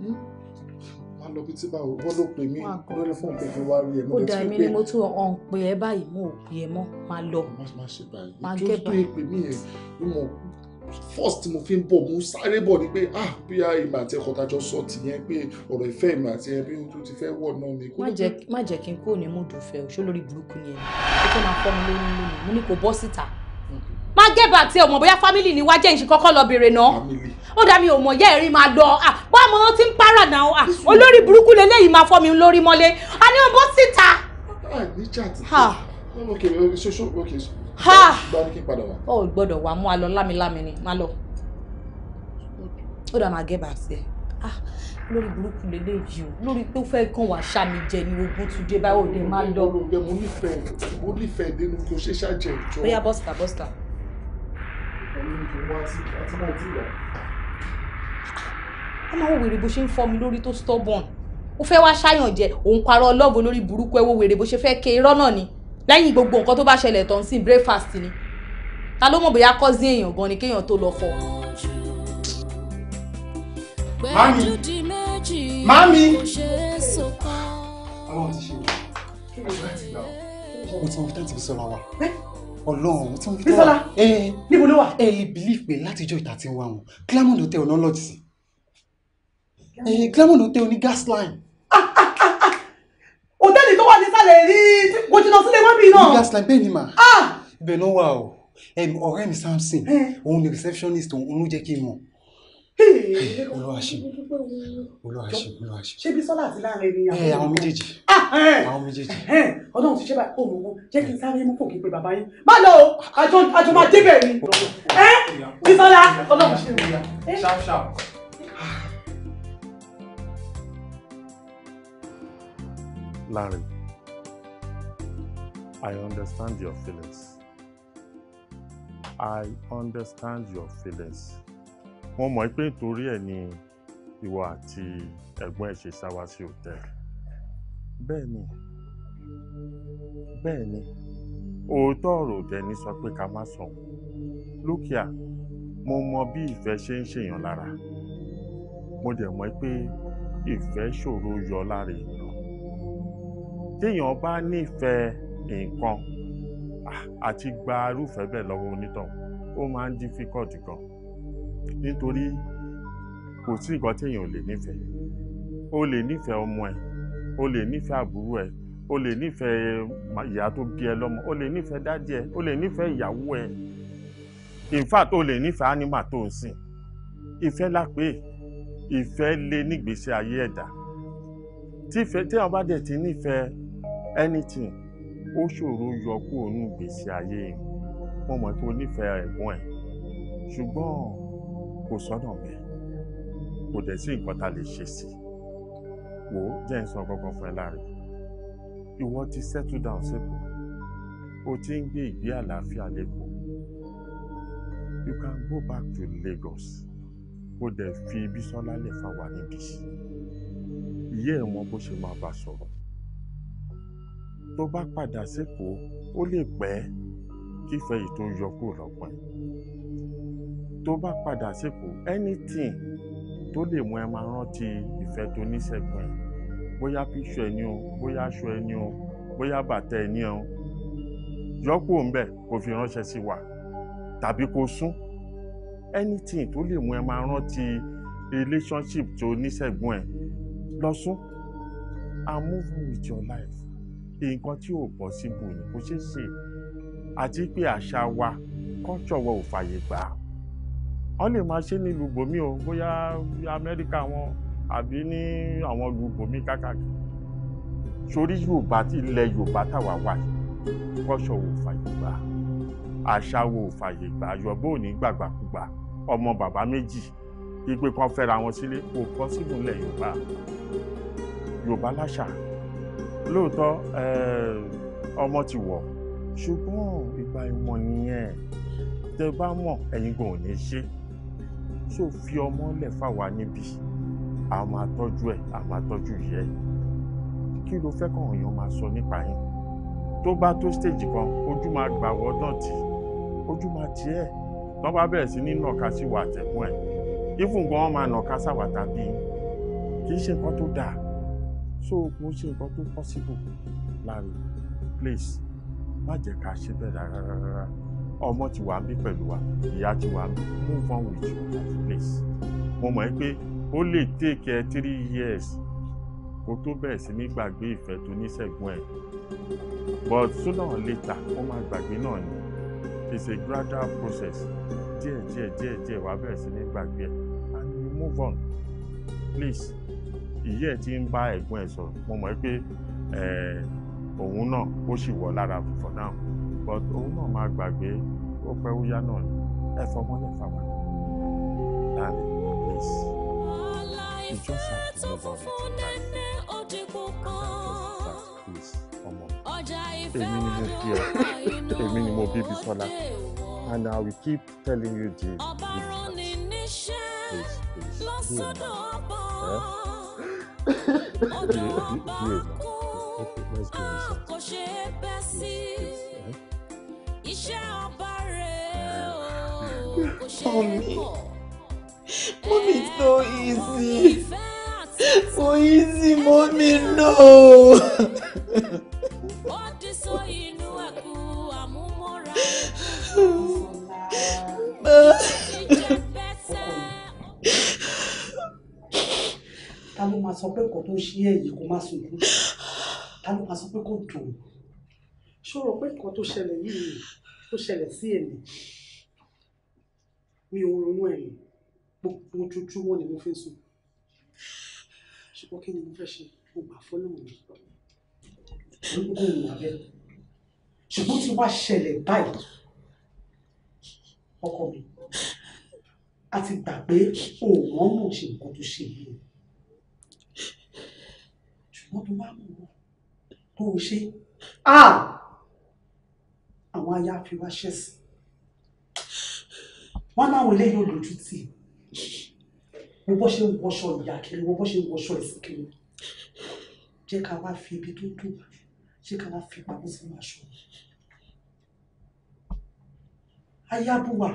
má hmm? lọ bí tí báwo wọ́n ló pè ó da èmi ni mo tún ọ̀n pè ẹ báyìí mo ò pè ẹ mọ́ máa lọ máa gẹ́ báyìí first mo fi ń bọ̀ mo sáré bọ̀ ni pé ah bóyá ìmọ̀ àti ẹ̀kọ́ tájọ sọ ti pé ọ̀rọ̀ ìfẹ́ ìmọ̀ àti ẹbí tó ti fẹ́ wọ̀ náà ni. má jẹ́ kí n kúrò ní múdù fẹ́ o ṣó burúkú ni ẹ̀ ó fẹ́ máa fọ́ mi lóyún lónìí mo ní kò bọ́ síta má gẹ́bà tí ọmọ bóyá fámìlì ni wá jẹ́ ìṣe kọ́kọ́ lọ bèrè náà ó dá mi ò yẹ́ ẹ̀rí máa lọ ah, bá ọmọ wọn ti ń para náà ah, olórí burúkú ha o gbọ́dọ̀ wà mú a lọ lámilámi ni má lọ ó dà máa gẹ́ bá tiẹ̀ ah lórí burúkú lélẹ́yìí o lórí pé ó fẹ́ kàn wá sàmì jẹ ni ogun tún dé báwo dé má lọ. mo nífẹ̀ẹ́ mo nífẹ̀ẹ́ dénú kò ṣe ṣàjẹ ìjọ. bóyá bọ́sítà bọ́sítà. ọmọ wo wèrè bó ṣe ń fọ́ mi lórí tó stubborn ó fẹ́ wá ṣàyànjẹ òun parọ́ ọlọ́ọ̀bù lórí burúkú ẹ wo wèrè bó ṣe fẹ́ ké irọ́ náà ni lẹ́yìn gbogbo nǹkan tó bá ṣẹlẹ̀ tó ń sìn breakfast ni ta ló mọ̀ bóyá kọ́sí èèyàn gan ni kéèyàn tó lọ fọ. mami mami ọlọ́run ti ṣe o mo ti mọ fi tẹ́tí fi sọ́ra wa ọlọ́run tí mo fi tẹ́tí wa níbo ló wà. ẹ ẹ believe pé látijọ́ ìta ti ń wá wọn Claremont Hotel ọ̀nà lọ́ọ̀dì sí Claremont Hotel ní gas hòtẹ́ẹ̀lì tó wà nísàlẹ̀ rí kò jìnnà sílé wọ́n bí náà. gas lampe ni ma. ibẹ̀ ló wà o ọ̀rẹ́ mi Samson eh. òun ni receptionist òun ló jẹ́ kí n mọ̀. olùwàṣìm olùwàṣìm olùwàṣìm. ṣé bí sọ́lá àti láàrin ni àwọn. Eh, ah, eh! àwọn méjèèjì. àwọn méjèèjì. ọlọ́run ti ṣe báyìí kó mọ̀ owó jẹ́ kí n sáré mú kò kí n pe bàbá yín. má lọ o àjọ àjọ máa débẹ̀ ni. ẹ bí sọ́lá ọlọ́run ṣe wù yà. ṣáfṣáf. Larry, I understand your feelings. I understand your feelings. Wọ́n mọ̀ pé nítorí ẹ̀ ni ìwọ àti ẹ̀gbọ́n ẹ̀ ṣe sá wá sí hòtẹ́ẹ̀lì. Bẹ́ẹ̀ni, bẹ́ẹ̀ni, òótọ́ ọ̀rọ̀ dẹni sọ pé ká má sọ. Lókìá, mo mọ bí ìfẹ́ ṣe ń ṣèyàn lára. Mo dẹ̀ mọ̀ pé ìfẹ́ ṣòro yọ lára èèyàn téèyàn bá nífẹ̀ẹ́ nǹkan àti ah, gba irúfẹ́ bẹ́ẹ̀ lọ́wọ́ onítọ̀hún ó máa ń difficult gan nítorí kò sí nǹkan téèyàn ò lè nífẹ̀ẹ́ o lè nífẹ̀ẹ́ ọmọ ẹ̀ o lè nífẹ̀ẹ́ àbúrò ẹ̀ o lè nífẹ̀ẹ́ ìyá tó bí ẹ lọ́mọ o lè nífẹ̀ẹ́ dádì ẹ o lè nífẹ̀ẹ́ ìyàwó ẹ in fact o lè nífẹ̀ẹ́ animal tó ń sìn ìfẹ́ la pé ìfẹ́ lé nígbésí ayé ẹ̀dá tí wọ́n bá dẹ̀ ti nífẹ̀ẹ́ anything ó ṣòro yọ kúrò ní ìgbésí ayé mo mọ̀ tó nífẹ̀ẹ́ ẹ̀gbọ́n ẹ̀ ṣùgbọ́n kò sọ́nà bẹ́ẹ̀ kò dẹ̀ sí nǹkan tá a lè ṣe sí i wò ó jẹ́ ń sọ gbọ́ngàn fún ẹ láre ìwọ ti settle down sẹ́kù o ti ń gbé ìgbé àlàáfíà lẹ́kọ̀ọ́ you can go back to Lagos kó dẹ̀ fi Bísọ́lá lẹ̀ fà wá níbi ìyá ẹ̀ mọ bó ṣe máa bá sọ̀rọ̀ tó bá padà sékòó ó lè pẹ́ kífẹ́ yìí tó yọ kúrò lọ́pọ̀ tó bá padà sékòó anything tó lè mú ẹ máa rántí ìfẹ́ tó ní sẹ́gbọ̀n ẹ̀ bóyá píṣọ ẹni o bóyá aṣọ ẹni o bóyá bàtà ẹni o yọ kúrò ńbẹ̀ fi ránṣẹ́ sí wa tàbí kó sún anything tó lè mú ẹ máa rántí relationship tó ní sẹ́gbọ̀n ẹ̀ lọ sún and move with your life nǹkan tí ò possible ni kò ṣeé ṣe àti pé àṣà wa culture wa ò fàyè gbà á wọ́n lè máa ṣe nílùú bòmí o bóyá amẹ́ríkà wọn àbí ní àwọn ìlú bòmí kákàkiri sórí yorùbá tí ilẹ̀ yorùbá táwa wà kọ́ṣọ́ ò fàyè gbà àṣà wo ò fàyè gbà yọ̀bọ ò ní gbàgbàkúgbà ọmọ bàbá méjì ìgbé kan fẹ́ra wọn sílé kò possible nílẹ̀ yorùbá yorùbá láṣà lóòótọ́ eh, ọmọ ti wọ̀ ṣùgbọ́n ìgbà ìmọ̀ nìyẹn tẹ bá mọ̀ ẹ̀yin gan ò ní ṣe tó fi ọmọ lẹ̀ fáwa níbí a máa tọ́jú ẹ̀ a máa tọ́jú ìyẹ́ kí ló fẹ́ kàn yàn máa sọ nípa yín tó bá tó stage kan ojú máa gbà wọ́ náà tì ojú máa tì ẹ̀ tọ́ bá bẹ̀rẹ̀ sí ní nàka sí wà tẹ̀kún ẹ̀ ìfúngàn máa nàka sáwà tàbí kì í ṣe nǹkan tó dáa so kò ń ṣe nǹkan tó possible Lanre please má jẹ́ ká ṣe bẹ́ẹ̀ rárá rárá ọmọ ti wà mí pẹ̀lú wa ìyá ti wà mí move on with you at place mo mọ̀ ẹ́ pé ó lè take ẹ three years kó tó bẹ̀rẹ̀ sí ní gbàgbé ìfẹ́ tó ní sẹ́gbọ́n ẹ̀ but sooner or later ó máa gbàgbé náà ni it's a gradual process díẹ̀ díẹ̀ díẹ̀ díẹ̀ wàá bẹ̀rẹ̀ sí ní gbàgbé ẹ̀ and you move on please ìyá ẹ̀ ti ń bá ẹ̀gbọ́n ẹ̀ sọ̀rọ̀ mo mọ̀ pé òun náà ó sì wọ̀ lára for now but òun náà máa gbàgbé ó pẹ́ ó yá náà ni ẹ fọmọ́lẹ̀ fáwọn láàrin please ìjọsìn àti ìjọba ọ̀rẹ́ ti bá ọjà ìfẹ́ wọn ló wà inú ọmọdé èmi ni mo bí Bisola and I will keep telling you the the truth please please do it now. Mommy, mommy, it's so easy. So easy, mommy, no. But... ta ló máa sọ pé kò tó ṣí ẹ̀yìn kó má sunkún ta ló máa sọ pé kò dùn ṣòro pé nǹkan tó ṣẹlẹ̀ yìí tó ṣẹlẹ̀ sí èmi mi ò ronú ẹ̀yìn gbogbo ojoojúmọ́ ni mo fi ń sùn ṣùgbọ́n kí ni mo fẹ́ ṣe mo gbà fọ́lọ́run mi lórúkọ ìwà bẹ́ẹ̀ ṣùgbọ́n tí wá ṣẹlẹ̀ báyìí ọkọ mi a ti gbà pé òun ọmọ ṣe nǹkan tó ṣe yìí ṣùgbọ́n tó bá mú wọn tó o ṣe àwọn aya fi wá ṣẹ̀sìn wọ́n máa wọlé yóò lójú tì mo bọ́ ṣe ń wọṣọ ìyá kiri mo bọ́ ṣe ń wọṣọ ẹ̀sìn kiri jẹ́ ká wá fi ibi tó dùn ṣé ká wá fi pamọ́ sínú aṣọ ayábùwà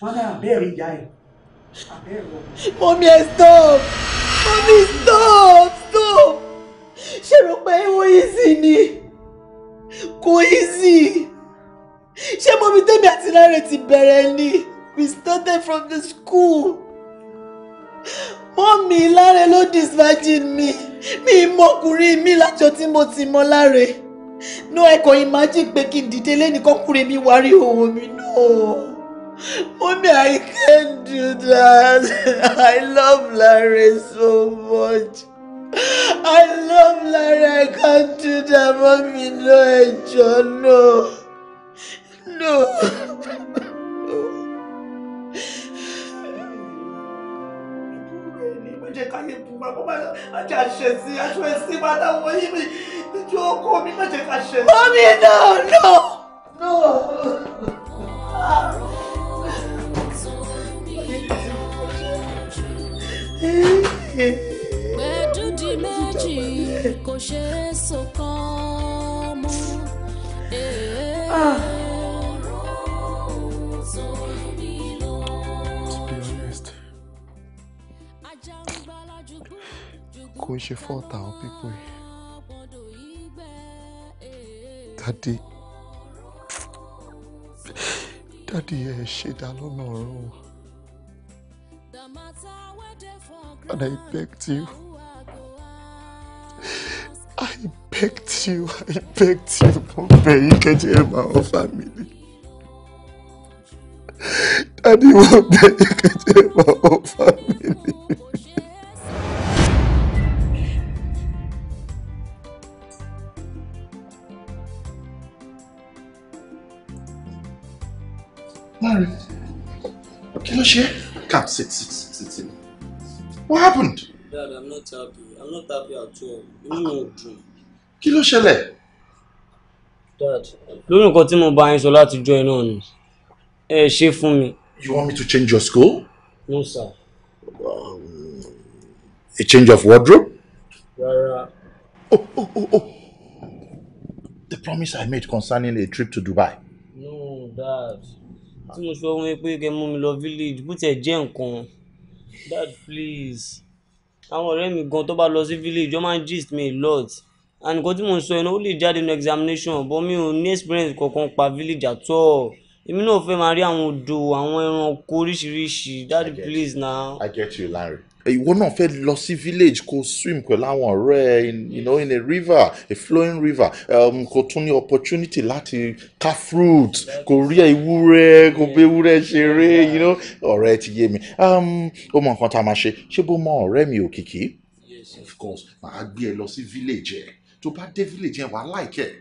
wọn náà abẹ́rẹ́ ìyá ẹ̀ abẹ́rẹ́ ọmọ. mọ́mí ẹ stop mọ́mí stop ṣe rò pé ó easy ni kò easy ṣé mo mi tẹ́mi àti láre ti bẹ̀rẹ̀ ni we started from the school mọ́mì láre ló disvirgin mi mi mọkùnrin mi lájọ tí mo ti mọ láre no ẹ imagine pé kí n dìde lẹ́nìkan kúrin mi wárí òwò mi náà. Mommy, I can't do that. I love Larry so much. I love Lara. I can't do that, mommy. No, ẹjọ́, no. No. no, no. No. Ah ṣe é so kọ́ mọ́. Ah. kò ń ṣe fọ́ọ̀tà àwọn pípọ̀ yìí dádì dádì ẹ̀ ṣẹ̀dá lọ́nà ọ̀rọ̀ and I begged you. begged you, I begged you, mo bẹ̀ yín kẹ́jẹ́ my máa family. Daddy, mo bẹ̀ yín kẹ́jẹ́ my máa family. Mary, can ló share? Come, sit, sit, sit, sit. What happened? Dad, I'm not happy. I'm not happy at all. You know, dream kí ló ṣẹlẹ̀. dad lórí nǹkan tí mo bá yín sọ láti jọ iná ni ẹ ṣe fún mi. you want me to change your school. no sir. Um, a change of wardrobe. rárá. oh oh oh oh the promise i made concerning a trip to dubai. no dad tí mo sọ wọn pé kẹ́ mú mi lọ village bó tiẹ̀ jẹ́ nǹkan dad please àwọn ọ̀rẹ́ mi gan tó bá lọ sí village wọ́n máa ń gist me a lot and nǹkan tí mo ń sọ yẹn ó lè jáde nínú examination but mi ò ní experience kankan pa village at all èmi náà fẹ́ máa rí àwọn odò àwọn ẹranko oríṣiríṣi daddy please na. I get you Larry ìwọ náà fẹ́ lọ sí village kó swim pẹ̀lú àwọn ọ̀rẹ́ you know in a river a flowing river um, kó tún ní opportunity láti ká fruit kó rí ewúrẹ́ kó bẹ ewúrẹ́ ṣeré you know ọ̀rẹ́ ti yé mi um, ó mọ nǹkan tá a máa ṣe ṣé bó mọ ọ̀rẹ́ mi òkìkí. yes of course màá gbé ẹ lọ sí village ẹ. Eh? tó bá dé village yẹn wàá like ẹ̀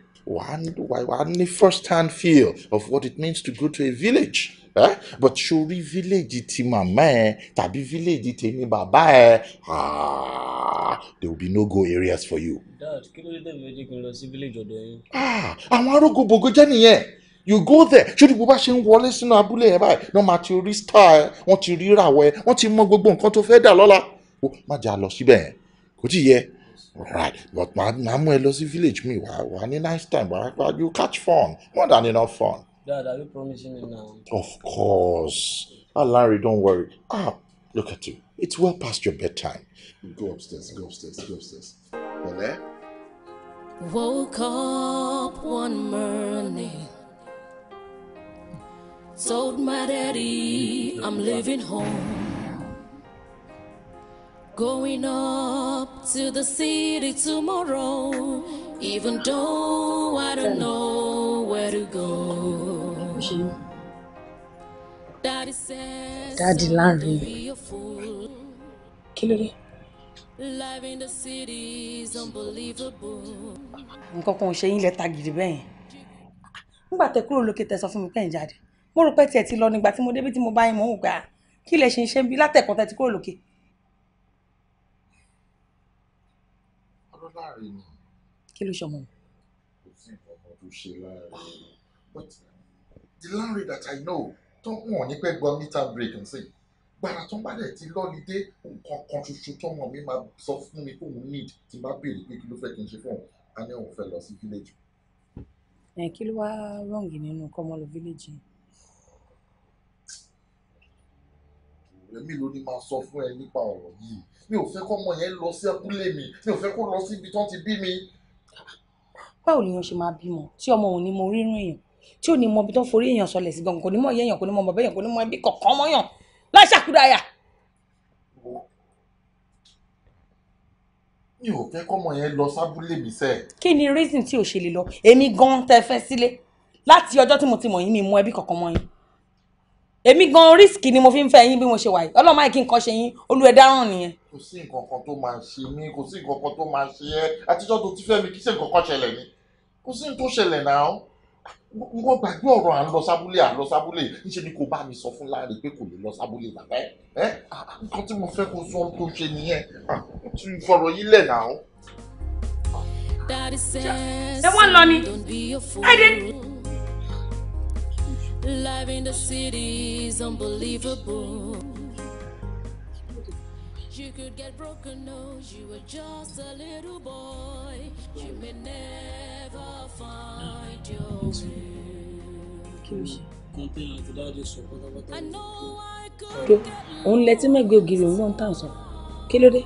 wàá ní first hand feel of what it means to go to a village eh? but sori village ti màmá ẹ Tabi village tèmi bàbá ẹ ah, there will be no go areas for you. dad kí ló dé tẹ̀lé méjì kí n lọ sí village ọ̀dọ̀ yín. Ah, àwọn arógbogbò jẹ́ nìyẹn you go there ṣé bó bá ṣe ń wọlé sínú abúlé yẹn báyìí náà máa ti rí star ẹ wọ́n ti rí ìràwọ̀ ẹ wọ́n ti mọ gbogbo nǹkan tó fẹ́ dà lọ́la. ó má jà lọ síbẹ̀ yẹn kò tí yẹ Right, but máa mú ẹ lọ sí village Me, wá wá ní nice time wá wá you catch fun more than enough fun. Dad, are you promising me now? Of course. Ah, Larry, don't worry. Ah, look at you. It's well past your bedtime. Go upstairs, go upstairs, go upstairs. Pẹ̀lẹ́. Eh? Woke up one morning. Told my daddy I'm leaving home. Going up to the city tomorrow, even though I don't know where to go. Daddy says, Daddy Larry. Kill ló dé? Life in the city is unbelievable. Nǹkan kan ò ṣe yín lẹ́ta gidi bẹ́ẹ̀. Nígbà tẹ kúrò lókè tẹ sọ fún mi pé ń jáde. Mo rò pé tiẹ̀ ti lọ nígbà tí mo débi tí mo bá yín mò ń gbà. Ah, kí lẹ ṣe ń ṣe bí látẹ̀kọ́ tẹ ti kúrò lókè? láàrin ni. kí ló ṣọmọ. kò sí ìfọwọ́ tó ṣe láàrin but the landlord that I know tó ń wọ̀n ní pẹ́ gbọ́ meter break nsìn gbàrà tó ń bá dẹ̀ ti lọ́lidé nǹkan kan ṣoṣo tọ́mọ mi máa sọ fún mi fóun need tí n bá béèrè pé kí ló fẹ́ kí n ṣe fóun á ní òun fẹ́ lọ sí village. ẹ kí ló wá wrong nínú kọ́mọ́lù village yìí. rẹ mi ló ní máa sọ fún ẹ nípa ọ̀rọ̀ yìí mi ò fẹ́ kọ́mọ yẹn lọ sí abúlé mi mi ò fẹ́ kó lọ síbi tó ti bí mi. báwo ni èèyàn ṣe máa bímọ tí ọmọ òun ni mo rírun èèyàn tí ò ní mọ ibi tó forí èèyàn sọlẹ̀ sí gan kò ní mọ ìyá èèyàn kò ní mọ bàbá èèyàn kò ní mọ ẹbí kọ̀ọ̀kan mọ́yàn láṣàkúdáyà. mi ò fẹ́ kọ́mọ yẹn lọ sábúlé mi sẹ́ẹ̀. kí ni reason tí ò ṣe lè lọ èmi gan tẹ fẹ́ sílé láti ọjọ́ tí mo ti mọ̀ yín mi mú ẹbí kọ̀ọ̀kan mọ́ yín èmi gan rísìkì ni mo fi ń fẹ́ yín bí mo ṣe wà yìí ọlọ́mọ àìkí nǹkan ṣe yín olúwẹ̀ dáràn nìyẹn. kò sí nǹkan kan tó máa ṣe mí kò sí nǹkan kan tó máa ṣe ẹ àtijọ́ tó ti fẹ́ mi kí ṣe nǹkan kan ṣẹlẹ̀ ni kò sí nǹkan tó ṣẹlẹ̀ náà wọ́n gbàgbé ọ̀rọ̀ à ń lọ sábúlé à ń lọ sábúlé níṣẹ́ ni kò bá mi sọ fún láàrin pé kò lè lọ sábúlé bàbá ẹ̀ ẹ́ nǹkan tí mo fẹ́ kó sọ tó ṣe nìyẹn tún fọ̀rọ̀ yín lẹ̀ náà. ẹ wọ́n lọ ni Life in the city is unbelievable. You could get broken nose, you were just a little boy. You may never find your way. I know I could òun lẹ tí mẹ́gbẹ́ ògiri òun náà ń tàn sọ kí ló dé.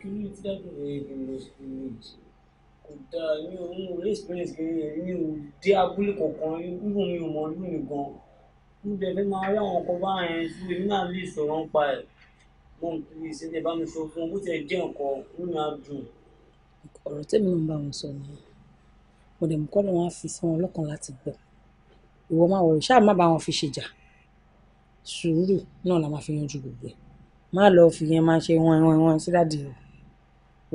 kí ló dé kò dáa ní ohun orí experience kiri ẹ̀ ní o dé abúlé kankan irú mi ò mọ ọdún mi gan mo dẹ̀ fẹ́ máa rí àwọn ọkọ̀ báyẹn fún èmi náà lè sọ̀rọ̀ ń pa ẹ̀ mo ń fi ìṣẹ̀lẹ̀ bá mi sọ fún un bó tiẹ̀ jẹ́ nǹkan nínú adùn. ọ̀rọ̀ tẹ́mi náà ń bá wọn sọ nìyẹn mo dẹ̀ mú kọ́ lọ́wọ́ á fi sí wọn lọ́kàn láti gbọ́ ìwọ máa wọ̀rọ̀ ṣáà má bá wọn fi ṣèjà sùúrù náà la máa fi yanjú gbogbo ẹ̀ má lọ fi yẹn máa ṣe wọ́n wọ́n wọ́n sí dáàdì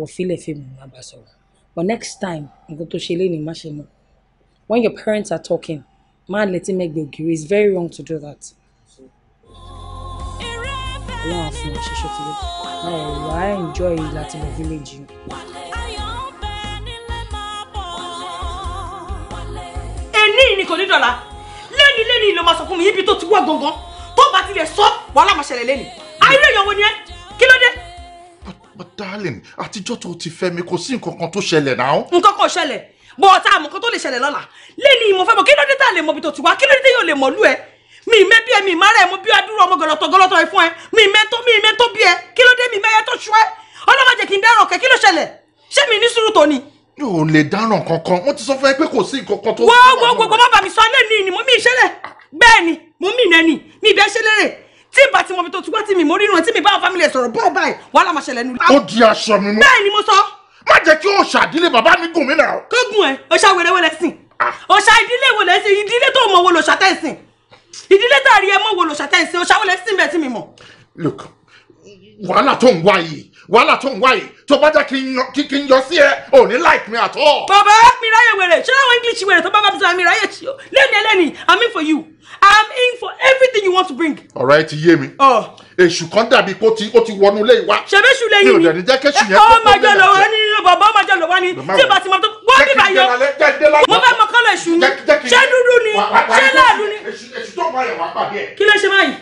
o fílẹ̀ fèmí má bá sọ̀rọ̀ but next time nǹkan go to Shilini Mashimo. when your parents are talking man, let him make the ògiri it's very wrong to do that. ọlọ́run àfihàn ṣoṣo ti rí báwo enjoy láti village yìí. ẹni ìní kò ní dọ̀la lẹ́ni lẹ́ni ló máa sọ fún mi ibi tó ti wá gangan tó bá tilẹ̀ sọ wàhálà máa ṣẹlẹ̀ lẹ́ni ayé èèyàn ni ẹ kí ló dé but darling àtijọ́ tó ti fẹ́ mi kò sí nǹkan kan tó ṣẹlẹ̀ náà. nǹkan kan ṣẹlẹ̀ bọ́ ọ̀tá àmọ́ kan tó lè ṣẹlẹ̀ lọ́la lẹ́ni mo fẹ́ mọ̀ kí ló dé tá a lè mọ̀ bí tó ti wá kí ló dé yóò lè mọ̀ lú ẹ mi ì mẹ́bí ẹ mi ì má rẹ̀ mo bí adúrò ọmọ gọlọ́tọ̀ gọlọ́tọ̀ ẹ fún ẹ mi ì mẹ́tọ́ mi ì mẹ́tọ́ bí ẹ kí ló dé mi mẹ́yẹ tó ṣú ẹ ọlọ́mọ jẹ́ kí n dẹ́rọ̀ kẹ́ kí ló ṣẹlẹ̀ ṣé mi ní sùúrù tó ni. yóò lè dáràn kankan wọn ti sọ fún ẹ pé kò sí nǹkan kan tó. wọ́ọ́ gbogbo má bàmí sọ lẹ́ni ni mo mí ìṣẹ́lẹ̀ bẹ́ẹ̀ ni mo mí ìnẹ́ni mi ì bẹ́ẹ̀ ṣẹlẹ̀ rẹ̀ tí ìbá ti mọ ibi tó tún wá tí mi mọ rírun tí mi bá àwọn family ẹ̀ sọ̀rọ̀ báyìí báyìí wàhálà máa ṣẹlẹ̀ nílùú. ó di aṣọ mi mú. bẹ́ẹ̀ ni mo sọ. má jẹ́ kí o ṣàdílé bàbá mi gùn mí náà. kó gùn ẹ ọṣà wẹrẹ wẹrẹ sìn ah. ọṣà ìdílé wo lẹ sìn ìdílé tó mọ wo lọ ṣàtẹ̀sìn ìdílé tàrí ẹ mọ wo lọ ṣàtẹ̀sìn ọṣà wo sìn bẹ́ẹ̀ tí mi mọ̀. look wàhálà tó ń wá wàhálà tó ń wá yìí tó bá jẹ́ kí n yọ sí ẹ ò ní like me at all. bàbá mi ráyè wèrè ṣé àwọn english wèrè tó bá bá mi sọ àmì ráyè tí o lẹ́nu ẹlẹ́ni i'm in for you i'm in for everything you want to bring. ọ̀rọ̀ ẹ ti yé mi oh. èṣù kan dàbí pé ó ti wọnú ilé wa. ṣebí ṣù lẹ́yìn mi mi ò dẹ̀ ní jẹ́ kéṣù yẹn kó tó lé àjẹ bàbá ọmọ àjọ lọ́wọ́ ni tí ìbá ti mọ tó wọ́n ní báyọ̀ mo fẹ́ mọ kọ́lọ̀ èṣù ni ṣé dúdú ni ṣé láàlú ni kí ló ṣe báyìí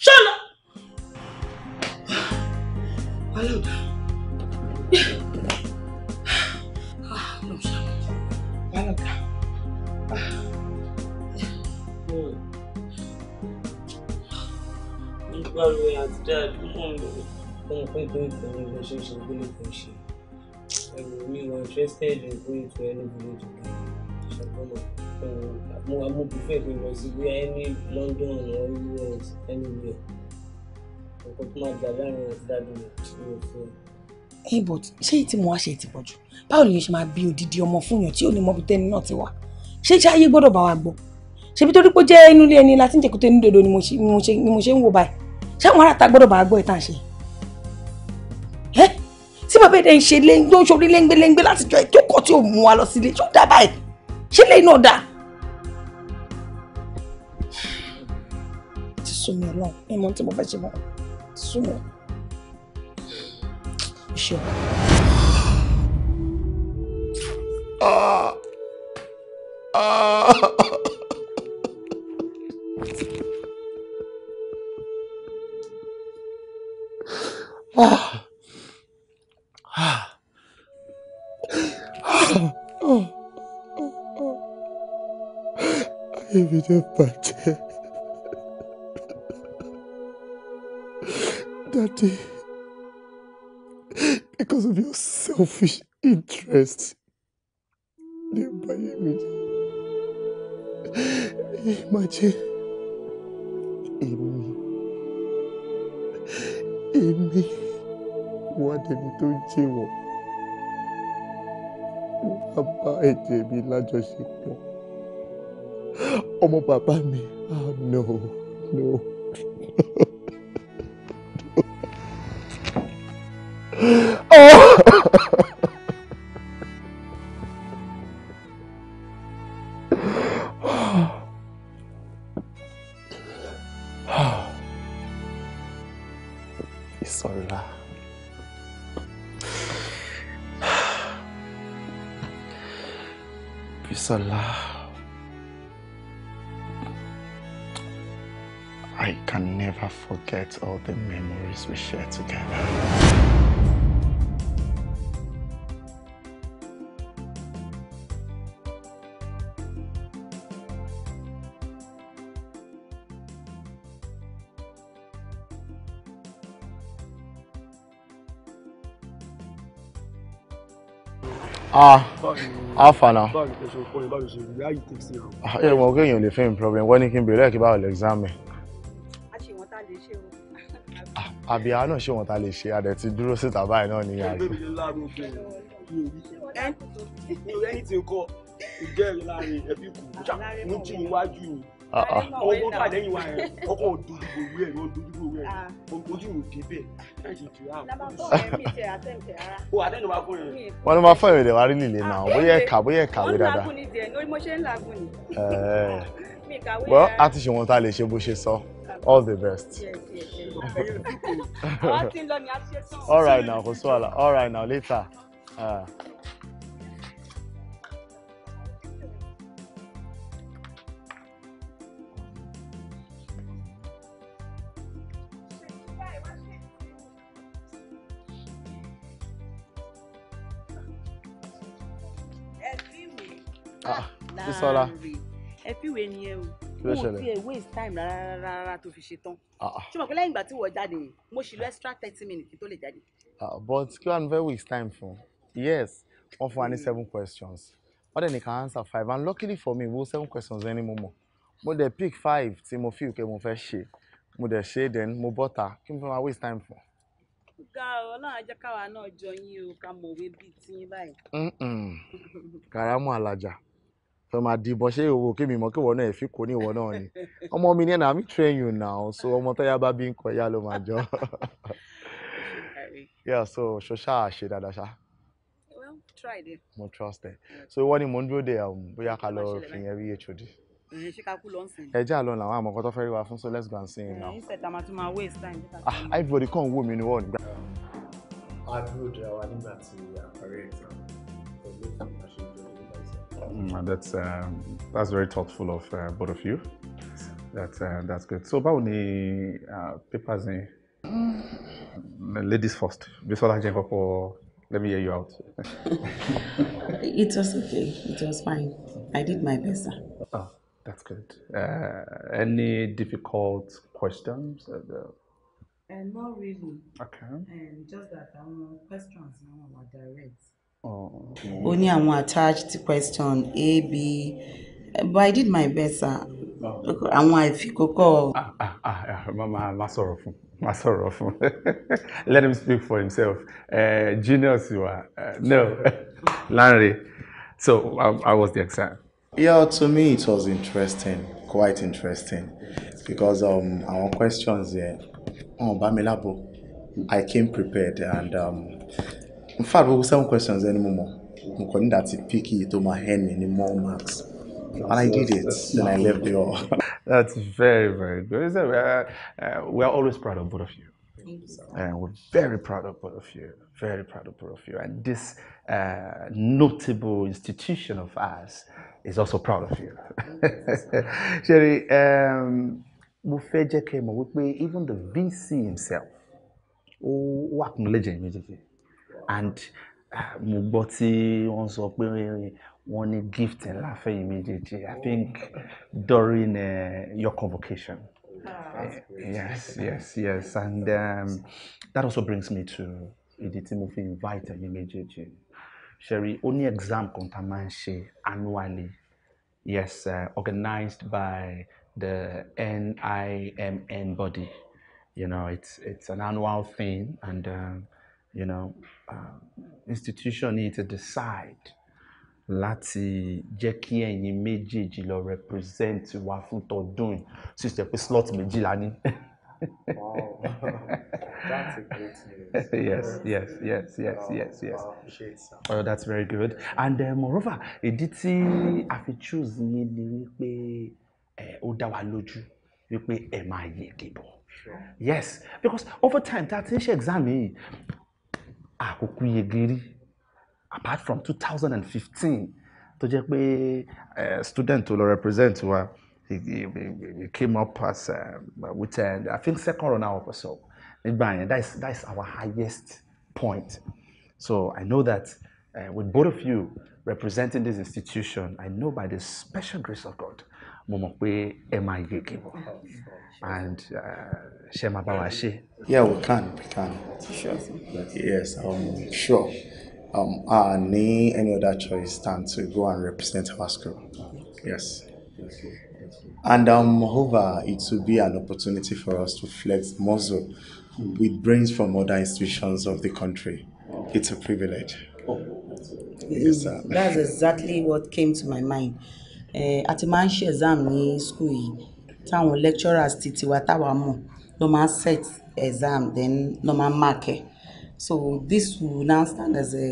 ṣọ́ọ̀lọ́. Balógun. Balógun. Nígbà wo ni àti dáadé mò ń lò? Wọ́n pẹ́ tó ìtàn ní ọjọ́ ṣíṣe gbélé kan ṣe. Ẹ̀rù mi wà interested in going to any village again. Ṣàkóso mo amúgbùfẹ́ mi lọ sí bóyá any London or US anywhere nǹkan tó máa gbà láàrin àti dáàbò mi ní òfin. ẹ bọ̀ ṣé èyí tí mo wá ṣe ti pọ̀ jù báwo lèyàn ṣe máa bí odidi ọmọ fún yàn tí ò ní mọ ibi tẹ́ni náà ti wà ṣé ṣé ayé gbọ́dọ̀ bá wa gbọ́ ṣebí torí pé ó jẹ́ inú ilé ẹni láti ń jẹ́kútẹ́ ní dòdò ni mo ṣe ń wo báyìí ṣé àwọn aráàta gbọ́dọ̀ bá wa gbọ́ ìtàn ṣe tí bàbá ẹ̀dẹ̀ ń ṣe ló léńgbéléńgbé láti jọ ìjókòó tí ò mú wa lọ sílé ṣó dá báyìí ṣé súnmọ́. ṣeun. Ah! Ah! Ah. Ah. Ah. Ah. Ah. Ah. Ah. Ah. Daddy, because of your selfish interest, you buy me. Imagine, Amy, Amy, what did you do, Jiwo? a ẹ̀jẹ̀ mi lájọṣepọ̀. Ọmọ bàbá mi, ah no, no. Oh. Ìṣọ̀lá. Ìṣọ̀lá. I can never forget all the memories we shared together. ah how far now. báwo ni ṣe kọ́ ẹ báwo ṣe rí ayé tẹ̀ sí ẹ. ẹ mọ̀ pé èèyàn lè fẹ́ mi problem wọ́n ní kí n bèrè ẹ̀kí báwo lè exam mi. a ṣe wọn ta lè ṣe o. Ah, àbí àwa náà ṣe wọn ta lè ṣe adẹ ti dúró síta báyìí náà nìyà. ẹ bẹ́ẹ̀ mi láàrin òkè mi ò rí ẹni tí n kọ ìjẹ́rìí láàrin ẹbí kù owó pàdé yìí wá ẹ ọkọ òdòdó owó ẹ òdòdó owó ẹ ah. ojú ò dé bẹ láti jù á. o àtẹnu wa fún yẹn. wọn ní wọn fọ ìrẹ̀lẹ̀ wa rí nílé náà ah, bóyá ẹka bóyá ẹkàwé dáadáa. wọn làágùn ní tiẹ̀ lórí mo ṣe ń làágùn ní. bọ́ a ti ṣe wọn tá a lè ṣe bó ṣe sọ ah. all the best. all right now kò sọ àlà all right now later. Uh, Sọ́lá ẹ fíwèé ni ẹ o mo ti ẹ waste time rárá rárá tó fi ṣe tán ah, ah. ṣé mo pé ìgbà tí wọ́n jáde mo ṣì lọ extra thirty minutes kí tó lè jáde. Ah, but kí wàá fẹ́ waste time fún yes wọ́n fún wa ní hmm. seven questions wọ́n dẹ̀ ní ká answer five and luckily for me wo seven questions ẹni mo mọ̀ mo dẹ̀ pick five tí mo feel pé mo fẹ́ ṣe mo dẹ̀ ṣe then mo bọ́ta kí n fẹ́ máa waste time fún ga ọlọ́run ajẹ́ káwa náà jọ yín o ká mọ̀wé bíi tí yín báyìí. kàrámù alájà fẹ́ máa di bọ́ ṣé owó kí mi mọ̀ kí ìwọ náà fi kó ní ìwọ náà ni ọmọ mi ní ẹ̀ náà train you now so ọmọ tó yá bá bí nǹkan yá ló máa jọ yeah so ṣoṣà ṣe dáadáa ṣá. mo trust ẹ so wọ́n ní mo ń dúró de um, bóyá ká lọ fi yẹn rí hod ẹjẹ àlọ làwọn àmọ kọtọ fẹ́ rí wa fún so let's go and sing now. ah everybody come wo mi ni wọ́n nígbà. Um, a dúró de wa nígbà tí àpẹẹrẹ ìtàn. Mm, that's uh, that's very thoughtful of uh, both of you. That's uh, that's good. So báwo ni uh, papers ni mm, ladies first Bisola Jenkopo let me hear you out. it was okay. It was fine. I did my best. Sir. Oh, that's good. Uh, any difficult questions? Uh, uh no reason. Okay. And um, just that um, questions now direct. ó ní àwọn attached question a b but i did my best sir àwọn àìfikókọ. Ah, ah, ah, mama má sọ̀rọ̀ fún má sọ̀rọ̀ fún let him speak for himself uh, genius you are eh, no Lanre so how, was the exam. yeah to me it was interesting quite interesting because um, our questions there wọn ò i came prepared and. Um, In fact, we will send questions anymore. Mukoni that it picky to my hand anymore marks. And I did it. Then I left the hall. That's very, very good. Uh, uh, we are always proud of both of you. And we're very proud of both of you. Very proud of both of you. And this uh, notable institution of ours is also proud of you. Sherry, me. Um, even the VC himself, acknowledged acknowledging immediately. and ah, mo gbọ́ tí wọ́n sọ pé wọ́n ní gift ńlá fẹ́yìn méjèèjì i think during uh, your convocation. Uh, yes, yes, yes. And um, that also brings me to ìdí tí mo fi invite ẹ̀yin méjèèjì. Sherry, ó ní exam kan tá a máa ń ṣe annually. Yes, uh, organized by the NIMN body. You know, it's, it's an annual thing and um, you know, uh, institution need to decide láti jẹ́ kí ẹ̀yin méjèèjì lọ represent wa fún tọdún yìí sì ṣe pé slot méjìlá ní. Wow, that's a great news. yes, yes, yes, yes, yes, yes. Wow, oh, that's very good. And uh, moreover, ìdí tí a fi choose yín ni wípé ó dá wa lójú wípé ẹ máa yege bọ̀. Yes, because over time tá a ti ń ṣe exam yìí àkókò yege rí apart from two thousand and fifteen tó jẹ́ pé eh, student lọ represent wa he, he, he came up as um, with uh, I think second runner up or so nígbà yẹn that is that is our highest point so I know that uh, with both of you representing this institution I know by the special grace of God mo mọ̀ pé ẹ máa yege bọ̀ and uh, ṣe máa bá wa ṣe. yeah we can we can sure yes um, sure um, a ní any other choice than to go and represent our school yes. And um, moreover, it will be an opportunity for us to flex muscle with brains from other institutions of the country. It's a privilege. Oh. Yes, That's exactly what came to my mind a ti máa ń ṣe exam ní school yìí táwọn lecturers ti tiwa táwa mọ̀ ló máa set exam then ló máa mark ẹ̀. So this will now stand as a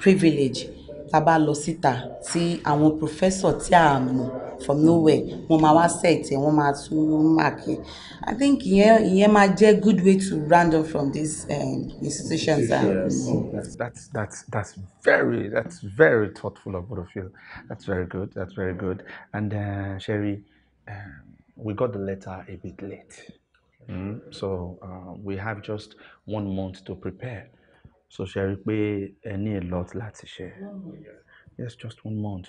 privilege tá a bá lọ síta tí àwọn professor tí a mọ̀ from nowhere wọ́n máa wá sẹ̀tẹ̀ wọ́n máa tún màkì i think ìyẹn ìyẹn máa jẹ́ good way to round up from this um, eh, institutions. Yes. Um, that's, oh, that's that's that's very that's very thoughtful of both of you that's very good that's very good and uh, Sherry um, we got the letter a bit late mm? so uh, we have just one month to prepare so ṣe rí i pé ẹ ní a lot láti ṣe yes just one month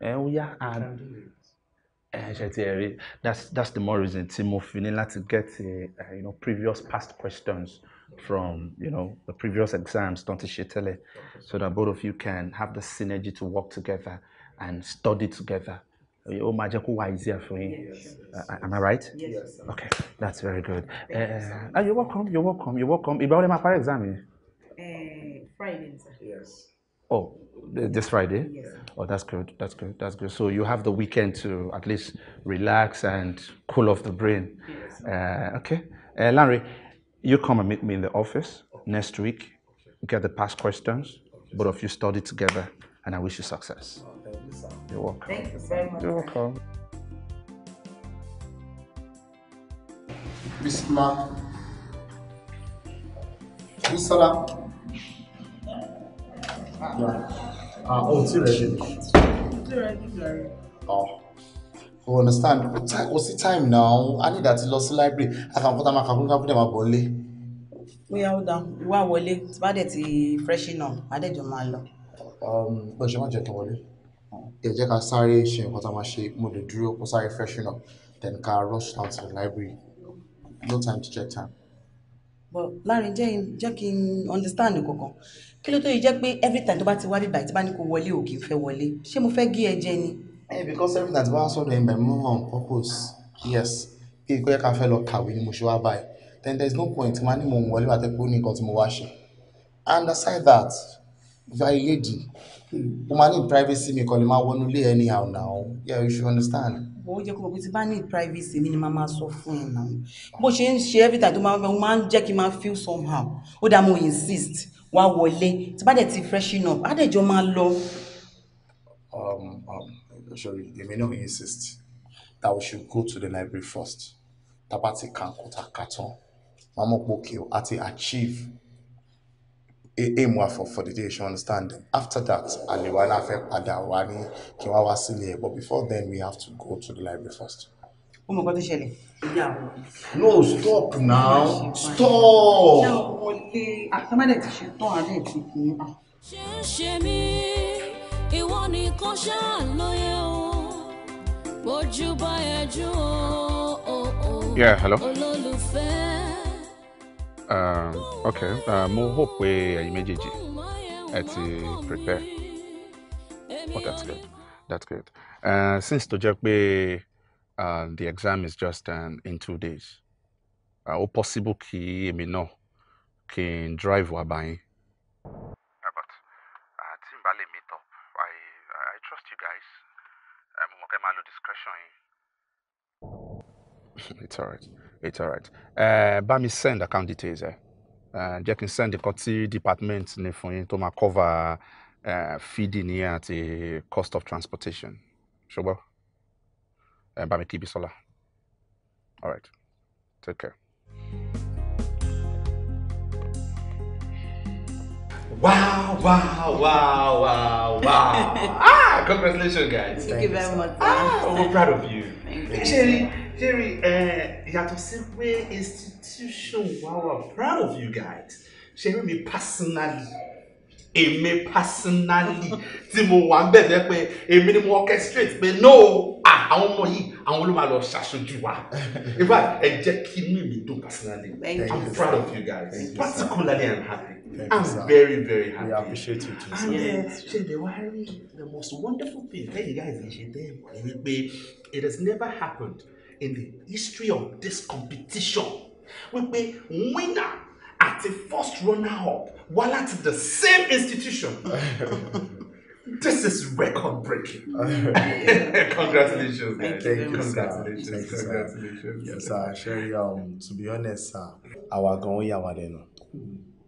ẹ ó yá ẹ ṣe ti ẹ rí that's that's the more reason tí mo fi ní láti get a, uh, eh, you know previous past questions from you know the previous exams don't ṣe tẹ́lẹ̀ so that both of you can have the synergy to work together and study together. Oh, máa jẹ́ kó wá here for me? am I right? Yes. okay that's very good. Uh, you're welcome you're welcome you're welcome ìgbà wo lè máa parí exam Uh, Friday sir. Yes. Oh, this Friday? Yes. Oh, that's good. That's good. That's good. So you have the weekend to at least relax and cool off the brain. Yes. Uh, okay. Uh, Larry, you come and meet me in the office okay. next week. Okay. Get the past questions. Okay. Both of you study together, and I wish you success. Thank You're welcome. Thank you very much. You're welcome. Bisma. Yeah. Ah, oh, it's ready. It's ready, Oh. You understand? What's oh, the time now? I need that lost library. I can put my computer put them up We are ó dáa, ìwà wọlé, tí bá dẹ̀ ti freshen up, adẹ́jọ́ máa lọ. Um, Bọ́sẹ̀ má jẹ́ kí n wọlé ẹ jẹ́ ká sáré ṣe nǹkan tá a máa ṣe mo lè dúró kó sáré freshen up then ká rush down to the library no time to check time. but láàrin jẹ́ jẹ́ kí n understand kankan kí ló tó yìí jẹ́ pé every time tó bá ti wá bíbá ìtìbá ní kó wọlé ò kì í fẹ́ wọlé ṣé mo fẹ́ gé ẹ jẹ ni. ẹ eh, because every time tí wọ́n á sọ̀rọ̀ ẹ̀ mọ̀ on purpose yes kí n kọ́ yẹ ká fẹ́ lọ kàwé ni mo ṣe wá báyìí then there is no point máa ní mo wọlé àtẹ́pẹ́ ó ní nǹkan tí mo wá ṣe and aside that ìfẹ́ ayé yéèdì mo máa need privacy mi kọ́ lè máa wọnú ilé anyhow now yeah you should understand. bó jẹ́ kó o ti bá need privacy mi ni màá máa sọ fún ẹ̀ náà bó ṣe ń ṣe every time tó máa ń máa ń jẹ́ kí n máa feel somehow ó dá mo insist wá wọlé tí bá dẹ̀ ti freshen up á dẹ̀ jọ máa lọ. um um sorry èmi náà insist that we should go to the library first tá bá ti kà ń kó ta kà tán màá mọ̀ pé achieve aim wa for for the day you understand after that àlèwà náà fẹ́ padà wá ní kí wọ́n wá sílé ẹ̀ but before then we have to go to the library first. ó mọ̀ nǹkan tó ṣẹlẹ̀. no stop now stop. àtàmọ́lẹ̀ ti ṣe àárẹ̀ ti fi ah. ṣé ṣe mí ìwọ nìkan ṣáà o bójú bá o. yeah hello. olólùfẹ́. Um, okay. ok uh, mo hope pé ẹ̀yin méjèèjì ẹ ti prepare oh that's good that's good uh, since to jẹ́ pé uh, the exam is just um, in two days uh, possible kí èmi náà kí n drive wá bá uh, but tí n meet up I, I trust you guys mo mọ̀ kẹ́ máa lo discretion it's alright it's all right ẹ eh, bá mi send account details ẹ eh, jẹ́ kí n send the tí department ní fún yín tó máa cover eh, feeding at the cost of transportation ṣùgbọ́n ẹ bá keep it Bísọ́lá all right take care. Wow, wow, wow, wow, wow. ah, congratulations, guys. Thank, Thank you very much. Ah, we're proud of you. Thank you. Jerry, eh, yàtọ̀ sí pé institution wa wow, wà proud of you guys. Ṣé mi personally? Èmi personally tí mo wà ń bẹ̀rẹ̀ pé èmi ni mo orchestrate pé no àwọn ọmọ yìí àwọn ló máa lọ ṣàṣojú wa. In fact, ẹ jẹ́ kí inú mi dùn personally. Thank I'm proud of you guys. Thank Particularly I'm happy. Thank I'm you, very very happy. We appreciate you too. And eh, ṣe wá rí the most wonderful thing that you guys ṣe dé wípé it has never happened in the history of this competition wípé winner àti first runner up wá láti the same institution. This is record breaking. Congratulations, Thank you, Congratulations. Congratulations. Yes, sir. Sherry, um, to be honest, sir, our going Yawadeno.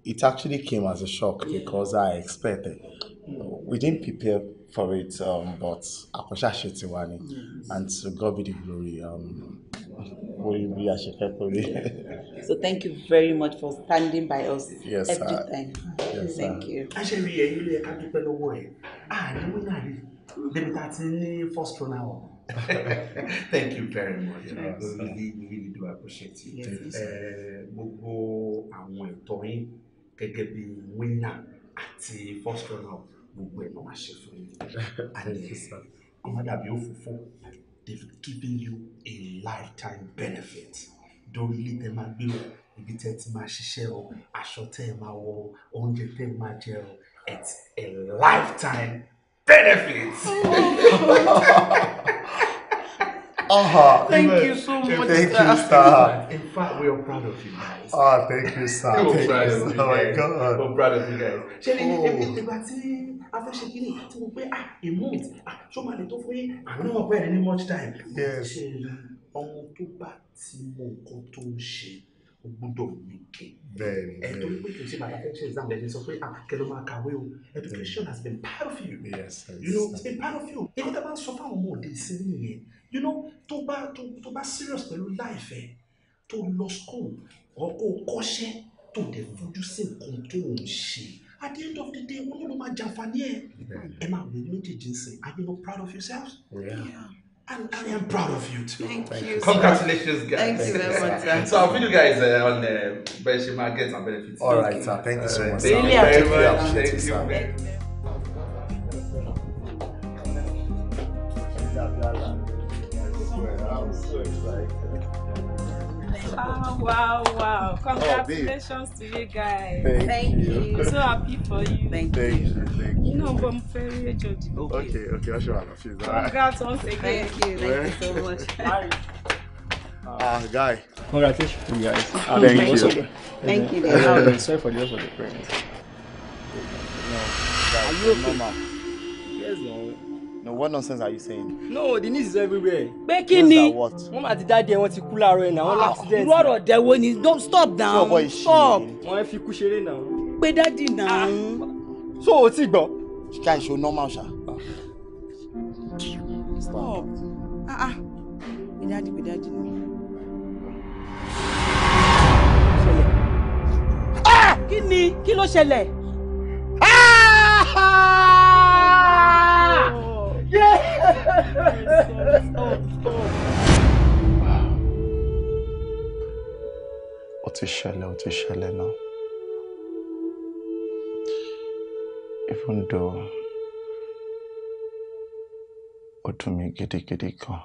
It actually came as a shock because I expected. We didn't prepare for it, um, but àkọ́ṣà ṣe and to God be the glory. Um, so thank you very much for standing by us yes, every sir. time. Yes, thank sir. you. Àṣẹ̀rí ẹ̀yin ló yẹ ká dúpẹ́ lọ́wọ́ ẹ̀. Àní wíńdà rí débi first round hour. Thank you very much. Yes, I really, really do appreciate you. Eh, gbogbo àwọn ẹ̀tọ́ yín gẹ́gẹ́ bí wíńdà àti first runner-up gbogbo ẹ̀ ló máa ṣe fún yín ọmọ dàbí òfófó they've given you a lifetime benefit dórí ilé tẹ máa gbé o ibi tẹ ti máa ṣiṣẹ́ o aṣọ tẹ máa wọ o oúnjẹ tẹ máa jẹ o it's a lifetime benefit. Uh-huh. Thank you so much. Thank you, sir. In fact, we are proud of you guys. Ah, oh, thank you, sir. thank you, Oh my God. We're proud of you guys. Shelly, oh afẹ́ṣe kìíní tí mo pé ah a month ah ṣó máa lè tó fún yín àná ọ̀pẹ rẹ̀ ní much time. ṣe ọmọ tó bá ti mọ nǹkan tó ń ṣe o gbọ́dọ̀ nìke. bẹ́ẹ̀ni bẹ́ẹ̀ni ẹtọ pé kì í ṣe my affection exam lẹni sọ pé ah kẹlẹ máa kàwé o education has been part of you. yes yes you know it's been part of you. ìkọ́ tá a bá ń sọ fáwọn ọmọ òde sí nìyẹn you know tó bá tó bá serious pẹ̀lú life ẹ̀ tó lọ school ọ̀ kó kọ́ṣẹ́ tó dẹ̀ fojú sí nǹkan tó ń ṣe at the end of the day wọn ló máa jàǹfààní ẹ ẹ máa wọ méjèèjì sìn are you not proud of yourselves. Yeah. Yeah. And I am proud of you too. Thank, Thank you. Congratulations, guys. Thank you very much. so I'll meet you guys uh, on the uh, Benchmark Markets and Benefits. All right, sir. Thank you so uh, much. Thank you very much. Thank Thank you. Oh, wow, wow. Congratulations oh, to you guys. Thank, Thank you. you. So happy for you. Thank, Thank you. Thank you. You know, I'm very judgy. Okay, okay, I'll show you. She's all right. Congrats once again. Thank you. Thank you so much. Ah, uh, guy. Congratulations to you guys. Uh, thank, thank you. you. Thank you. Thank you. Sorry for the rest of the parents. No, that's Are you okay? Yes, no. No, what nonsense are you saying? No, the news is everywhere. Making kí What? Wọ́n máa ti dáadé wọn ti kú láàárọ̀ ẹ̀ náà wọ́n l'accident. Ah, irú ọ̀rọ̀ dẹ̀wọ́ don't stop now. Sọ̀bọ̀ ìṣe. Stop. Wọ́n fi ikú ṣeré náà. Pé dádì náà. So ah, o ti gbọ́. Ṣíkà show normal ṣá. Ah. Stop. Pé dádì pé dádì náà. Kí ni? Kí ló ṣẹlẹ̀? Ah! Yeah. Ó ti ṣẹlẹ̀, ó now. Even though ó dùn mí gidigidi gan.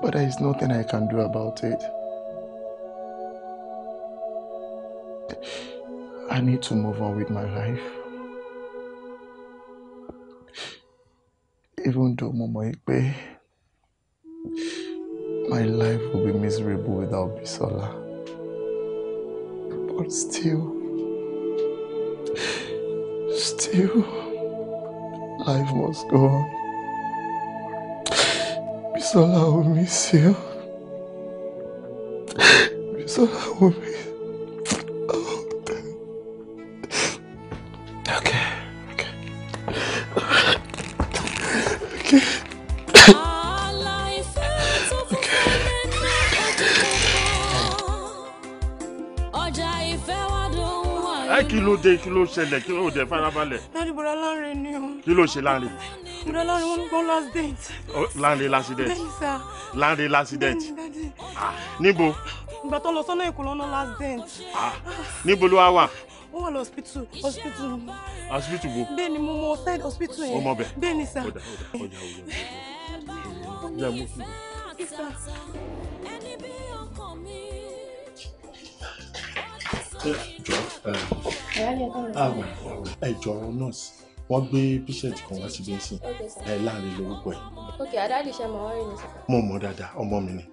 But there is nothing I can do about it. I need to move on with my life. even though mo mọ̀ pé my life will be miserable without Bisola but still still life must go on Bisola will miss you Bisola will miss dé kí ló ṣẹlẹ̀ kí ló dé farabalẹ̀. lọ́dún bọ̀dá láàrin ni o. kí ló ṣe láàrin. bọ̀dá láàrin wọn gbọ́ last date. láàrin last date. bẹ́ẹ̀ni sá. láàrin last date. níbo. ìgbà tó lọ sọ́nà èkó lọ́nà last date. níbo ló wá wà ó wà lọ́sípítù hospital. hospital wo. bẹ́ẹ̀ ni mo mọ side hospital yẹn. ọmọ bẹ bẹ́ẹ̀ ni sá. ọjà ọjà ọjà ọjà ọjà ọjà ọjà ọjà ọjà ọjà ọjà ọjà ọjà ọjà ẹjọ́ nọ́ọ̀sì wọ́n gbé patient kan wá síbi ẹ̀sìn ẹ̀ láàrin lórúkọ ẹ̀. ok adáàdì ṣe mọ̀ wọ́n rí mi síta. mo mọ̀ dáadáa ọmọ mi ni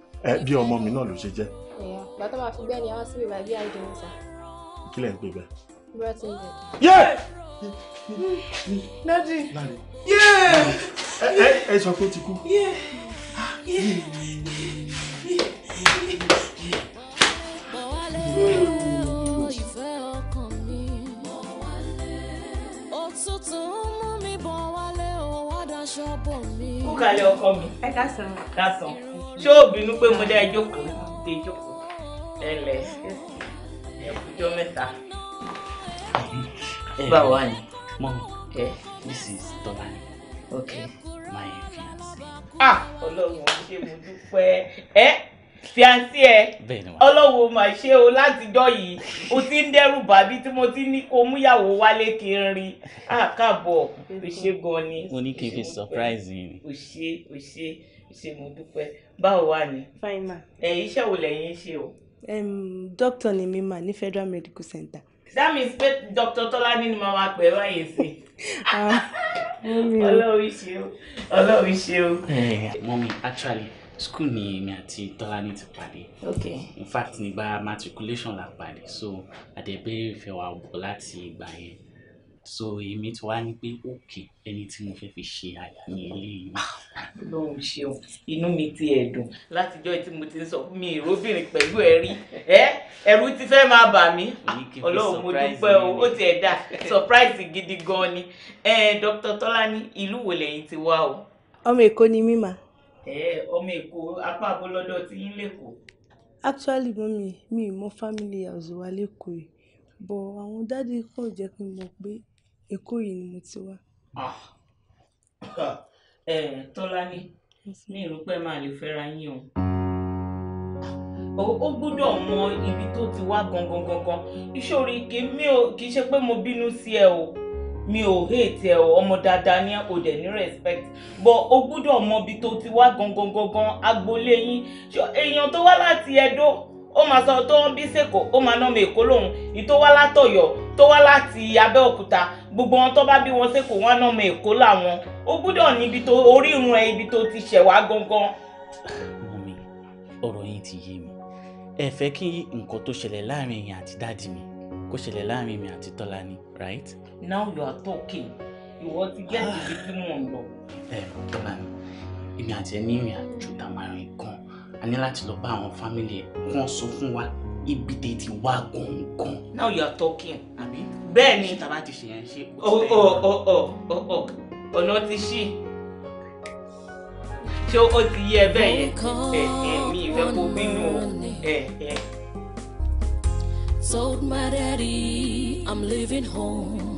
bí ọmọ mi náà ló ṣe jẹ́. ẹ̀yà bàtà máa fi gbẹ́ni àwọn síbi bàbí àìdè mi sà. kí lẹ̀ ń pè bẹ́ẹ̀. brought in bed. Yeah! Daddy. Yeah! Ẹ ẹ sọ pé ó ti kú. Yeah! Yeah! kalẹ̀ ọkọ mi. ẹ ká sàn. ká sàn ṣé ò bínú pé mo dá ẹ jókòó dé jókòó ẹ lẹ ẹ kújọ mẹ́ta. ni. mom ẹ this is Tọ́lání. okay my fiance. ah Ọlọ́run ṣe mo dúpẹ́ ẹ. Eh? fiancé ẹ ọlọ́wọ́ mà ṣe o látijọ́ yìí o ti ń dẹ́rù bàbí tí mo ti ní kó múyàwó wálé kí n àkàbọ̀ o gan ni. mo ní kí n fi surprise yìí. o ṣe o ṣe ṣe mo dúpẹ́ báwo wà ní. fine ma. ẹ iṣẹ́ wo lẹ́yìn ṣe o. doctor ni mi ma ní Federal Medical Center. that means pé Dr. Tọ́lání ni màá wá pè é báyìí sí. Ah, ọlọ́run ṣe o ọlọ́run ṣe o. Eh, mọ́mí actually school ni mi àti Tọ́lání ti pàdé okay in fact nígbà matriculation la pàdé so àdẹ̀bẹ̀rẹ̀ fẹ́ wà bọ̀ láti ìgbà yẹn so èmi ti wá ní pé òkè ẹni tí mo fẹ́ fi ṣe àyà ní eléyìí. lóun ṣeun inú mi ti ẹ̀dùn látijọ́ tí mo ti ń sọ fún mi ìróbìnrin pẹ̀lú ẹ̀rí ẹ ẹ̀rù ti fẹ́ máa bà mí ọlọ́run mo dúpẹ́ o ó ti ẹ̀ dà surprise gidi gan ni dr tolani ìlú wo lẹ́yìn ti wá o. ọmọ èkó ni mímà ọmọ èkó apá àbò lọ́dọ̀ tí yín lẹ́kọ̀ọ́. actually mọ́mí mi ì family house wa lẹ́kọ̀ọ́ yìí bọ̀ àwọn dáàdi kò jẹ́ kí n mọ̀ pé èkó yìí ni mo ti wá. Ah, tọ́lání mi rò pé máa lè fẹ́ra yín o ó gbọ́dọ̀ mọ ibi tó ti wá gangan gangan iṣẹ́ orí kì í ṣe pé mo bínú sí ẹ o mi ò hate ẹ o ọmọ dáadáa ní o dẹ̀ ní respect but o gbúdọ̀ mọ ibi tó ti wá gangan gangan agboolé yín èèyàn tó wá láti Ẹdó ó máa sọ tó ń bí sèkó ó máa nọmọ èkó lòun ìtò wá látọ̀yọ́ tó wá láti Abẹ́òkúta gbogbo wọn tó bá bí wọn sèkó wọn nọmọ èkó làwọn ó gbúdọ̀ níbi tó orírun ẹ ibi tó ti ṣẹ̀ wá gangan. mọ̀mí ọ̀rọ̀ yín ti yé mi ẹ fẹ́ kí nǹkan tó ṣẹlẹ̀ láàrin èèyàn àti dáàdì mi kó ṣẹlẹ̀ láàrin mi àti Tọ́lání right now you are talking ìwọ ti get the tí mò ń lọ. ẹ dọ́là mi èmi àti ẹni ìrìn àjò tamarin kan a ní láti lọ bá àwọn fámìlì ẹ kàn sọ fún wa ibi tẹ ti wá gangan. now you are talking. àbí bẹ́ẹ̀ ni tàbá ti ṣèyàn ṣe. Oh, oh, oh, ọ̀nà ti ṣí ṣé ó ti yẹ bẹ́ẹ̀ yẹn ẹ ẹ eh, eh, mi ìfẹ́ kó bínú ẹ ẹ. Eh, Told my daddy I'm leaving home.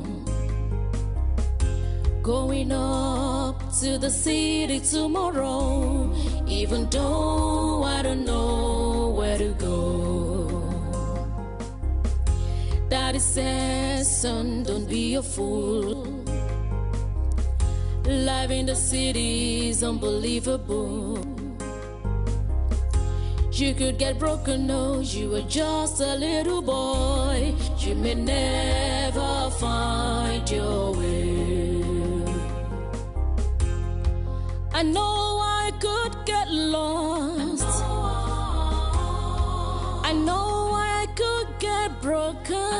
Going up to the city tomorrow, even though I don't know where to go. Daddy says, son, don't be a fool. Life in the city is unbelievable. You could get broken, no, you were just a little boy. You may never find your way. I know I could get lost. I know I could get broken.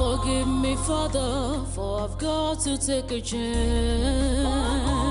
Forgive me, Father, for I've got to take a chance.